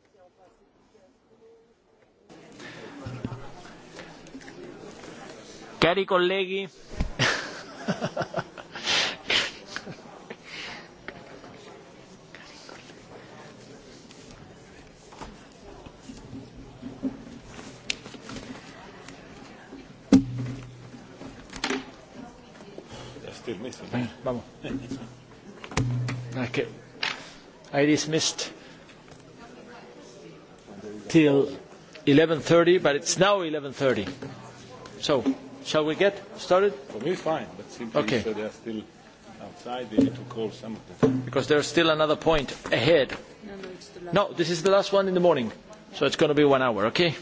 Si on passe, c'est plus qu'à Cari colleghi, Vamos. Okay. I dismissed till 11.30, but it's now 11.30. So, shall we get started? For me, fine, but simply okay. so they are still outside, they need to call some of them. Because there's still another point ahead. No, no, it's the last no this is the last one in the morning, so it's going to be one hour, okay?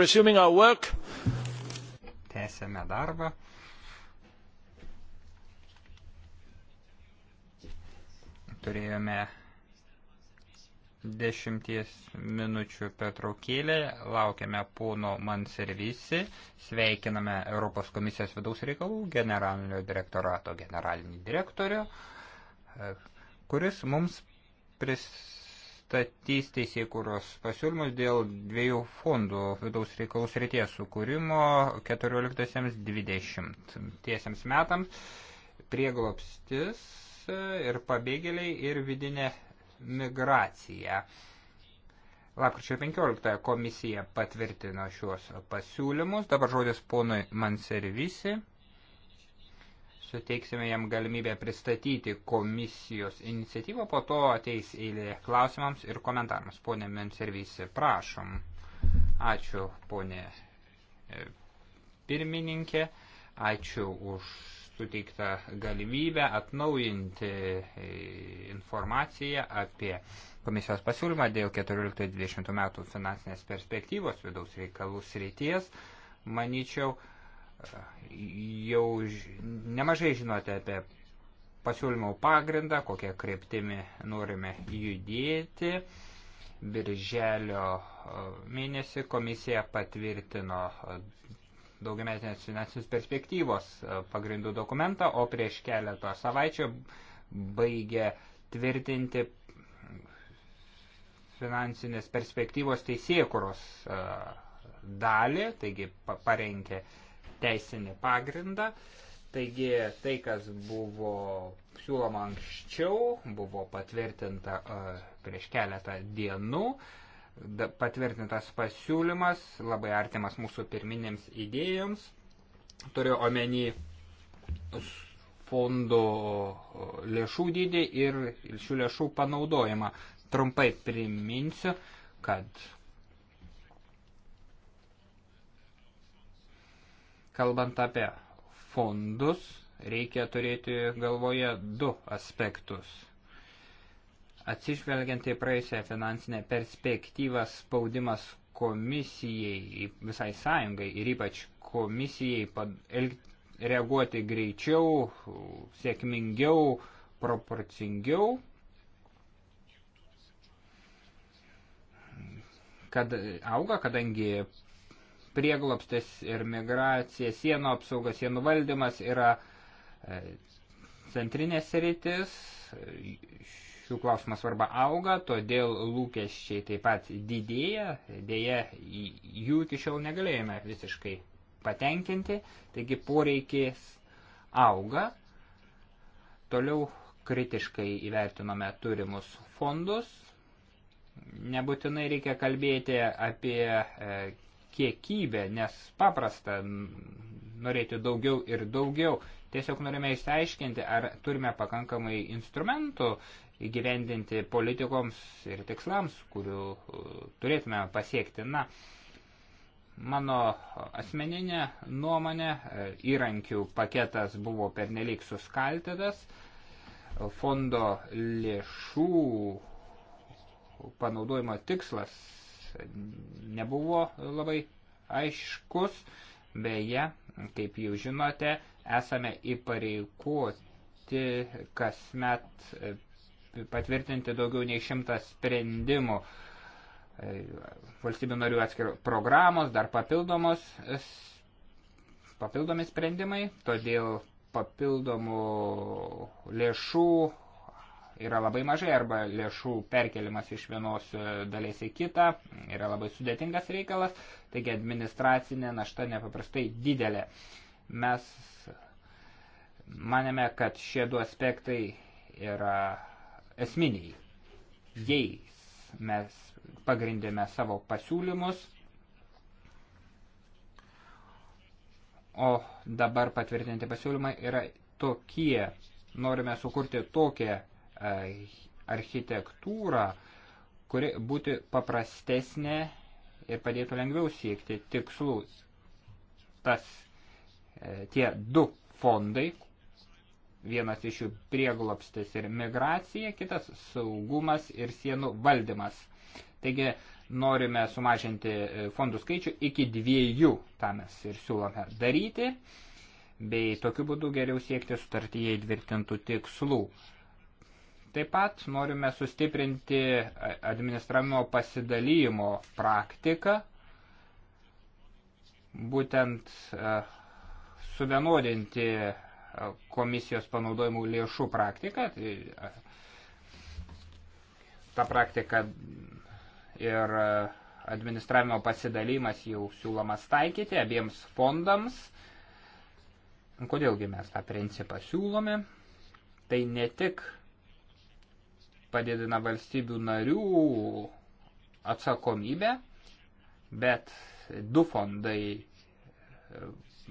resuming our work. Tęsėme darbą. Turėjome dešimties minučių petraukėlę, laukiame pono Manservisi, sveikiname Europos komisijos vidaus reikalų generalinio direktorato generalinį direktorių, kuris mums pristatė pristatys teisėkūros pasiūlymus dėl dviejų fondų vidaus reikalų srities sukūrimo 14-20 metams prieglopstis ir pabėgėliai ir vidinė migracija. Lapkričio 15 komisija patvirtino šiuos pasiūlymus. Dabar žodis ponui Manservisi suteiksime jam galimybę pristatyti komisijos iniciatyvą, po to ateis eilė klausimams ir komentarams. Pone Menservisi, prašom. Ačiū, ponė e, pirmininkė, ačiū už suteiktą galimybę atnaujinti e, informaciją apie komisijos pasiūlymą dėl 14-20 metų finansinės perspektyvos vidaus reikalų srities. Manyčiau, jau nemažai žinote apie pasiūlymų pagrindą, kokią kryptimį norime judėti. Birželio e, mėnesį komisija patvirtino e, daugiametinės finansinės perspektyvos e, pagrindų dokumentą, o prieš keletą savaičių baigė tvirtinti finansinės perspektyvos teisėkuros dalį, taigi parengė teisinį pagrindą. Taigi tai, kas buvo siūloma anksčiau, buvo patvirtinta prieš keletą dienų. Patvirtintas pasiūlymas labai artimas mūsų pirminėms idėjoms. Turiu omeny fondo lėšų dydį ir šių lėšų panaudojimą. Trumpai priminsiu, kad Kalbant apie fondus, reikia turėti galvoje du aspektus. Atsižvelgiant į praėjusią finansinę perspektyvą spaudimas komisijai, visai sąjungai ir ypač komisijai reaguoti greičiau, sėkmingiau, proporcingiau, kad auga, kadangi prieglopstis ir migracija, sienų apsauga, sienų valdymas yra e, centrinės rytis, šių klausimų svarba auga, todėl lūkesčiai taip pat didėja, dėja jų iki šiol negalėjome visiškai patenkinti, taigi poreikis auga. Toliau kritiškai įvertinome turimus fondus, nebūtinai reikia kalbėti apie e, kiekybę, nes paprasta norėti daugiau ir daugiau. Tiesiog norime išsiaiškinti, ar turime pakankamai instrumentų įgyvendinti politikoms ir tikslams, kurių uh, turėtume pasiekti. Na, mano asmeninė nuomonė, uh, įrankių paketas buvo pernelyg suskaltytas, fondo lėšų panaudojimo tikslas nebuvo labai aiškus. Beje, kaip jau žinote, esame įpareikoti kasmet patvirtinti daugiau nei šimtą sprendimų valstybių narių atskirų programos, dar papildomos, papildomi sprendimai, todėl papildomų lėšų yra labai mažai arba lėšų perkelimas iš vienos e, dalies į kitą yra labai sudėtingas reikalas, taigi administracinė našta nepaprastai didelė. Mes manėme, kad šie du aspektai yra esminiai. Jais mes pagrindėme savo pasiūlymus, o dabar patvirtinti pasiūlymai yra tokie. Norime sukurti tokią architektūrą, kuri būtų paprastesnė ir padėtų lengviau siekti tikslus. Tas e, tie du fondai, vienas iš jų prieglopstis ir migracija, kitas saugumas ir sienų valdymas. Taigi norime sumažinti e, fondų skaičių iki dviejų, tą mes ir siūlome daryti, bei tokiu būdu geriau siekti sutartyje įtvirtintų tikslų. Taip pat norime sustiprinti administravimo pasidalymo praktiką, būtent e, suvienodinti e, komisijos panaudojimų lėšų praktiką. Tai, e, ta praktika ir administravimo pasidalymas jau siūlomas taikyti abiems fondams. Kodėlgi mes tą principą siūlome? Tai ne tik padidina valstybių narių atsakomybę, bet du fondai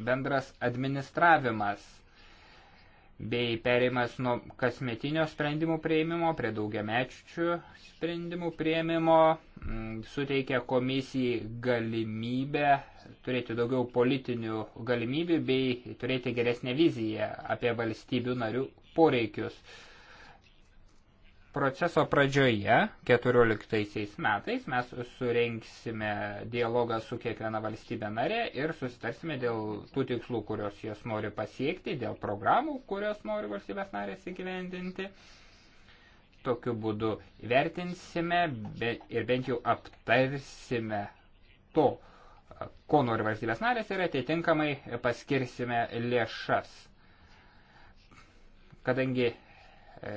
bendras administravimas bei perėjimas nuo kasmetinio sprendimų prieimimo prie daugiamečių sprendimų prieimimo mm, suteikia komisijai galimybę turėti daugiau politinių galimybių bei turėti geresnę viziją apie valstybių narių poreikius proceso pradžioje, 14 metais, mes surenksime dialogą su kiekviena valstybė narė ir susitarsime dėl tų tikslų, kurios jos nori pasiekti, dėl programų, kurios nori valstybės narės įgyvendinti. Tokiu būdu vertinsime ir bent jau aptarsime to, ko nori valstybės narės ir atitinkamai paskirsime lėšas. Kadangi E,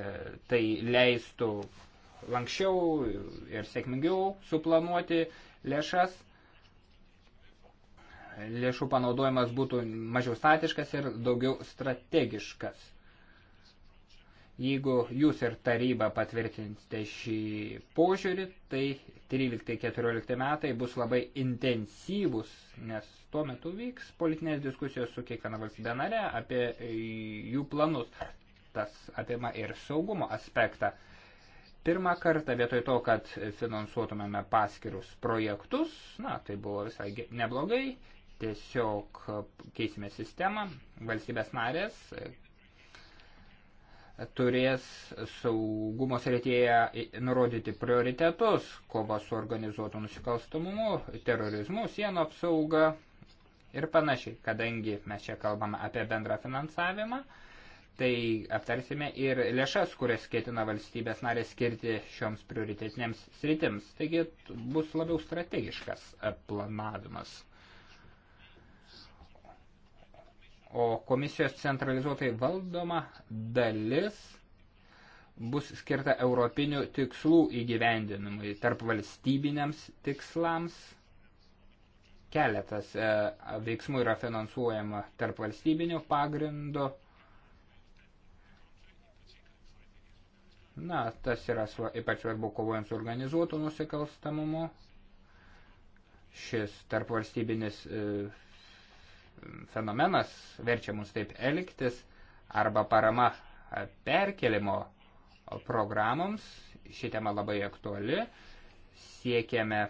tai leistų lankščiau ir sėkmingiau suplanuoti lėšas. Lėšų panaudojimas būtų mažiau statiškas ir daugiau strategiškas. Jeigu jūs ir taryba patvirtinsite šį požiūrį, tai 13-14 metai bus labai intensyvus, nes tuo metu vyks politinės diskusijos su kiekviena valstybė nare apie jų planus tas apima ir saugumo aspektą. Pirmą kartą vietoj to, kad finansuotumėme paskirus projektus, na, tai buvo visai neblogai, tiesiog keisime sistemą, valstybės narės turės saugumo srityje nurodyti prioritetus, kova su organizuotu nusikalstamumu, terorizmu, sienų apsauga ir panašiai, kadangi mes čia kalbame apie bendrą finansavimą, Tai aptarsime ir lėšas, kurias ketina valstybės narės skirti šioms prioritetinėms sritims. Taigi bus labiau strategiškas planavimas. O komisijos centralizuotai valdoma dalis bus skirta europinių tikslų įgyvendinimui, tarp valstybiniams tikslams keletas e, veiksmų yra finansuojama tarp valstybinio pagrindo Na, tas yra sva, ypač svarbu kovojant su organizuotu nusikalstamumu. Šis tarpvalstybinis e, fenomenas verčia mus taip elgtis arba parama e, perkelimo programoms. Ši tema labai aktuali. Siekiame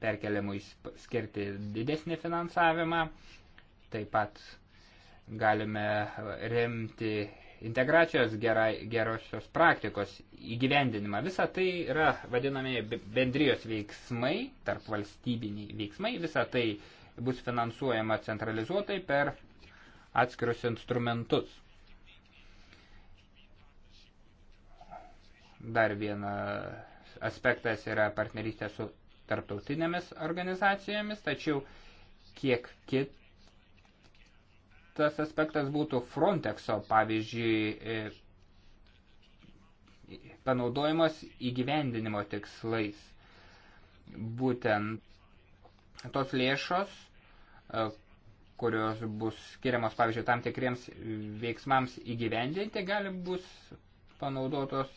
perkelimui skirti didesnį finansavimą. Taip pat galime e, remti integracijos gerai, gerosios praktikos įgyvendinimą. Visa tai yra vadinami bendrijos veiksmai, tarp valstybiniai veiksmai, visa tai bus finansuojama centralizuotai per atskirus instrumentus. Dar vienas aspektas yra partnerystė su tarptautinėmis organizacijomis, tačiau kiek kit kitas aspektas būtų Frontexo, pavyzdžiui, e, panaudojimas įgyvendinimo tikslais. Būtent tos lėšos, e, kurios bus skiriamos, pavyzdžiui, tam tikriems veiksmams įgyvendinti, gali bus panaudotos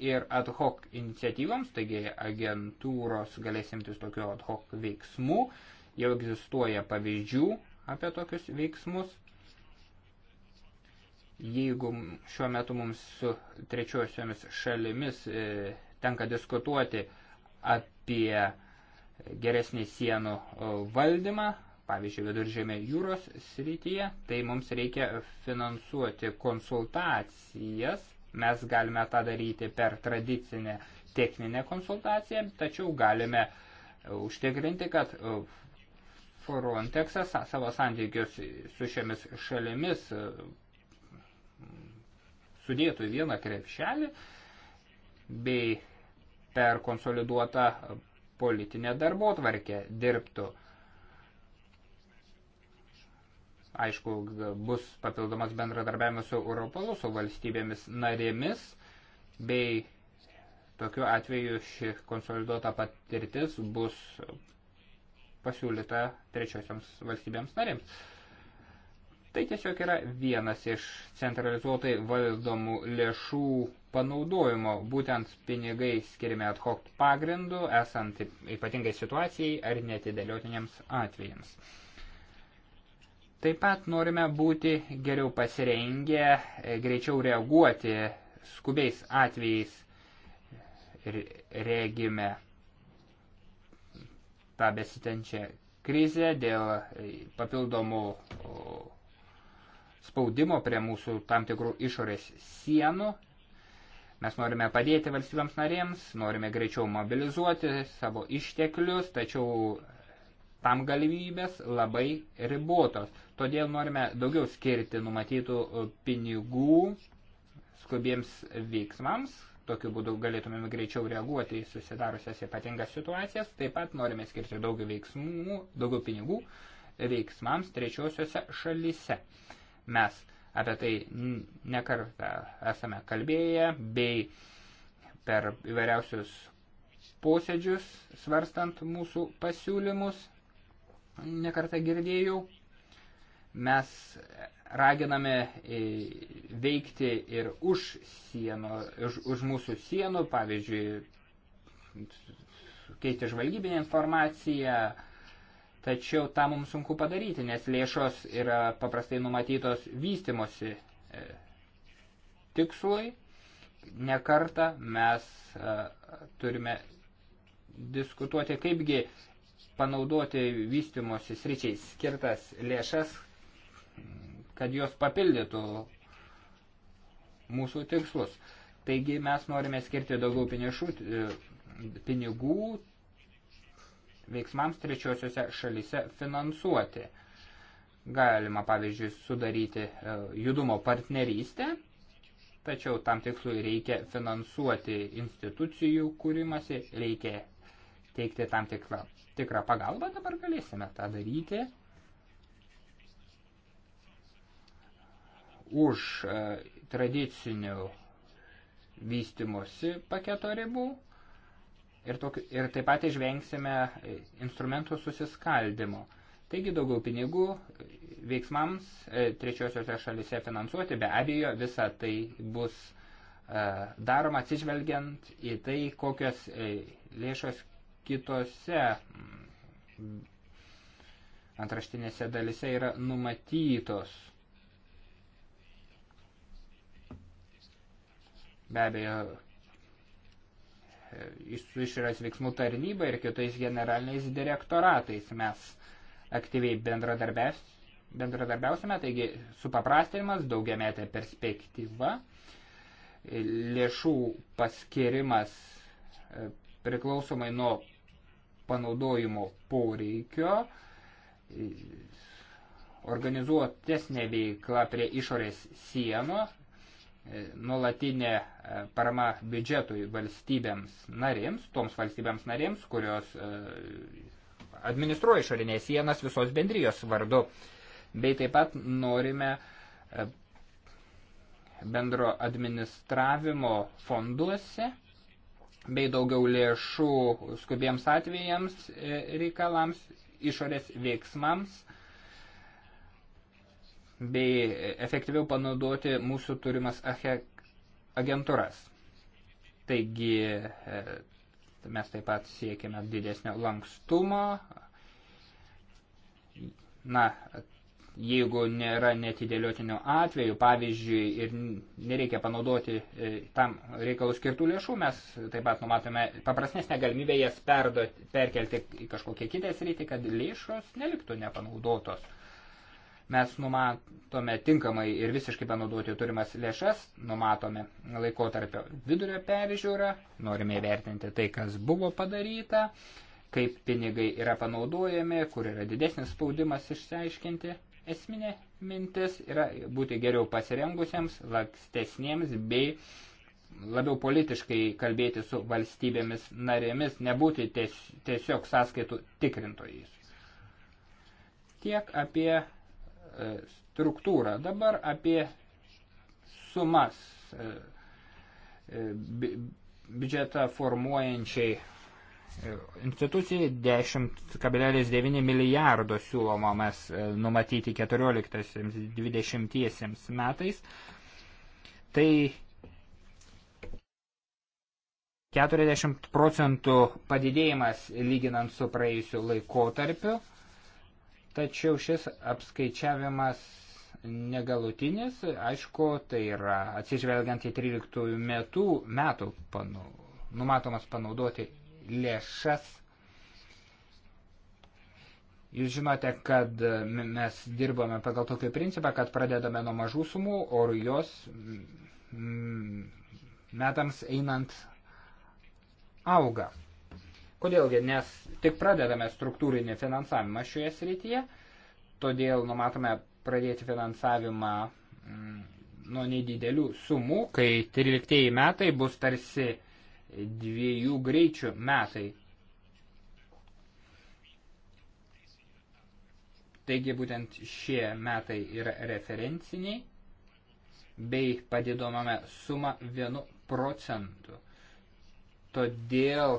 ir ad hoc iniciatyvams, taigi agentūros galės imtis tokių ad hoc veiksmų, jau egzistuoja pavyzdžių apie tokius veiksmus. Jeigu šiuo metu mums su trečiosiomis šalimis e, tenka diskutuoti apie geresnį sienų e, valdymą, pavyzdžiui, viduržėmė jūros srityje, tai mums reikia finansuoti konsultacijas. Mes galime tą daryti per tradicinę techninę konsultaciją, tačiau galime užtikrinti, kad e, Frontexas savo santykius su šiomis šalimis sudėtų į vieną krepšelį bei per konsoliduotą politinę darbo tvarkę dirbtų. Aišku, bus papildomas bendradarbiavimas su Europolu, su valstybėmis narėmis, bei tokiu atveju ši konsoliduota patirtis bus pasiūlyta trečiosioms valstybėms narėms. Tai tiesiog yra vienas iš centralizuotai valdomų lėšų panaudojimo, būtent pinigai skiriami ad hoc pagrindu, esant ypatingai situacijai ar netidėliotiniams atvejams. Taip pat norime būti geriau pasirengę, e, greičiau reaguoti skubiais atvejais regime tą besitenčią krizę dėl papildomų spaudimo prie mūsų tam tikrų išorės sienų. Mes norime padėti valstybėms narėms, norime greičiau mobilizuoti savo išteklius, tačiau tam galimybės labai ribotos. Todėl norime daugiau skirti numatytų pinigų skubiems veiksmams, tokiu būdu galėtumėm greičiau reaguoti į susidariusias ypatingas situacijas. Taip pat norime skirti daugiau veiksmų, daugiau pinigų veiksmams trečiosiuose šalyse. Mes apie tai nekartą esame kalbėję, bei per įvairiausius posėdžius svarstant mūsų pasiūlymus, nekartą girdėjau, mes raginame e, veikti ir už sienų, už, už mūsų sienų, pavyzdžiui, keisti žvalgybinę informaciją, Tačiau tą mums sunku padaryti, nes lėšos yra paprastai numatytos vystimosi e, tikslui. Nekartą mes e, turime diskutuoti, kaipgi panaudoti vystimosi sričiai skirtas lėšas, kad jos papildytų mūsų tikslus. Taigi mes norime skirti daugiau e, pinigų, pinigų veiksmams trečiosiuose šalyse finansuoti. Galima, pavyzdžiui, sudaryti e, judumo partnerystę, tačiau tam tikslui reikia finansuoti institucijų kūrimasi, reikia teikti tam tikrą, tikrą pagalbą, dabar galėsime tą daryti. Už e, tradicinių vystimosi paketo ribų ir, tokiu, ir taip pat išvengsime instrumentų susiskaldimo. Taigi daugiau pinigų veiksmams e, trečiosiuose šalise finansuoti, be abejo, visa tai bus e, daroma atsižvelgiant į tai, kokios e, lėšos kitose mm, antraštinėse dalise yra numatytos. Be abejo, su išorės veiksmų tarnyba ir kitais generaliniais direktoratais mes aktyviai bendradarbiausime, taigi supaprastinimas, daugiametė perspektyva, lėšų paskirimas e, priklausomai nuo panaudojimo poreikio, e, organizuotesnė veikla prie išorės sieno, nuolatinė e, parama biudžetui valstybėms narėms, toms valstybėms narėms, kurios e, administruoja išorinės sienas visos bendrijos vardu. Bei taip pat norime e, bendro administravimo fonduose bei daugiau lėšų skubiems atvejams reikalams, išorės veiksmams bei efektyviau panaudoti mūsų turimas agentūras. Taigi e, mes taip pat siekime didesnio lankstumo. Na, jeigu nėra netidėliotinių atvejų, pavyzdžiui, ir nereikia panaudoti e, tam reikalų skirtų lėšų, mes taip pat numatome paprastesnę galimybę jas perduoti, perkelti į kažkokią kitą sritį, kad lėšos neliktų nepanaudotos. Mes numatome tinkamai ir visiškai panaudoti turimas lėšas, numatome laikotarpio vidurio peržiūrą, norime įvertinti tai, kas buvo padaryta, kaip pinigai yra panaudojami, kur yra didesnis spaudimas išsiaiškinti. Esminė mintis yra būti geriau pasirengusiems, lakstesniems bei labiau politiškai kalbėti su valstybėmis narėmis, nebūti ties, tiesiog sąskaitų tikrintojais. Tiek apie E, struktūrą. Dabar apie sumas e, e, biudžetą formuojančiai institucijai 10,9 milijardo siūloma mes numatyti 14-20 metais. Tai 40 procentų padidėjimas lyginant su praėjusiu laikotarpiu tačiau šis apskaičiavimas negalutinis, aišku, tai yra atsižvelgiant į 13 metų, metų panu, numatomas panaudoti lėšas. Jūs žinote, kad mes dirbame pagal tokį principą, kad pradedame nuo mažų sumų, o jos metams einant auga. Kodėlgi? Nes tik pradedame struktūrinį finansavimą šioje srityje, todėl numatome pradėti finansavimą mm, nuo nedidelių sumų, kai 13 metai bus tarsi dviejų greičių metai. Taigi būtent šie metai yra referenciniai bei padidinome sumą 1 procentu. Todėl,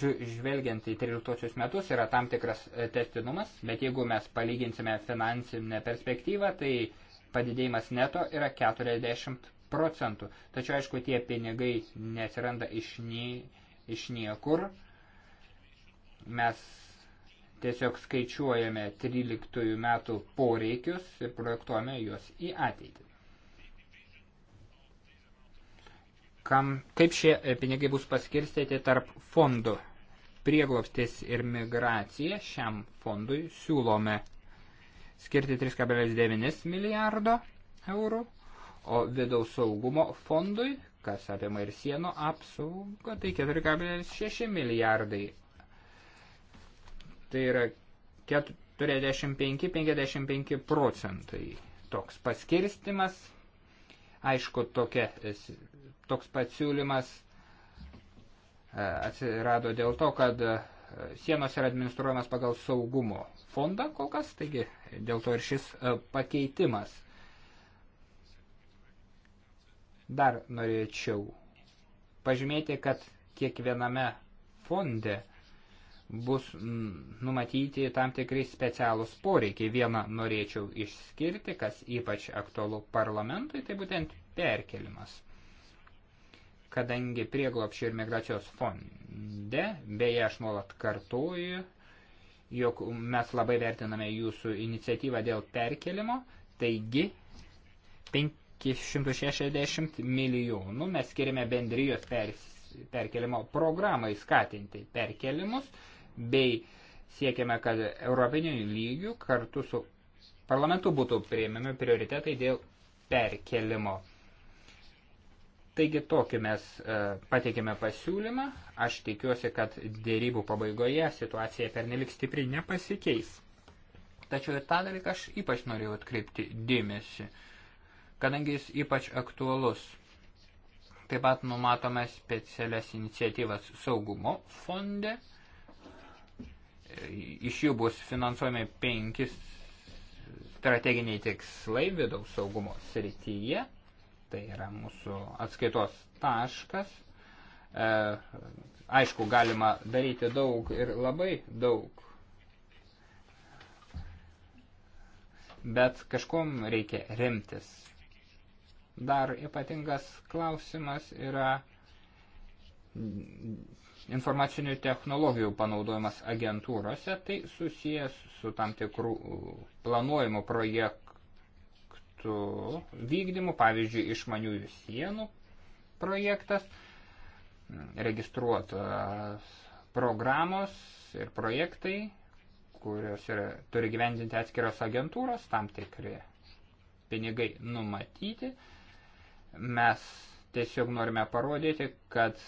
žvelgiant į 13 metus, yra tam tikras e, testinumas, bet jeigu mes palyginsime finansinę perspektyvą, tai padidėjimas neto yra 40 procentų. Tačiau, aišku, tie pinigai nesiranda iš, nie, iš niekur. Mes tiesiog skaičiuojame 13 metų poreikius ir projektuojame juos į ateitį. kam, kaip šie e, pinigai bus paskirstyti tarp fondų. Prieglopstis ir migracija šiam fondui siūlome skirti 3,9 milijardo eurų, o vidaus saugumo fondui, kas apima ir sienų apsaugą, tai 4,6 milijardai. Tai yra 45-55 procentai toks paskirstimas. Aišku, tokia toks pasiūlymas e, atsirado dėl to, kad e, sienos yra administruojamas pagal saugumo fondą kol kas, taigi dėl to ir šis e, pakeitimas. Dar norėčiau pažymėti, kad kiekviename fonde bus numatyti tam tikri specialūs poreikiai. Vieną norėčiau išskirti, kas ypač aktualu parlamentui, tai būtent perkelimas kadangi prieglopščio ir migracijos fonde, beje, aš nuolat kartuoju, jog mes labai vertiname jūsų iniciatyvą dėl perkelimo, taigi 560 milijonų mes skiriame bendrijos per, perkelimo programai skatinti perkelimus, bei siekiame, kad europinių lygių kartu su parlamentu būtų prieimami prioritetai dėl perkelimo. Taigi tokį mes e, pateikėme pasiūlymą. Aš tikiuosi, kad dėrybų pabaigoje situacija pernelik stipriai nepasikeis. Tačiau ir tą dalyką aš ypač norėjau atkreipti dėmesį, kadangi jis ypač aktualus. Taip pat numatome specialias iniciatyvas saugumo fonde. E, iš jų bus finansuojami penkis strateginiai tikslai vidaus saugumo srityje tai yra mūsų atskaitos taškas. E, aišku, galima daryti daug ir labai daug, bet kažkom reikia remtis. Dar ypatingas klausimas yra informacinių technologijų panaudojimas agentūrose, tai susijęs su tam tikrų planuojimų projektų projektų vykdymu, pavyzdžiui, išmaniųjų sienų projektas, registruotos programos ir projektai, kurios yra, turi gyvendinti atskiros agentūros, tam tikri pinigai numatyti. Mes tiesiog norime parodyti, kad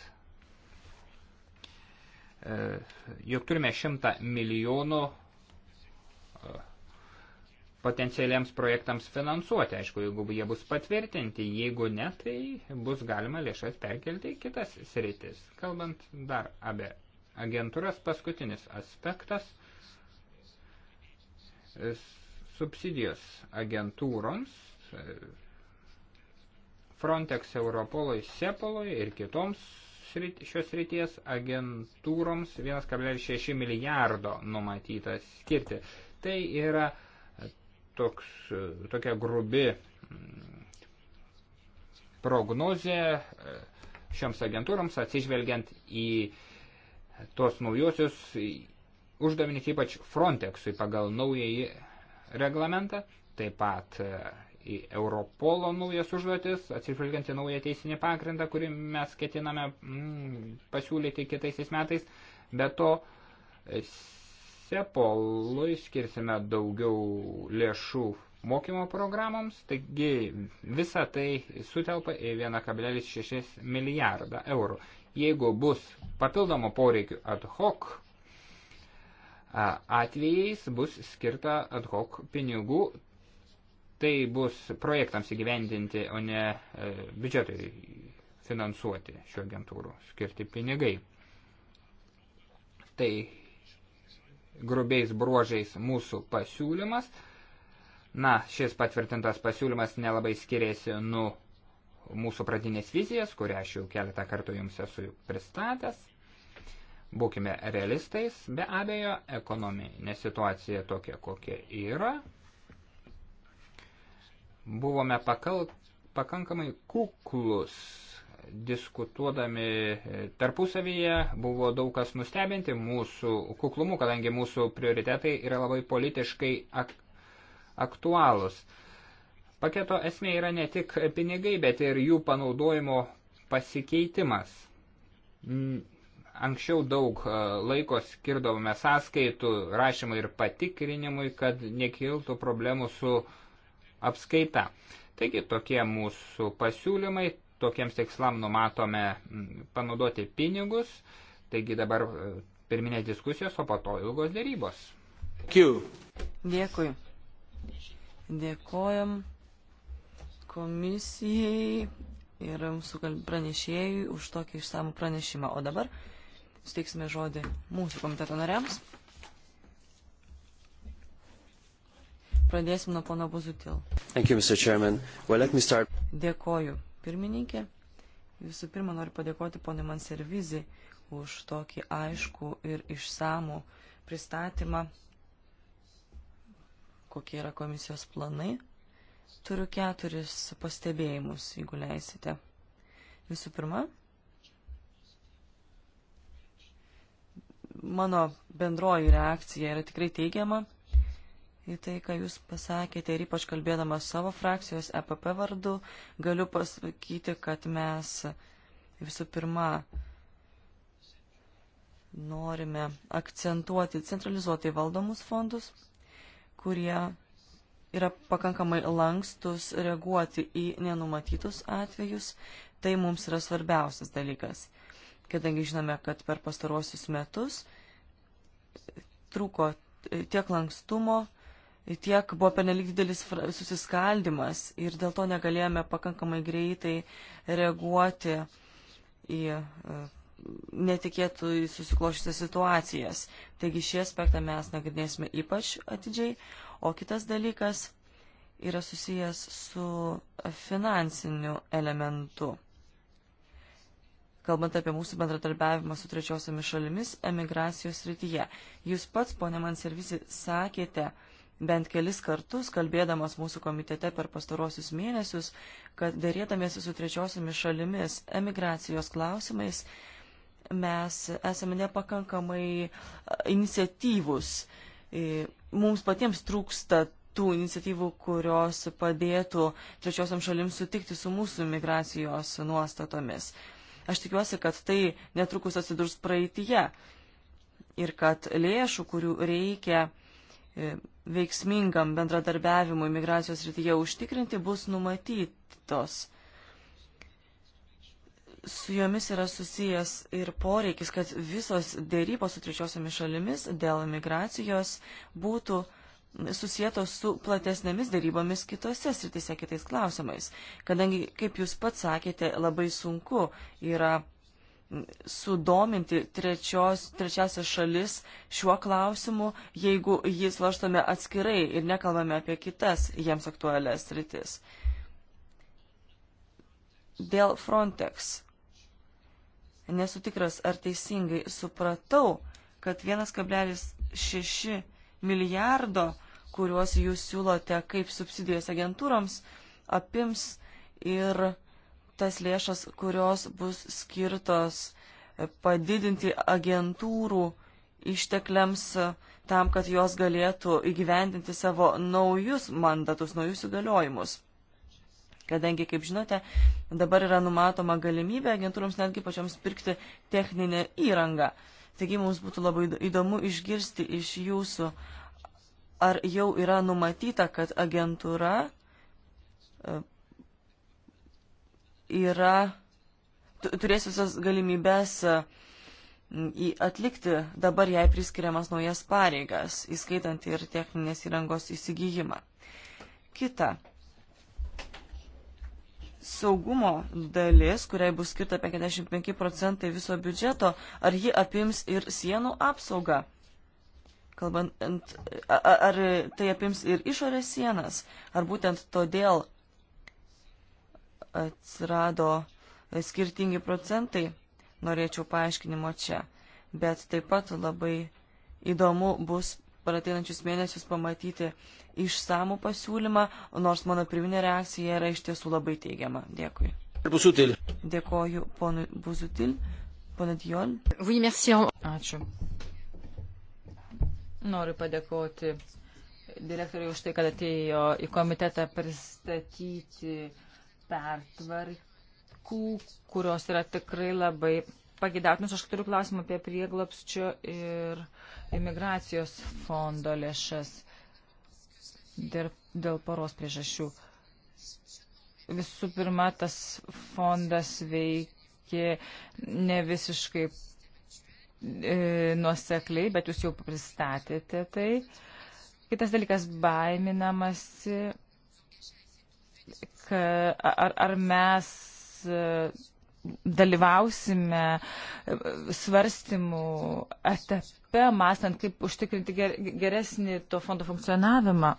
e, jog turime 100 milijonų e, potencialiems projektams finansuoti, aišku, jeigu jie bus patvirtinti, jeigu ne, tai bus galima lėšas perkelti į kitas sritis. Kalbant dar apie agentūras, paskutinis aspektas - subsidijos agentūroms, Frontex, Europolui, Sepolui ir kitoms šios ryties agentūroms 1,6 milijardo numatytas skirti. Tai yra toks, e, tokia grubi mm, prognozė e, šioms agentūroms atsižvelgiant į tos naujosius uždavinius, ypač Frontexui pagal naująjį reglamentą, taip pat e, į Europolo naujas užduotis, atsižvelgiant į naują teisinį pagrindą, kurį mes ketiname mm, pasiūlyti kitaisiais metais, bet to Sepolui skirsime daugiau lėšų mokymo programoms, taigi visa tai sutelpa į 1,6 milijardą eurų. Jeigu bus papildomo poreikių ad hoc, atvejais bus skirta ad hoc pinigų, tai bus projektams įgyvendinti, o ne e, biudžetui finansuoti šių agentūrų skirti pinigai. Tai grubiais bruožais mūsų pasiūlymas. Na, šis patvirtintas pasiūlymas nelabai skiriasi nuo mūsų pradinės vizijas, kurią aš jau keletą kartų jums esu pristatęs. Būkime realistais, be abejo, ekonominė situacija tokia, kokia yra. Buvome pakal, pakankamai kuklus diskutuodami e, tarpusavyje buvo daug kas nustebinti mūsų kuklumu, kadangi mūsų prioritetai yra labai politiškai ak aktualūs. Paketo esmė yra ne tik pinigai, bet ir jų panaudojimo pasikeitimas. Anksčiau daug e, laiko skirdavome sąskaitų rašymui ir patikrinimui, kad nekiltų problemų su apskaita. Taigi tokie mūsų pasiūlymai tokiems tikslam numatome panaudoti pinigus, taigi dabar e, pirminės diskusijos, o po to ilgos dėrybos. Q. Dėkui. Dėkojam komisijai ir mūsų pranešėjui už tokį išsamų pranešimą. O dabar suteiksime žodį mūsų komiteto nariams. Pradėsim nuo pono Buzutil. Thank you, Mr. Chairman. Well, let me start. Dėkoju pirmininkė. Visų pirma, noriu padėkoti ponė Manservizi už tokį aišku ir išsamų pristatymą, kokie yra komisijos planai. Turiu keturis pastebėjimus, jeigu leisite. Visų pirma, mano bendroji reakcija yra tikrai teigiama į tai, ką Jūs pasakėte ir ypač kalbėdamas savo frakcijos EPP vardu, galiu pasakyti, kad mes visų pirma norime akcentuoti centralizuotai valdomus fondus, kurie yra pakankamai lankstus reaguoti į nenumatytus atvejus. Tai mums yra svarbiausias dalykas, kadangi žinome, kad per pastaruosius metus trūko tiek lankstumo, tiek buvo pernelyg didelis susiskaldimas ir dėl to negalėjome pakankamai greitai reaguoti į e, netikėtų susiklošusias situacijas. Taigi šį aspektą mes nagrinėsime ypač atidžiai, o kitas dalykas yra susijęs su finansiniu elementu. Kalbant apie mūsų bendradarbiavimą su trečiosiomis šalimis emigracijos rytyje, jūs pats, ponė Manservisi, sakėte, bent kelis kartus, kalbėdamas mūsų komitete per pastarosius mėnesius, kad dėrėdamėsi su trečiosiomis šalimis emigracijos klausimais, mes esame nepakankamai iniciatyvus. E, mums patiems trūksta tų iniciatyvų, kurios padėtų trečiosiam šalim sutikti su mūsų migracijos nuostatomis. Aš tikiuosi, kad tai netrukus atsidurs praeitie ir kad lėšų, kurių reikia, E, veiksmingam bendradarbiavimui migracijos rytyje užtikrinti bus numatytos. Su jomis yra susijęs ir poreikis, kad visos dėrybos su trečiosiomis šalimis dėl migracijos būtų susijėtos su platesnėmis dėrybomis kitose sritise kitais klausimais. Kadangi, kaip jūs pats sakėte, labai sunku yra sudominti trečios, trečiasias šalis šiuo klausimu, jeigu jį svarstome atskirai ir nekalbame apie kitas jiems aktualias rytis. Dėl Frontex. Nesu tikras, ar teisingai supratau, kad 1,6 milijardo, kuriuos jūs siūlote kaip subsidijos agentūroms, apims ir tas lėšas, kurios bus skirtos e, padidinti agentūrų ištekliams e, tam, kad jos galėtų įgyvendinti savo naujus mandatus, naujus įgaliojimus. Kadangi, kaip žinote, dabar yra numatoma galimybė agentūroms netgi pačioms pirkti techninę įrangą. Taigi mums būtų labai įdomu išgirsti iš jūsų, ar jau yra numatyta, kad agentūra e, yra, turės visas galimybės į atlikti dabar jai priskiriamas naujas pareigas, įskaitant ir techninės įrangos įsigijimą. Kita. Saugumo dalis, kuriai bus skirta 55 procentai viso biudžeto, ar ji apims ir sienų apsaugą? Kalbant, ar tai apims ir išorės sienas, ar būtent todėl atsirado skirtingi procentai, norėčiau paaiškinimo čia, bet taip pat labai įdomu bus per ateinančius mėnesius pamatyti išsamų pasiūlymą, nors mano pirminė reakcija yra iš tiesų labai teigiama. Dėkui. Busutil. Dėkoju ponui Buzutil. Pana Dion. Oui, merci. Ačiū. Noriu padėkoti direktoriui už tai, kad atėjo į komitetą pristatyti uh, pertvarkų, kurios yra tikrai labai pagidautinos. Aš turiu klausimą apie prieglapsčio ir imigracijos fondo lėšas dėl poros priežasčių. Visų pirma, tas fondas veikia ne visiškai e, nuosekliai, bet jūs jau pristatėte tai. Kitas dalykas baiminamasi ar, ar mes e, dalyvausime e, svarstymų etape, mąstant, kaip užtikrinti geresnį to fondo funkcionavimą.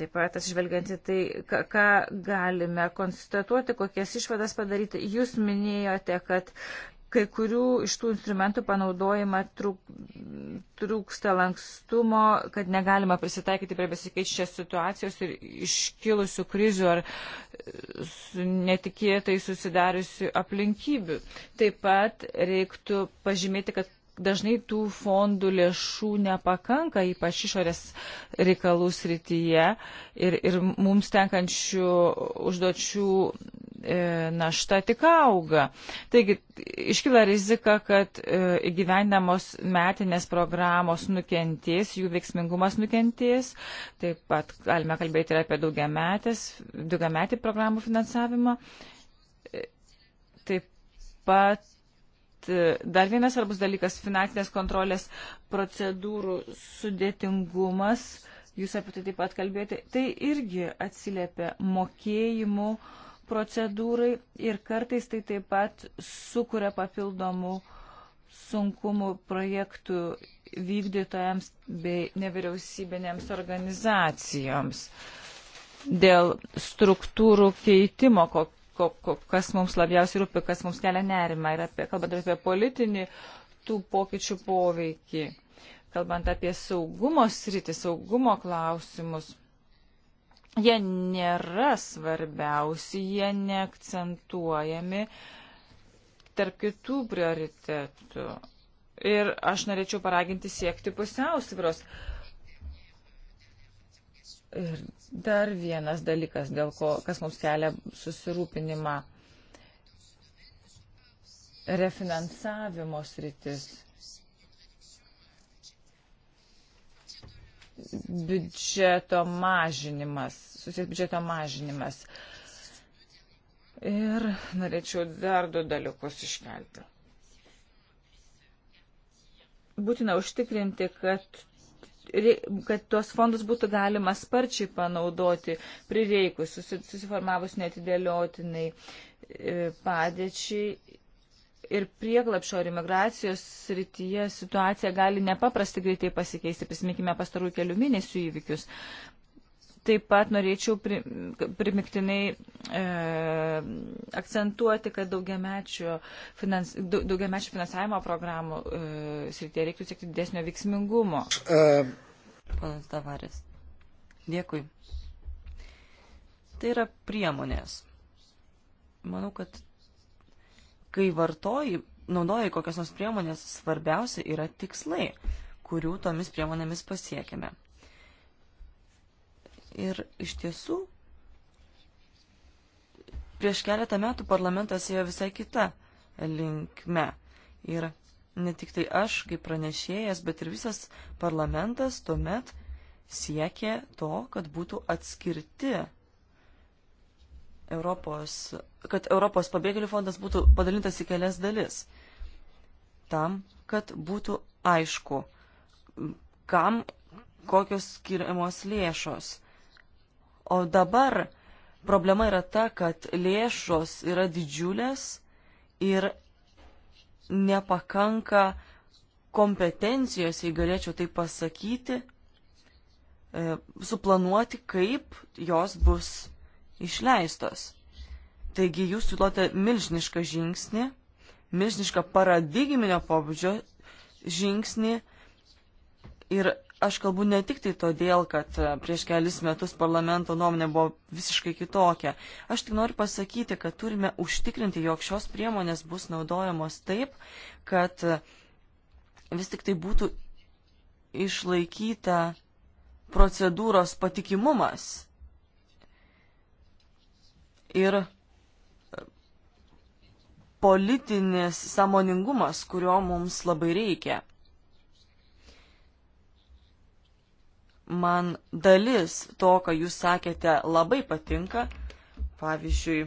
Taip pat atsižvelgiant į tai, ką, ką galime konstatuoti, kokias išvadas padaryti. Jūs minėjote, kad Kai kurių iš tų instrumentų panaudojimą trūksta lankstumo, kad negalima prisitaikyti prie besikeičiančios situacijos ir iškilusių krizių ar netikėtai susidariusių aplinkybių. Taip pat reiktų pažymėti, kad dažnai tų fondų lėšų nepakanka, ypač išorės reikalų srityje ir, ir mums tenkančių užduočių e, našta tik auga. Taigi iškyla rizika, kad e, įgyvendamos metinės programos nukentės, jų veiksmingumas nukentės. Taip pat galime kalbėti ir apie daugiametį programų finansavimą. E, taip pat E, dar vienas svarbus dalykas - finansinės kontrolės procedūrų sudėtingumas. Jūs apie tai taip pat kalbėjote. Tai irgi atsiliepia mokėjimų procedūrai ir kartais tai taip pat sukuria papildomų sunkumų projektų vykdytojams bei nevyriausybinėms organizacijoms dėl struktūrų keitimo, kokio ko, ko, kas mums labiausiai rūpi, kas mums kelia nerimą ir apie, kalbant apie politinį tų pokyčių poveikį, kalbant apie saugumo sritį, saugumo klausimus. Jie nėra svarbiausi, jie neakcentuojami tarp kitų prioritetų. Ir aš norėčiau paraginti siekti pusiausvyros. Uh, Ir dar vienas dalykas, dėl ko, kas mums kelia susirūpinimą. Refinansavimo sritis. Biudžeto mažinimas, susijęs biudžeto mažinimas. Ir norėčiau dar du dalykus iškelti. Būtina užtikrinti, kad kad tuos fondus būtų galima sparčiai panaudoti prireikus, susiformavus netidėliotinai e, padėčiai. Ir prieglapšio ir imigracijos srityje situacija gali nepaprastai greitai pasikeisti. Prisiminkime pastarųjų kelių mėnesių įvykius. Taip pat norėčiau primiktinai e, akcentuoti, kad daugiamečio, finans, daugiamečio finansavimo programų e, srityje reiktų siekti didesnio veiksmingumo. Uh. Ponas Tavaris. Dėkui. Tai yra priemonės. Manau, kad kai vartoji, naudoji kokias nors priemonės, svarbiausia yra tikslai, kurių tomis priemonėmis pasiekime. Ir iš tiesų, prieš keletą metų parlamentas ėjo visai kita linkme. Ir ne tik tai aš, kaip pranešėjas, bet ir visas parlamentas tuomet siekė to, kad būtų atskirti Europos, kad Europos pabėgėlių fondas būtų padalintas į kelias dalis. Tam, kad būtų aišku, kam kokios skiriamos lėšos. O dabar problema yra ta, kad lėšos yra didžiulės ir nepakanka kompetencijos, jei galėčiau tai pasakyti, e, suplanuoti, kaip jos bus išleistos. Taigi jūs siūlote milžinišką žingsnį, milžinišką paradigminio pobūdžio žingsnį ir aš kalbu ne tik tai todėl, kad e, prieš kelis metus parlamento nuomonė buvo visiškai kitokia. Aš tik noriu pasakyti, kad turime užtikrinti, jog šios priemonės bus naudojamos taip, kad e, vis tik tai būtų išlaikyta procedūros patikimumas. Ir e, politinis samoningumas, kurio mums labai reikia. Man dalis to, ką jūs sakėte, labai patinka. Pavyzdžiui,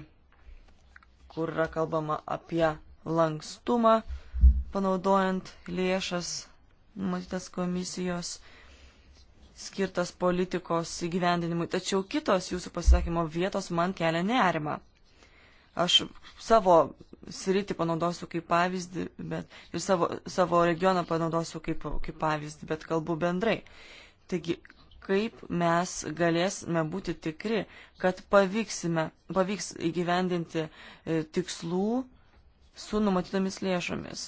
kur yra kalbama apie lankstumą, panaudojant lėšas numatytas komisijos skirtas politikos įgyvendinimui, tačiau kitos jūsų pasisakymo vietos man kelia nerimą. Aš savo sritį panaudosiu kaip pavyzdį, bet ir savo, savo regioną panaudosiu kaip, kaip pavyzdį, bet kalbu bendrai. Taigi, kaip mes galėsime būti tikri, kad pavyksime, pavyks įgyvendinti e, tikslų su numatytomis lėšomis.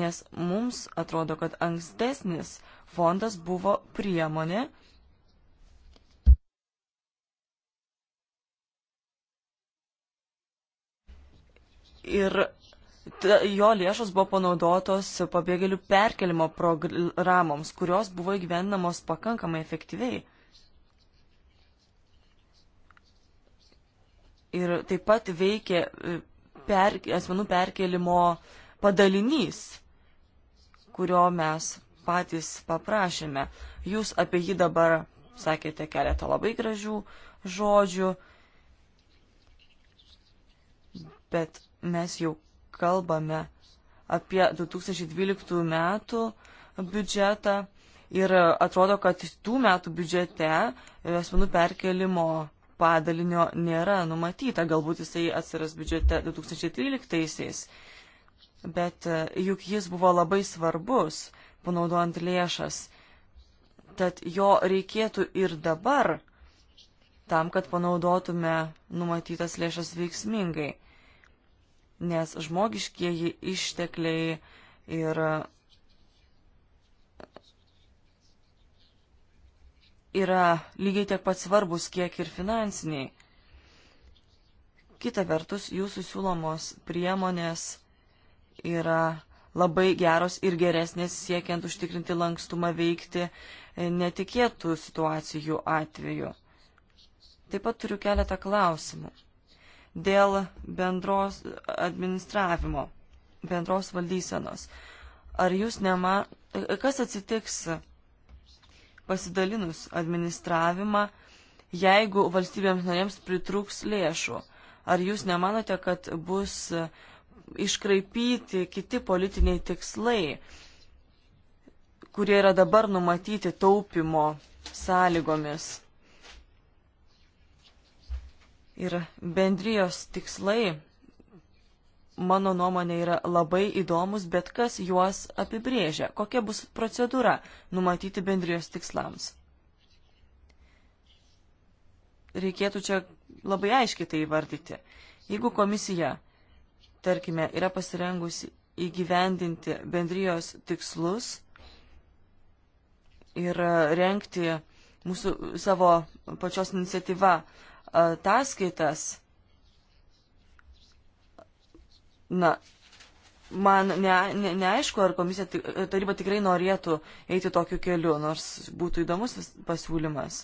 Nes mums atrodo, kad ankstesnis fondas buvo priemonė, ir jo lėšos buvo panaudotos pabėgėlių perkelimo programoms, kurios buvo įgyvendinamos pakankamai efektyviai. Ir taip pat veikė e, per, asmenų perkelimo padalinys, kurio mes patys paprašėme. Jūs apie jį dabar sakėte keletą labai gražių žodžių, bet mes jau kalbame apie 2012 metų biudžetą ir atrodo, kad tų metų biudžete asmenų perkelimo padalinio nėra numatyta, galbūt jisai atsiras biudžete 2013-aisiais, bet e, juk jis buvo labai svarbus, panaudojant lėšas, tad jo reikėtų ir dabar, tam, kad panaudotume numatytas lėšas veiksmingai nes žmogiškieji ištekliai ir yra lygiai tiek pat svarbus, kiek ir finansiniai. Kita vertus, jūsų siūlomos priemonės yra labai geros ir geresnės siekiant užtikrinti lankstumą veikti netikėtų situacijų atveju. Taip pat turiu keletą klausimų dėl bendros administravimo, bendros valdysenos. Ar jūs nema, kas atsitiks pasidalinus administravimą, jeigu valstybėms narėms pritruks lėšų? Ar jūs nemanote, kad bus iškraipyti kiti politiniai tikslai, kurie yra dabar numatyti taupimo sąlygomis? Ir bendrijos tikslai, mano nuomonė, yra labai įdomus, bet kas juos apibrėžia, kokia bus procedūra numatyti bendrijos tikslams. Reikėtų čia labai aiškiai tai įvardyti. Jeigu komisija, tarkime, yra pasirengusi įgyvendinti bendrijos tikslus ir renkti mūsų savo pačios iniciatyva ataskaitas, na, man ne, ne, neaišku, ar komisija taryba tikrai norėtų eiti tokiu keliu, nors būtų įdomus pasiūlymas.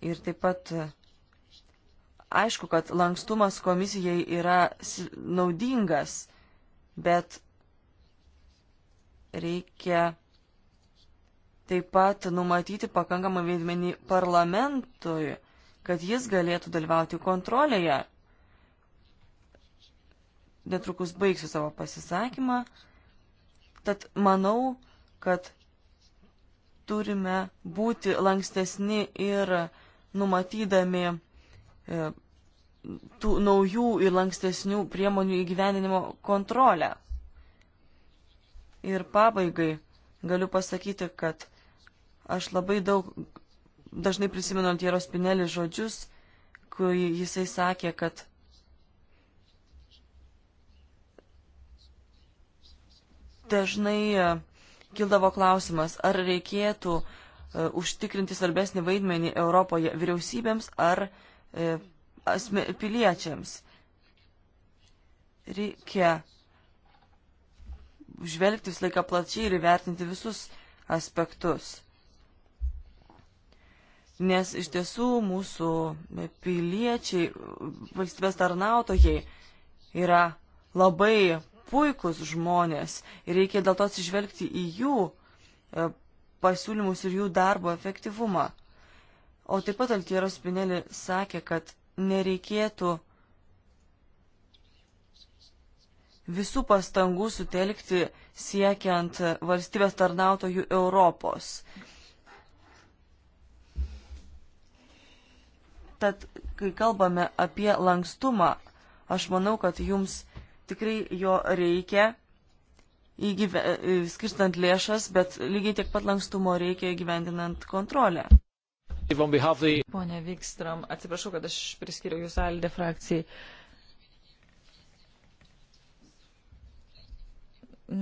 Ir taip pat aišku, kad lankstumas komisijai yra naudingas, bet reikia taip pat numatyti pakankamą vaidmenį parlamentui kad jis galėtų dalyvauti kontrolėje. Netrukus baigsiu savo pasisakymą. Tad manau, kad turime būti lankstesni ir numatydami e, tų naujų ir lankstesnių priemonių įgyveninimo kontrolę. Ir pabaigai galiu pasakyti, kad aš labai daug dažnai prisimenant Jero Spinelį žodžius, kai jisai sakė, kad dažnai e, kildavo klausimas, ar reikėtų uh, užtikrinti svarbesnį vaidmenį Europoje vyriausybėms ar uh, asme, piliečiams. Reikia žvelgti visą laiką plačiai ir vertinti visus aspektus nes iš tiesų mūsų piliečiai, valstybės tarnautojai yra labai puikus žmonės ir reikia dėl to atsižvelgti į jų e, pasiūlymus ir jų darbo efektyvumą. O taip pat Altiero Spinelį sakė, kad nereikėtų visų pastangų sutelkti siekiant valstybės tarnautojų Europos. Tad, kai kalbame apie lankstumą, aš manau, kad jums tikrai jo reikia, įgyve, e, skirstant lėšas, bet lygiai tiek pat lankstumo reikia įgyvendinant kontrolę. Pone Vikstrom, atsiprašau, kad aš priskiriau jūsų Aldė frakcijai.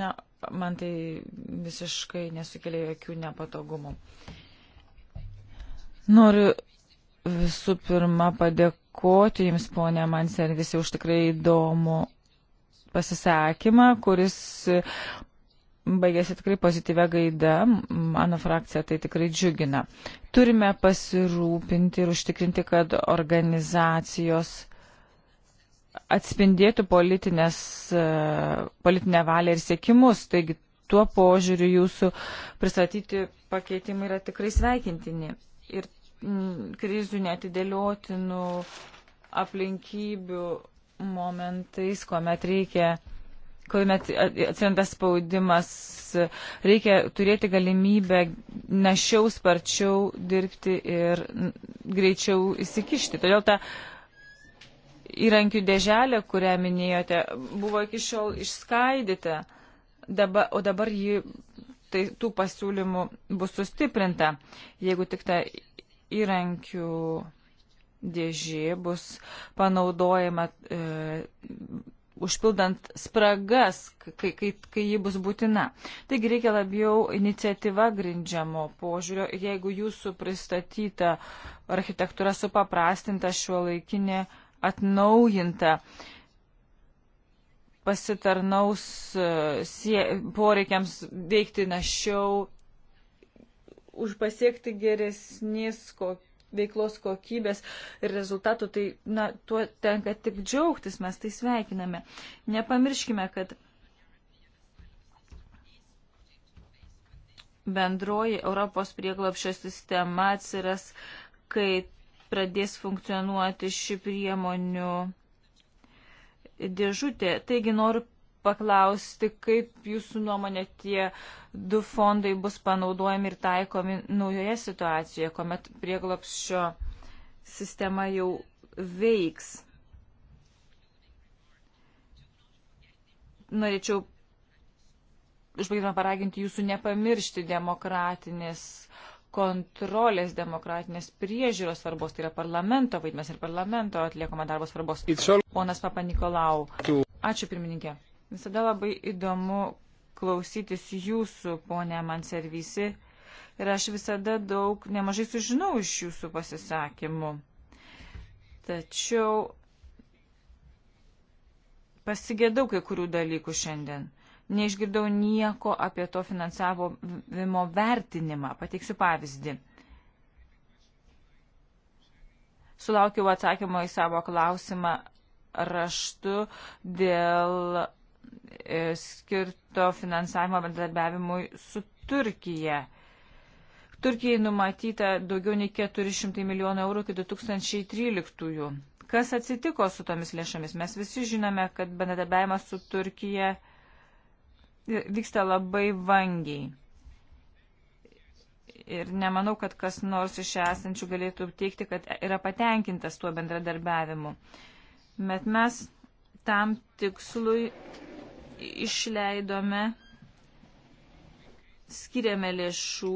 Na, man tai visiškai nesukelia jokių nepatogumų. Noriu visų pirma padėkoti Jums, ponė Manservisi, už tikrai įdomų pasisakymą, kuris baigėsi tikrai pozityvę gaidą. Mano frakcija tai tikrai džiugina. Turime pasirūpinti ir užtikrinti, kad organizacijos atspindėtų politinės, politinę valią ir siekimus. Taigi tuo požiūriu jūsų pristatyti pakeitimai yra tikrai sveikintini. Ir krizių netidėliotinų aplinkybių momentais, kuomet reikia, kuomet atsiranda spaudimas, reikia turėti galimybę našiau, sparčiau dirbti ir greičiau įsikišti. Todėl ta įrankių dėželė, kurią minėjote, buvo iki šiol išskaidyta, dabar, o dabar ji tai tų pasiūlymų bus sustiprinta, jeigu tik ta įrankių dėžė bus panaudojama e, užpildant spragas, kai, kai, kai ji bus būtina. Taigi reikia labiau iniciatyva grindžiamo požiūrio ir jeigu jūsų pristatyta architektūra supaprastinta šiuo laikinė atnaujinta, pasitarnaus e, sie, poreikiams veikti našiau už pasiekti geresnės kokybės veiklos kokybės ir rezultatų, tai na, tuo tenka tik džiaugtis, mes tai sveikiname. Nepamirškime, kad bendroji Europos prieglapščio sistema atsiras, kai pradės funkcionuoti ši priemonių dėžutė. Taigi noriu paklausti, kaip jūsų nuomonė tie du fondai bus panaudojami ir taikomi naujoje situacijoje, kuomet prieglopščio sistema jau veiks. Norėčiau užbaigdama paraginti jūsų nepamiršti demokratinės kontrolės, demokratinės priežiūros svarbos, tai yra parlamento vaidmės ir parlamento atliekama darbo svarbos. Ponas Papa Nikolau. Ačiū pirmininkė. Visada labai įdomu klausytis jūsų, ponė man servisi, ir aš visada daug nemažai sužinau iš jūsų pasisakymų. Tačiau pasigėdau kai kurių dalykų šiandien. Neišgirdau nieko apie to finansavimo vertinimą. Pateiksiu pavyzdį. Sulaukiau atsakymo į savo klausimą raštu dėl E, skirto finansavimo bendradarbiavimui su Turkija. Turkijai numatyta daugiau nei 400 milijonų eurų iki 2013. Kas atsitiko su tomis lėšomis? Mes visi žinome, kad bendradarbiavimas su Turkija vyksta labai vangiai. Ir nemanau, kad kas nors iš esančių galėtų teikti, kad yra patenkintas tuo bendradarbiavimu. Bet mes tam tikslui išleidome, skiriame lėšų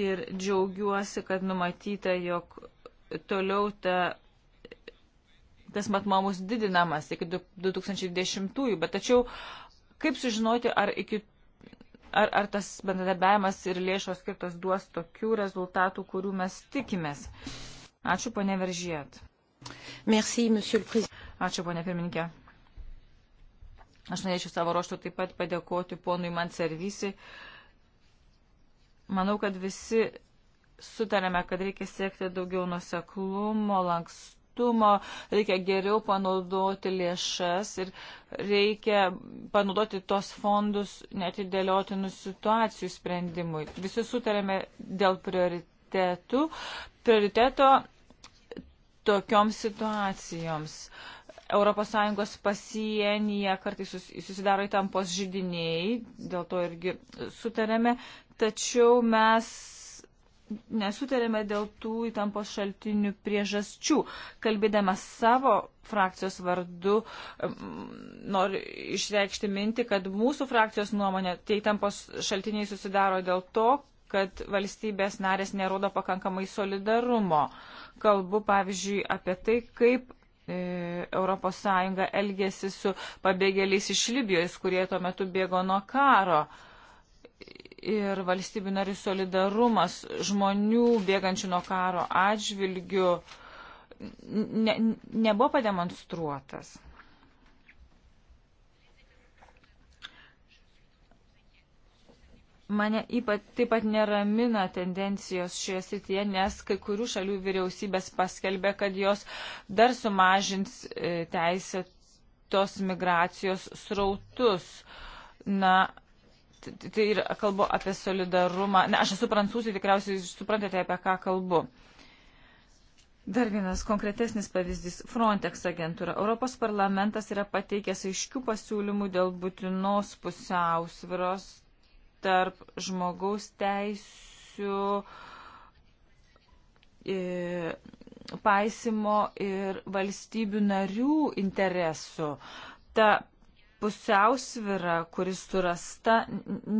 ir džiaugiuosi, kad numatyta, jog toliau ta, tas matmo mus didinamas iki 2010-ųjų, bet tačiau kaip sužinoti, ar, iki, ar, ar tas bendradarbiavimas ir lėšos skirtos duos tokių rezultatų, kurių mes tikimės. Ačiū, ponė Veržėt. Merci, Ačiū, ponė pirmininkė. Aš norėčiau savo ruoštų taip pat padėkoti ponui man servisi. Manau, kad visi sutarėme, kad reikia siekti daugiau nuseklumo, lankstumo, reikia geriau panaudoti lėšas ir reikia panaudoti tos fondus netidėliotinų situacijų sprendimui. Visi sutarėme dėl prioritetų, prioriteto tokioms situacijoms. Uh, ES pasienyje kartais susidaro įtampos žydiniai, dėl to irgi sutarėme, tačiau mes nesutarėme dėl tų įtampos šaltinių priežasčių. Kalbėdamas savo frakcijos vardu, noriu išreikšti mintį, kad mūsų frakcijos nuomonė, tie įtampos šaltiniai susidaro dėl to, kad valstybės narės nerodo pakankamai solidarumo. Kalbu, pavyzdžiui, apie tai, kaip ES elgėsi su pabėgėliais iš Libijos, kurie tuo metu bėgo nuo karo. Ir valstybių narių solidarumas žmonių bėgančių nuo karo atžvilgių ne, nebuvo pademonstruotas. Mane ypat, taip pat neramina tendencijos šioje srityje, nes kai kurių šalių vyriausybės paskelbė, kad jos dar sumažins e, teisę tos migracijos srautus. Na, tai ir kalbu apie solidarumą. Na, aš esu prancūzija, tikriausiai suprantate, apie ką kalbu. Dar vienas konkretesnis pavyzdys - Frontex agentūra. Europos parlamentas yra pateikęs aiškių pasiūlymų dėl būtinos pusiausviros tarp žmogaus teisių e, paisimo ir valstybių narių interesų. Ta pusiausvyra, kuris surasta,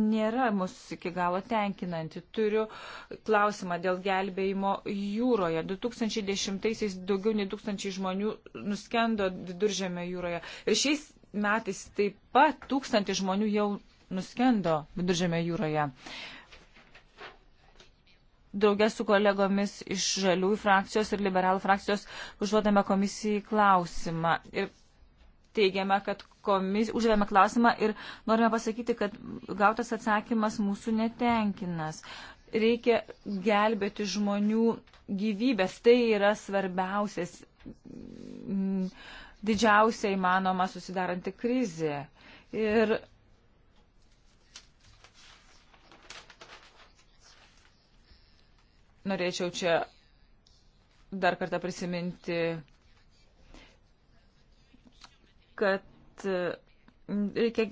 nėra mūsų iki galo tenkinanti. Turiu klausimą dėl gelbėjimo jūroje. 2010-aisiais daugiau nei 1000 žmonių nuskendo viduržėme jūroje. Ir šiais metais taip pat tūkstantį žmonių jau nuskendo viduržėme jūroje. Draugė su kolegomis iš žaliųjų frakcijos ir liberalų frakcijos užduodame komisijai klausimą ir teigiame, kad komis, uždavėme klausimą ir norime pasakyti, kad gautas atsakymas mūsų netenkinas. Reikia gelbėti žmonių gyvybės, tai yra svarbiausias, didžiausia įmanoma susidaranti krizė. Ir Norėčiau čia dar kartą prisiminti, kad e, reikia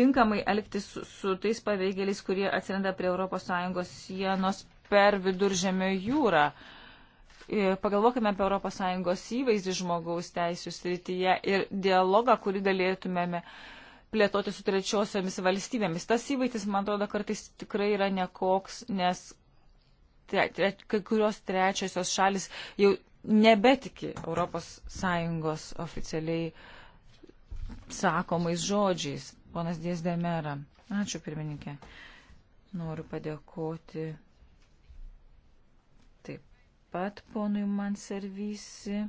tinkamai elgtis su, su tais paveigėliais, kurie atsiranda prie ES sienos per viduržemio jūrą. E, pagalvokime apie ES įvaizdį žmogaus teisų srityje ir dialogą, kurį galėtumėme plėtoti su trečiosiomis valstybėmis. Tas įvaizdis, man atrodo, kartais tikrai yra nekoks, nes tre, tre, kai kurios trečiosios šalis jau nebetiki ES oficialiai sakomais žodžiais. Ponas Dies Demera. Ačiū, pirmininkė. Noriu padėkoti taip pat ponui Manservisi.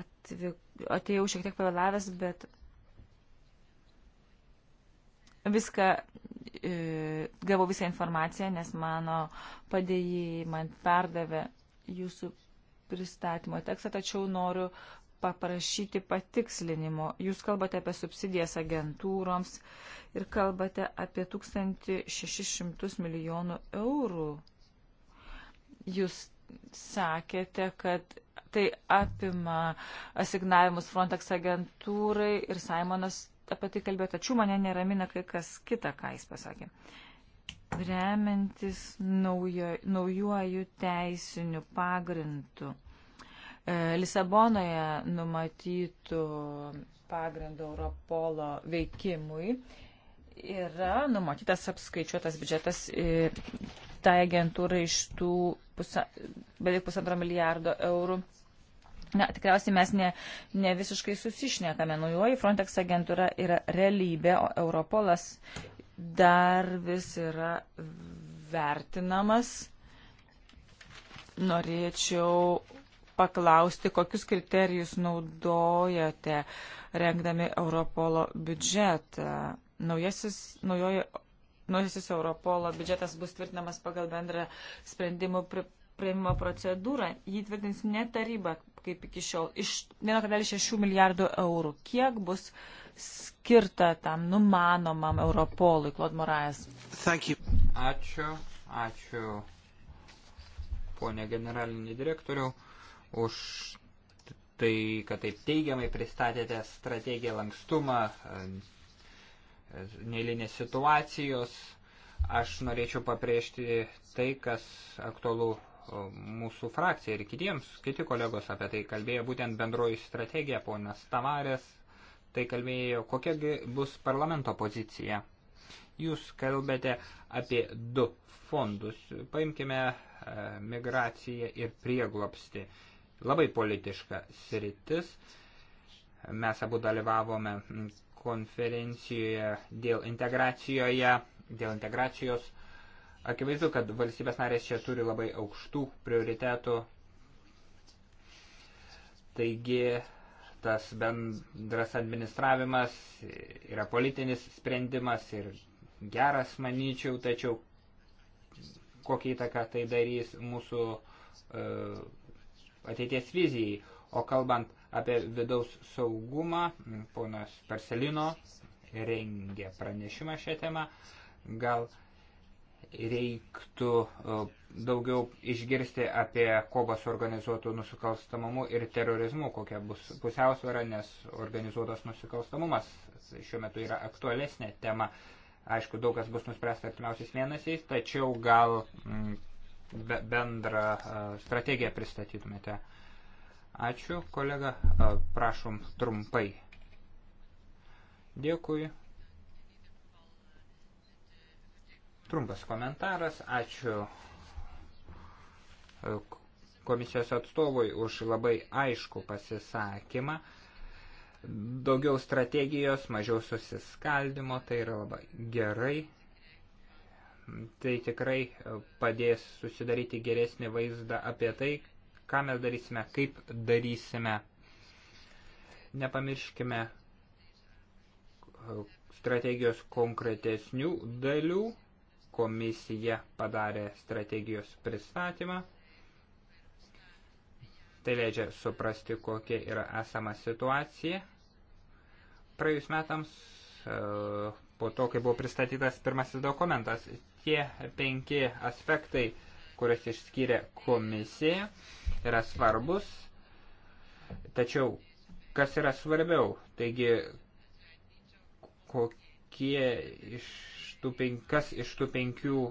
Atvyk... Atėjau šiek tiek pavėlavęs, bet viską, e, gavau visą informaciją, nes mano padėjėjai man perdavė jūsų pristatymo tekstą, tačiau noriu paprašyti patikslinimo. Jūs kalbate apie subsidijas agentūroms ir kalbate apie 1600 milijonų eurų. Jūs sakėte, kad tai apima asignavimus Frontex agentūrai ir Simonas apie tai kalbėjo, tačiau mane neramina kai kas kita, ką jis pasakė. Remiantis naujo, naujuoju teisiniu pagrindu. E, Lisabonoje numatytų pagrindų Europolo veikimui yra numatytas apskaičiuotas biudžetas e, tai agentūrai iš tų pusa, beveik pusantro milijardo eurų Na, tikriausiai mes ne, ne visiškai susišnekame. Naujoji Frontex agentūra yra realybė, o Europolas dar vis yra vertinamas. Norėčiau paklausti, kokius kriterijus naudojate, rengdami Europolo biudžetą. Naujasis, naujoji, naujasis Europolo biudžetas bus tvirtinamas pagal bendrą sprendimų pri, prieimimo procedūrą. Jį tvirtins ne taryba, kaip iki šiol, iš 1,6 milijardų eurų. Kiek bus skirta tam numanomam Europolui, Klod Morajas? Ačiū, ačiū, ponė generalinį direktorių, už tai, kad taip teigiamai pristatėte strategiją lankstumą, neįlinės situacijos. Aš norėčiau papriešti tai, kas aktualu mūsų frakcija ir kitiems, kiti kolegos apie tai kalbėjo, būtent bendroji strategija, ponas Tavarės, tai kalbėjo, kokia bus parlamento pozicija. Jūs kalbate apie du fondus. Paimkime e, migraciją ir prieglopsti. Labai politiška sritis. Mes abu dalyvavome konferencijoje dėl integracijoje, dėl integracijos uh, Akivaizdu, kad valstybės narės čia turi labai aukštų prioritetų. Taigi tas bendras administravimas yra politinis sprendimas ir geras, manyčiau, tačiau kokią įtaką tai darys mūsų uh, ateities vizijai. O kalbant apie vidaus saugumą, ponas Perselino rengia pranešimą šią temą. Gal uh, reiktų e, daugiau išgirsti apie kovą su organizuotu nusikalstamumu ir terorizmu, kokia bus pusiausvara, nes organizuotas nusikalstamumas šiuo metu yra aktualesnė tema. Aišku, daug kas bus nuspręsta artimiausiais mėnesiais, tačiau gal mm, bendrą e, strategiją pristatytumėte. Ačiū, kolega. E, prašom trumpai. Dėkui. Trumpas komentaras. Ačiū e, komisijos atstovui už labai aišku pasisakymą. Daugiau strategijos, mažiau susiskaldimo, tai yra labai gerai. Tai tikrai e, padės susidaryti geresnį vaizdą apie tai, ką mes darysime, kaip darysime. Nepamirškime e, strategijos konkretesnių dalių, komisija padarė strategijos pristatymą. Tai leidžia suprasti, kokia yra esama situacija. Praėjus metams, e, po to, kai buvo pristatytas pirmasis dokumentas, tie penki aspektai, kurias išskyrė komisija, yra svarbus. Tačiau, kas yra svarbiau? Taigi, kokia kokie iš tų penk, kas iš tų penkių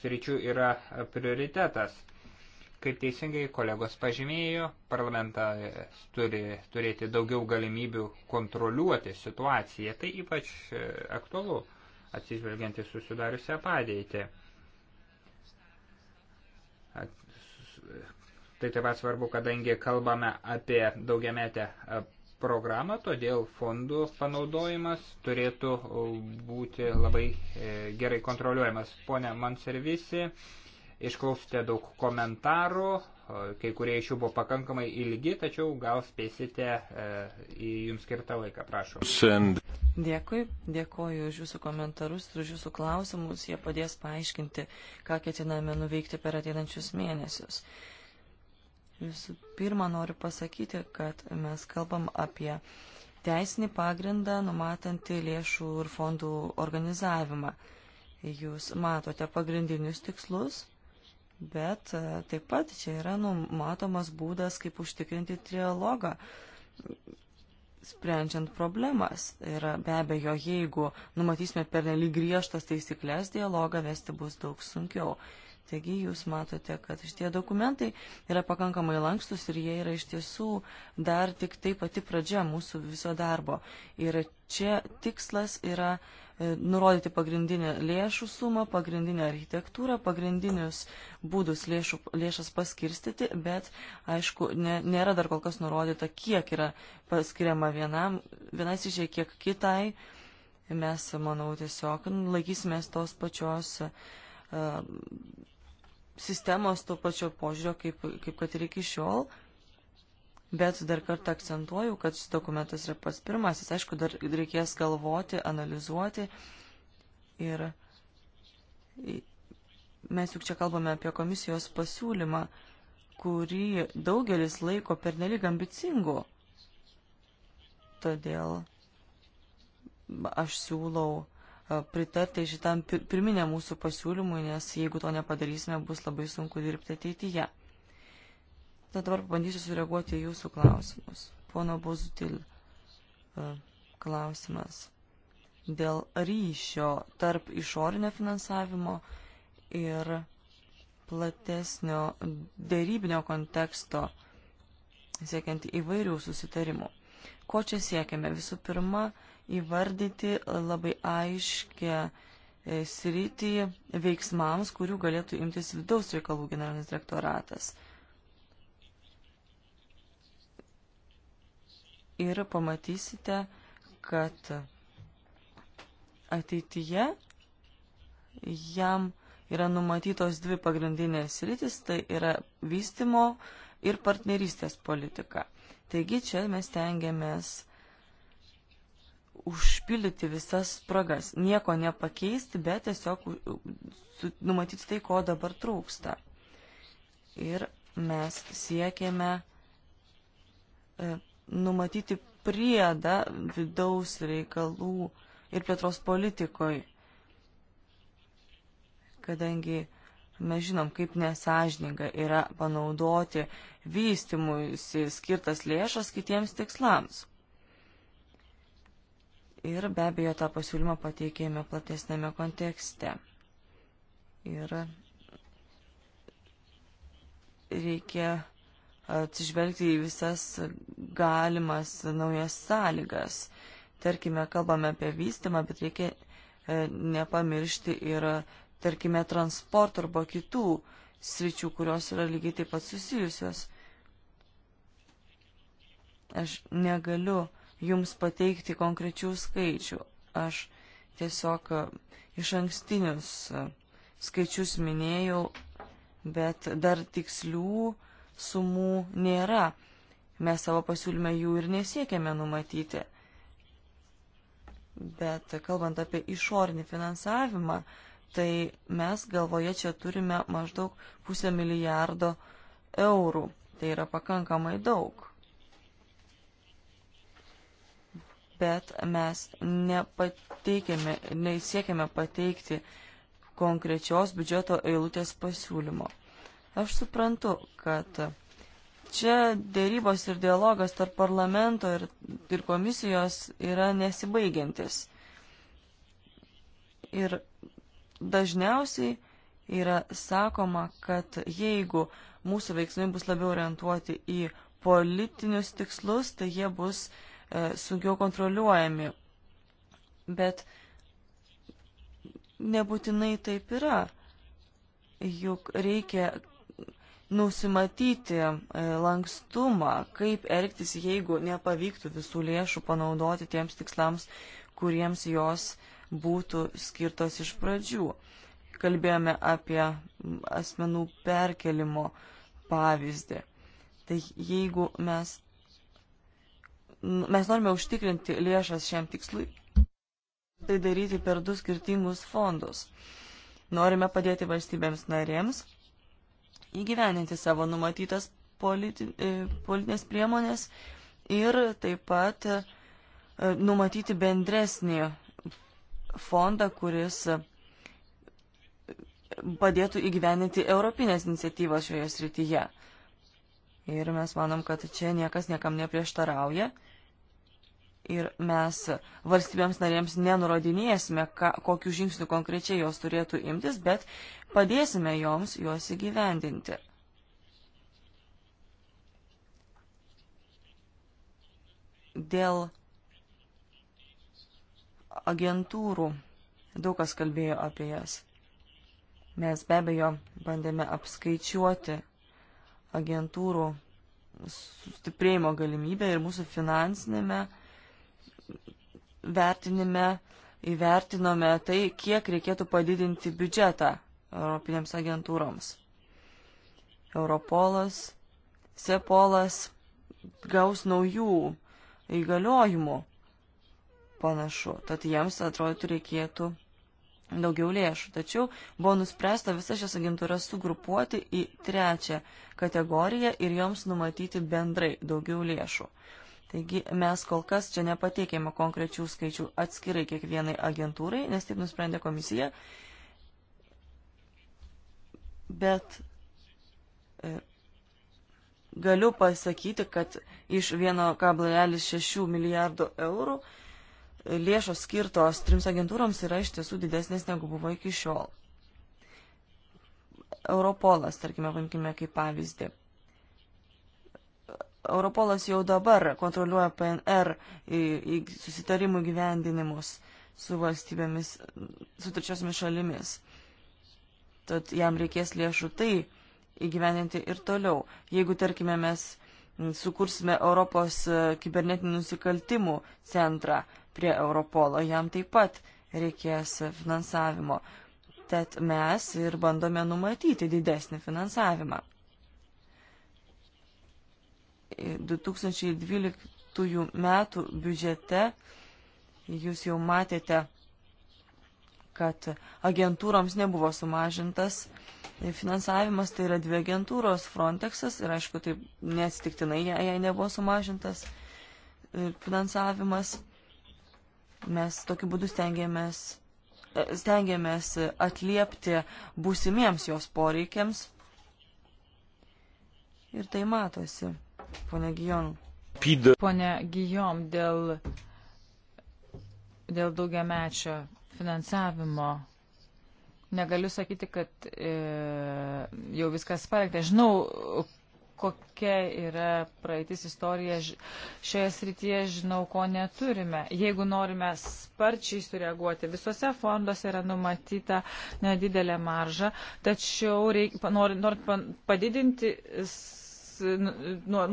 sričių yra prioritetas. Kaip teisingai kolegos pažymėjo, parlamentas turi turėti daugiau galimybių kontroliuoti situaciją. Tai ypač e, aktualu atsižvelgiant į susidariusią padėtį. Tai taip pat svarbu, kadangi kalbame apie daugiametę e, programą, todėl fondų panaudojimas turėtų būti labai e, gerai kontroliuojamas. Pone Manservisi, išklausite daug komentarų, e, kai kurie iš jų buvo pakankamai ilgi, tačiau gal spėsite e, į jums skirtą laiką, prašau. Send. Dėkui, dėkoju už jūsų komentarus ir už jūsų klausimus, jie padės paaiškinti, ką ketiname nuveikti per ateinančius mėnesius. Visų pirma, noriu pasakyti, kad mes kalbam apie teisinį pagrindą numatantį lėšų ir fondų organizavimą. Jūs matote pagrindinius tikslus, bet e, taip pat čia yra numatomas būdas, kaip užtikrinti trialogą, sprendžiant problemas. Ir be abejo, jeigu numatysime pernelyg griežtas taisyklės, dialogą vesti bus daug sunkiau. Taigi jūs matote, kad šitie dokumentai yra pakankamai lankstus ir jie yra iš tiesų dar tik tai pati pradžia mūsų viso darbo. Ir čia tikslas yra e, nurodyti pagrindinę lėšų sumą, pagrindinę architektūrą, pagrindinius būdus lėšų, lėšas paskirstyti, bet aišku, ne, nėra dar kol kas nurodyta, kiek yra paskiriama vienam, vienai sižiai, kiek kitai. Mes, manau, tiesiog laikysimės tos pačios. Uh, e, sistemos to pačio požiūrio, kaip, kaip kad ir iki šiol. Bet dar kartą akcentuoju, kad šis dokumentas yra pats pirmasis. Aišku, dar reikės galvoti, analizuoti. Ir mes juk čia kalbame apie komisijos pasiūlymą, kurį daugelis laiko pernelyg ambicingu. Todėl aš siūlau pritarti šitam pirminiam mūsų pasiūlymui, nes jeigu to nepadarysime, bus labai sunku dirbti ateityje. Tad dabar pabandysiu sureaguoti į jūsų klausimus. Pono Bozutil e, klausimas dėl ryšio tarp išorinio finansavimo ir platesnio dėrybinio konteksto siekiant įvairių susitarimų. Ko čia siekiame? Visų pirma, uh, įvardyti labai aiškę e, sritį veiksmams, kurių galėtų imtis vidaus reikalų generalinis direktoratas. Ir pamatysite, kad ateityje jam yra numatytos dvi pagrindinės sritis, tai yra vystimo ir partnerystės politika. Taigi čia mes tengiamės užpildyti visas spragas, nieko nepakeisti, bet tiesiog numatyti tai, ko dabar trūksta. Ir mes siekėme e, numatyti priedą vidaus reikalų ir plėtros politikoj, kadangi mes žinom, kaip nesažininga yra panaudoti vystimuisi skirtas lėšas kitiems tikslams. Ir be abejo, tą pasiūlymą pateikėme platesnėme kontekste. Ir reikia atsižvelgti į visas galimas naujas sąlygas. Tarkime, kalbame apie vystymą, bet reikia e, nepamiršti ir, tarkime, transporto arba kitų sričių, kurios yra lygiai taip pat susijusios. Aš negaliu uh, jums pateikti konkrečių skaičių. Aš tiesiog e, iš ankstinius e, skaičius minėjau, bet dar tikslių sumų nėra. Mes savo pasiūlyme jų ir nesiekėme numatyti. Bet kalbant apie išorinį finansavimą, tai mes galvoje čia turime maždaug pusę milijardo eurų. Tai yra pakankamai daug. bet mes nepateikėme, neįsiekėme pateikti konkrečios biudžeto eilutės pasiūlymo. Aš suprantu, kad čia dėrybos ir dialogas tarp parlamento ir, ir komisijos yra nesibaigiantis. Ir dažniausiai yra sakoma, kad jeigu mūsų veiksmai bus labiau orientuoti į politinius tikslus, tai jie bus uh, E, sunkiau kontroliuojami. Bet nebūtinai taip yra. Juk reikia nusimatyti e, lankstumą, kaip elgtis, jeigu nepavyktų visų lėšų panaudoti tiems tikslams, kuriems jos būtų skirtos iš pradžių. Kalbėjome apie asmenų perkelimo pavyzdį. Tai jeigu mes Mes norime užtikrinti lėšas šiam tikslui. Tai daryti per du skirtingus fondus. Norime padėti valstybėms narėms įgyveninti savo numatytas politi, e, politinės priemonės ir taip pat e, numatyti bendresnį fondą, kuris padėtų įgyveninti europinės iniciatyvas šioje srityje. Ir mes manom, kad čia niekas niekam neprieštarauja ir mes valstybėms narėms nenurodinėsime, ką, kokiu žingsniu konkrečiai jos turėtų imtis, bet padėsime joms juos įgyvendinti. Dėl agentūrų daug kas kalbėjo apie jas. Mes be abejo bandėme apskaičiuoti agentūrų stiprėjimo galimybę ir mūsų finansinėme uh, vertinime įvertinome tai, kiek reikėtų padidinti biudžetą Europinėms agentūroms. Europolas, Sepolas gaus naujų įgaliojimų panašu, tad jiems atrodytų reikėtų daugiau lėšų. Tačiau buvo nuspręsta visas šias agentūras sugrupuoti į trečią kategoriją ir joms numatyti bendrai daugiau lėšų. Taigi mes kol kas čia nepateikėme konkrečių skaičių atskirai kiekvienai agentūrai, nes taip nusprendė komisija. Bet e, galiu pasakyti, kad iš 1,6 milijardo eurų e, lėšos skirtos trims agentūroms yra iš tiesų didesnės negu buvo iki šiol. Europolas, tarkime, paimkime kaip pavyzdį. Europolas jau dabar kontroliuoja PNR susitarimų gyvendinimus su valstybėmis, su trečiosiomis šalimis. Tad jam reikės lėšų tai įgyveninti ir toliau. Jeigu, tarkime, mes sukursime Europos kibernetinių nusikaltimų centrą prie Europolo, jam taip pat reikės finansavimo. Tad mes ir bandome numatyti didesnį finansavimą. 2012 metų biudžete jūs jau matėte, kad agentūroms nebuvo sumažintas finansavimas, tai yra dvi agentūros Frontexas ir aišku, taip neatsitiktinai jai nebuvo sumažintas e, finansavimas. Mes tokiu būdu stengiamės, e, stengiamės atliepti būsimiems jos poreikiams ir tai matosi. Pone Gijon. Pone Gijom, dėl, dėl daugiamečio finansavimo negaliu sakyti, kad e, jau viskas parengta. Žinau, kokia yra praeitis istorija šioje srityje, žinau, ko neturime. Jeigu norime sparčiai sureaguoti, visose fonduose yra numatyta nedidelė marža, tačiau reik, norint nor, padidinti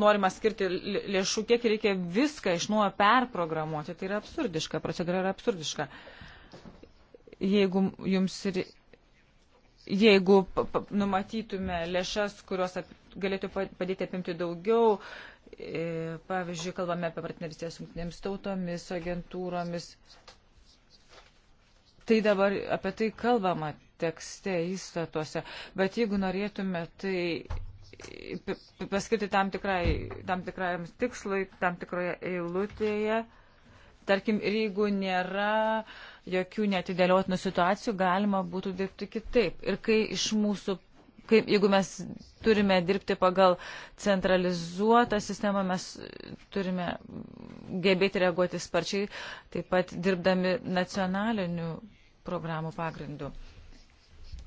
norima skirti lėšų, kiek reikia viską iš nuojo perprogramuoti. Tai yra absurdiška, procedūra yra absurdiška. Jeigu jums ir. Jeigu numatytume lėšas, kurios galėtų padėti apimti daugiau, e, pavyzdžiui, kalbame apie partnerystę su jungtinėms tautomis, agentūromis, tai dabar apie tai kalbama tekste, įstatuose, bet jeigu norėtume tai paskirti tam, tikrai, tam tikrajam tikslui, tam tikroje eilutėje. Tarkim, ir jeigu nėra jokių netidėliotinų situacijų, galima būtų dirbti kitaip. Ir kai iš mūsų, kai, jeigu mes turime dirbti pagal centralizuotą sistemą, mes turime gebėti reaguoti sparčiai, taip pat dirbdami nacionalinių programų pagrindu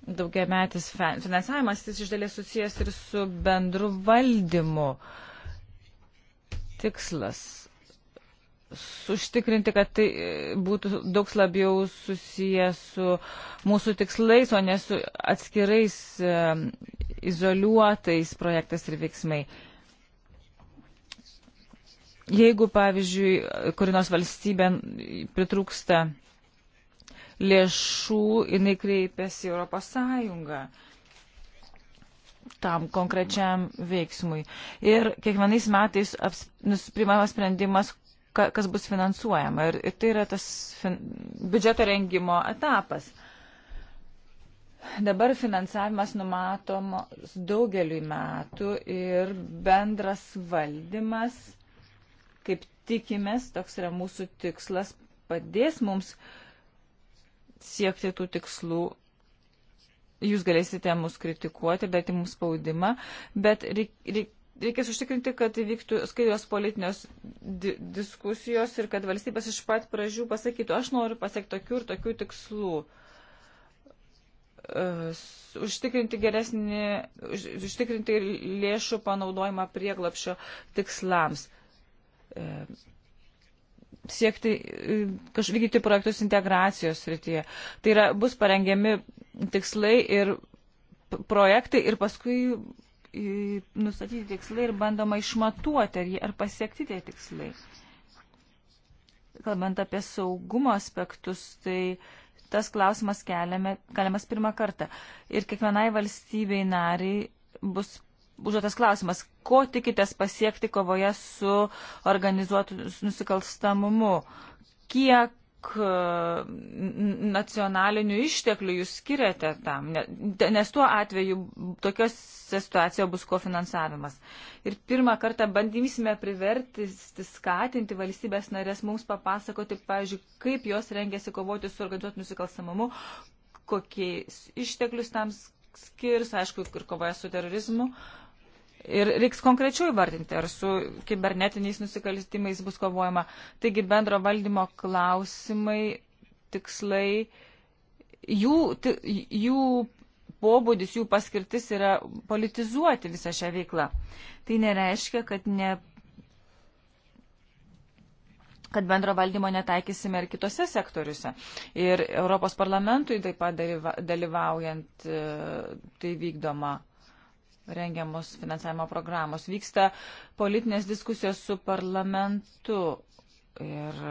daugiametis finansavimas, jis iš dalies susijęs ir su bendru valdymu. Tikslas užtikrinti, kad tai e, būtų daug labiau susiję su mūsų tikslais, o ne su atskirais e, izoliuotais projektais ir veiksmai. Jeigu, pavyzdžiui, kur nors valstybė pritrūksta lėšų jinai kreipiasi Europos Sąjungą tam konkrečiam veiksmui. Ir kiekvienais metais aps, primamas sprendimas, ka, kas bus finansuojama. Ir, ir tai yra tas fin, biudžeto rengimo etapas. Dabar finansavimas numatomas daugeliui metų ir bendras valdymas, kaip tikimės, toks yra mūsų tikslas, padės mums uh, siekti tų tikslų. Jūs galėsite mus kritikuoti, bet į mūsų spaudimą, bet reik, reik, reikės užtikrinti, kad įvyktų skaidrios politinės di diskusijos ir kad valstybės iš pat pradžių pasakytų, aš noriu pasiekti tokių ir tokių tikslų. Uh, užtikrinti geresnį, už, užtikrinti lėšų panaudojimą prieglapšio tikslams. Uh, siekti e, kažvykdyti projektus integracijos srityje. Tai yra, bus parengiami tikslai ir projektai ir paskui e, nustatyti tikslai ir bandoma išmatuoti, ar, jie, ar pasiekti tie tikslai. Kalbant apie saugumo aspektus, tai tas klausimas keliame, keliamas pirmą kartą. Ir kiekvienai valstybei nariai bus užduotas klausimas, ko tikitės pasiekti kovoje su organizuotu nusikalstamumu? Kiek e, nacionalinių išteklių jūs skiriate tam, nes tuo atveju tokios situacijoje bus kofinansavimas. Ir pirmą kartą bandysime priverti, skatinti valstybės narės mums papasakoti, pavyzdžiui, kaip jos rengiasi kovoti su organizuotų nusikalstamumu, kokiais išteklius tam skirs, aišku, ir kovoja su terorizmu, Ir reiks konkrečiau įvardinti, ar su kibernetiniais nusikaltimais bus kovojama. Taigi bendro valdymo klausimai, tikslai, jų, jų pobūdis, jų paskirtis yra politizuoti visą šią veiklą. Tai nereiškia, kad, ne, kad bendro valdymo netaikysime ir kitose sektoriuose. Ir Europos parlamentui taip pat dalyvaujant e, tai vykdoma rengiamos finansavimo programos. Vyksta politinės diskusijos su parlamentu ir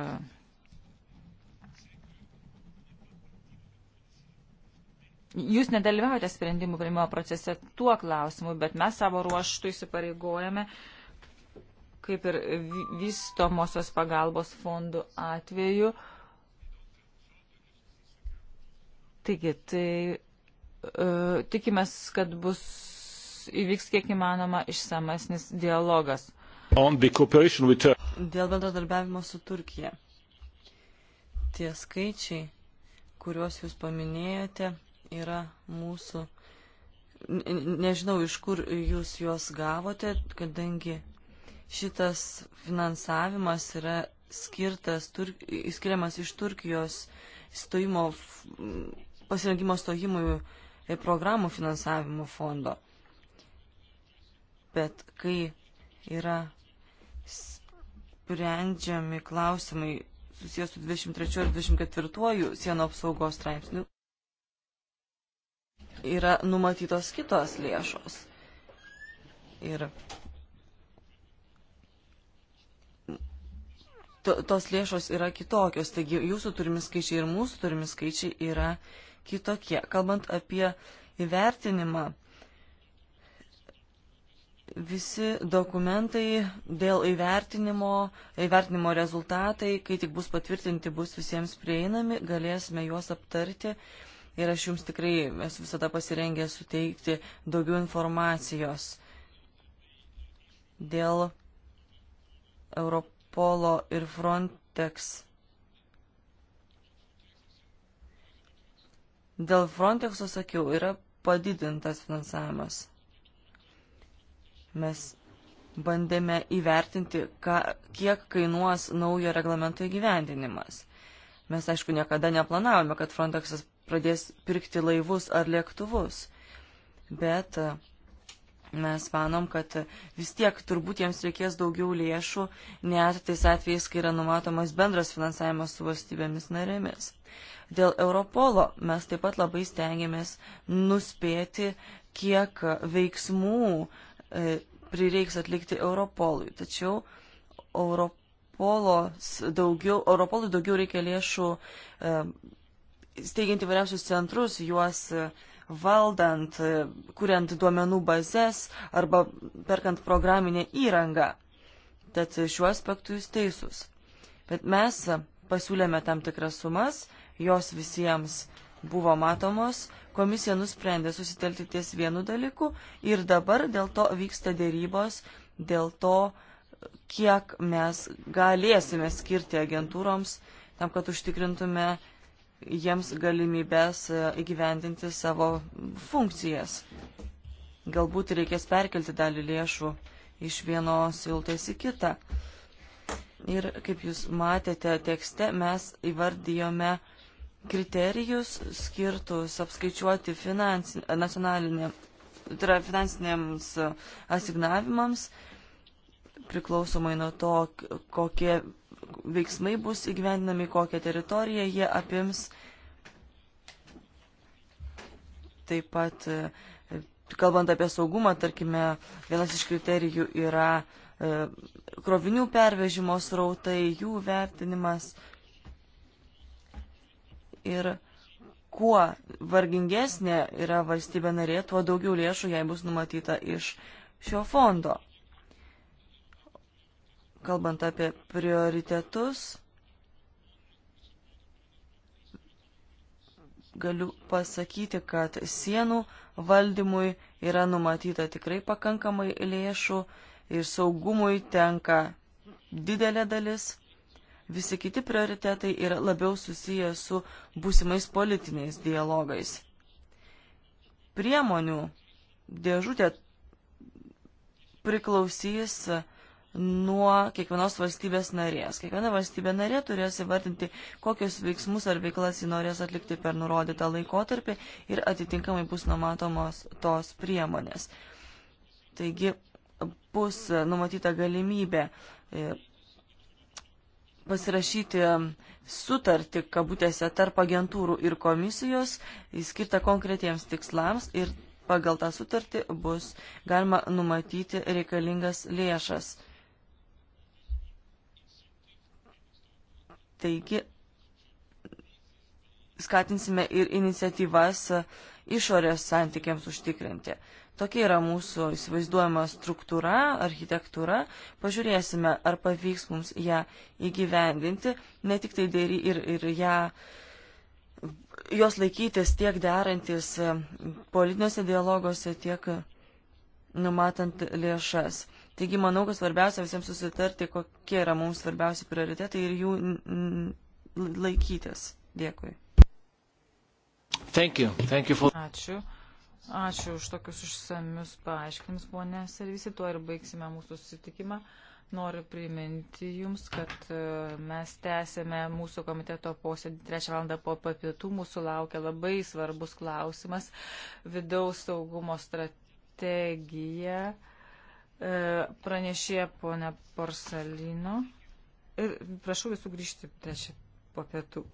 Jūs nedalyvaujate sprendimų priimimo procese tuo klausimu, bet mes savo ruoštų įsipareigojame, kaip ir vystomosios pagalbos fondų atveju. Taigi, tai uh, tikimės, kad bus įvyks kiek įmanoma išsamesnis dialogas. Dėl bendradarbiavimo su Turkija. Tie skaičiai, kuriuos jūs paminėjote, yra mūsų. Nežinau, iš kur jūs juos gavote, kadangi šitas finansavimas yra skirtas, tur, skiriamas iš Turkijos stojimo, pasirengimo stojimui programų finansavimo fondo bet kai yra sprendžiami klausimai susijęs su 23 ir 24 sienų apsaugos straipsniu, yra numatytos kitos lėšos. Ir to, tos lėšos yra kitokios, taigi jūsų turimi skaičiai ir mūsų turimi skaičiai yra kitokie. Kalbant apie įvertinimą, visi dokumentai dėl įvertinimo, įvertinimo rezultatai, kai tik bus patvirtinti, bus visiems prieinami, galėsime juos aptarti. Ir aš jums tikrai esu visada pasirengęs suteikti daugiau informacijos dėl Europolo ir Frontex. Dėl Frontexo sakiau, yra padidintas finansavimas. Mes bandėme įvertinti, ką, kiek kainuos naujo reglamento įgyvendinimas. Mes, aišku, niekada neplanavome, kad Frontexas pradės pirkti laivus ar lėktuvus, bet e, mes manom, kad vis tiek turbūt jiems reikės daugiau lėšų, net tais atvejais, kai yra numatomas bendras finansavimas su valstybėmis narėmis. Dėl Europolo mes taip pat labai stengiamės nuspėti, kiek veiksmų uh, E, prireiks atlikti Europolui. Tačiau Europolos daugiau, Europolui daugiau reikia lėšų e, steigiant įvairiausius centrus, juos e, valdant, kuriant duomenų bazės arba perkant programinę įrangą. Tad šiuo aspektu jūs teisūs. Bet mes pasiūlėme tam tikras sumas, jos visiems buvo matomos, komisija nusprendė susitelti ties vienu dalyku ir dabar dėl to vyksta dėrybos, dėl to, kiek mes galėsime skirti agentūroms tam, kad užtikrintume jiems galimybės e, įgyvendinti savo funkcijas. Galbūt reikės perkelti dalį lėšų iš vienos viltais į kitą. Ir kaip jūs matėte tekste, mes įvardijome uh, kriterijus skirtus apskaičiuoti nacionalinė, tai yra finansinėms asignavimams, priklausomai nuo to, kokie veiksmai bus įgyvendinami, kokią teritoriją jie apims. Taip pat, e, kalbant apie saugumą, tarkime, vienas iš kriterijų yra e, krovinių pervežimo srautai, jų vertinimas, ir kuo vargingesnė yra valstybė narė, tuo daugiau lėšų jai bus numatyta iš šio fondo. Kalbant apie prioritetus, galiu pasakyti, kad sienų valdymui yra numatyta tikrai pakankamai lėšų ir saugumui tenka didelė dalis Visi kiti prioritetai yra labiau susiję su būsimais politiniais dialogais. Priemonių dėžutė priklausys nuo kiekvienos valstybės narės. Kiekviena valstybė narė turės įvardinti, kokius veiksmus ar veiklas ji norės atlikti per nurodytą laikotarpį ir atitinkamai bus numatomos tos priemonės. Taigi bus numatyta galimybė e, pasirašyti sutartį, kabutėse, tarp agentūrų ir komisijos, skirtą konkretiems tikslams ir pagal tą sutartį bus galima numatyti reikalingas lėšas. Taigi, skatinsime ir iniciatyvas išorės santykiams užtikrinti. Tokia yra mūsų įsivaizduojama struktūra, architektūra. Pažiūrėsime, ar pavyks mums ją įgyvendinti, ne tik tai dėry ir, ir ją, jos laikytis tiek derantis e, politinėse dialoguose, tiek numatant lėšas. Taigi manau, kad svarbiausia visiems susitarti, kokie yra mums svarbiausi prioritetai ir jų laikytis. Dėkui. Thank you. Thank you for... Ačiū. Ačiū už tokius išsamius paaiškinimus, ponė Servisi. Tuo ir baigsime mūsų susitikimą. Noriu priminti Jums, kad e, mes tęsėme mūsų komiteto posėdį 3 val. po papietų. Mūsų laukia labai svarbus klausimas - vidaus saugumo strategija. E, pranešė ponė Porsalino. Ir prašau visų grįžti 3 po pietų.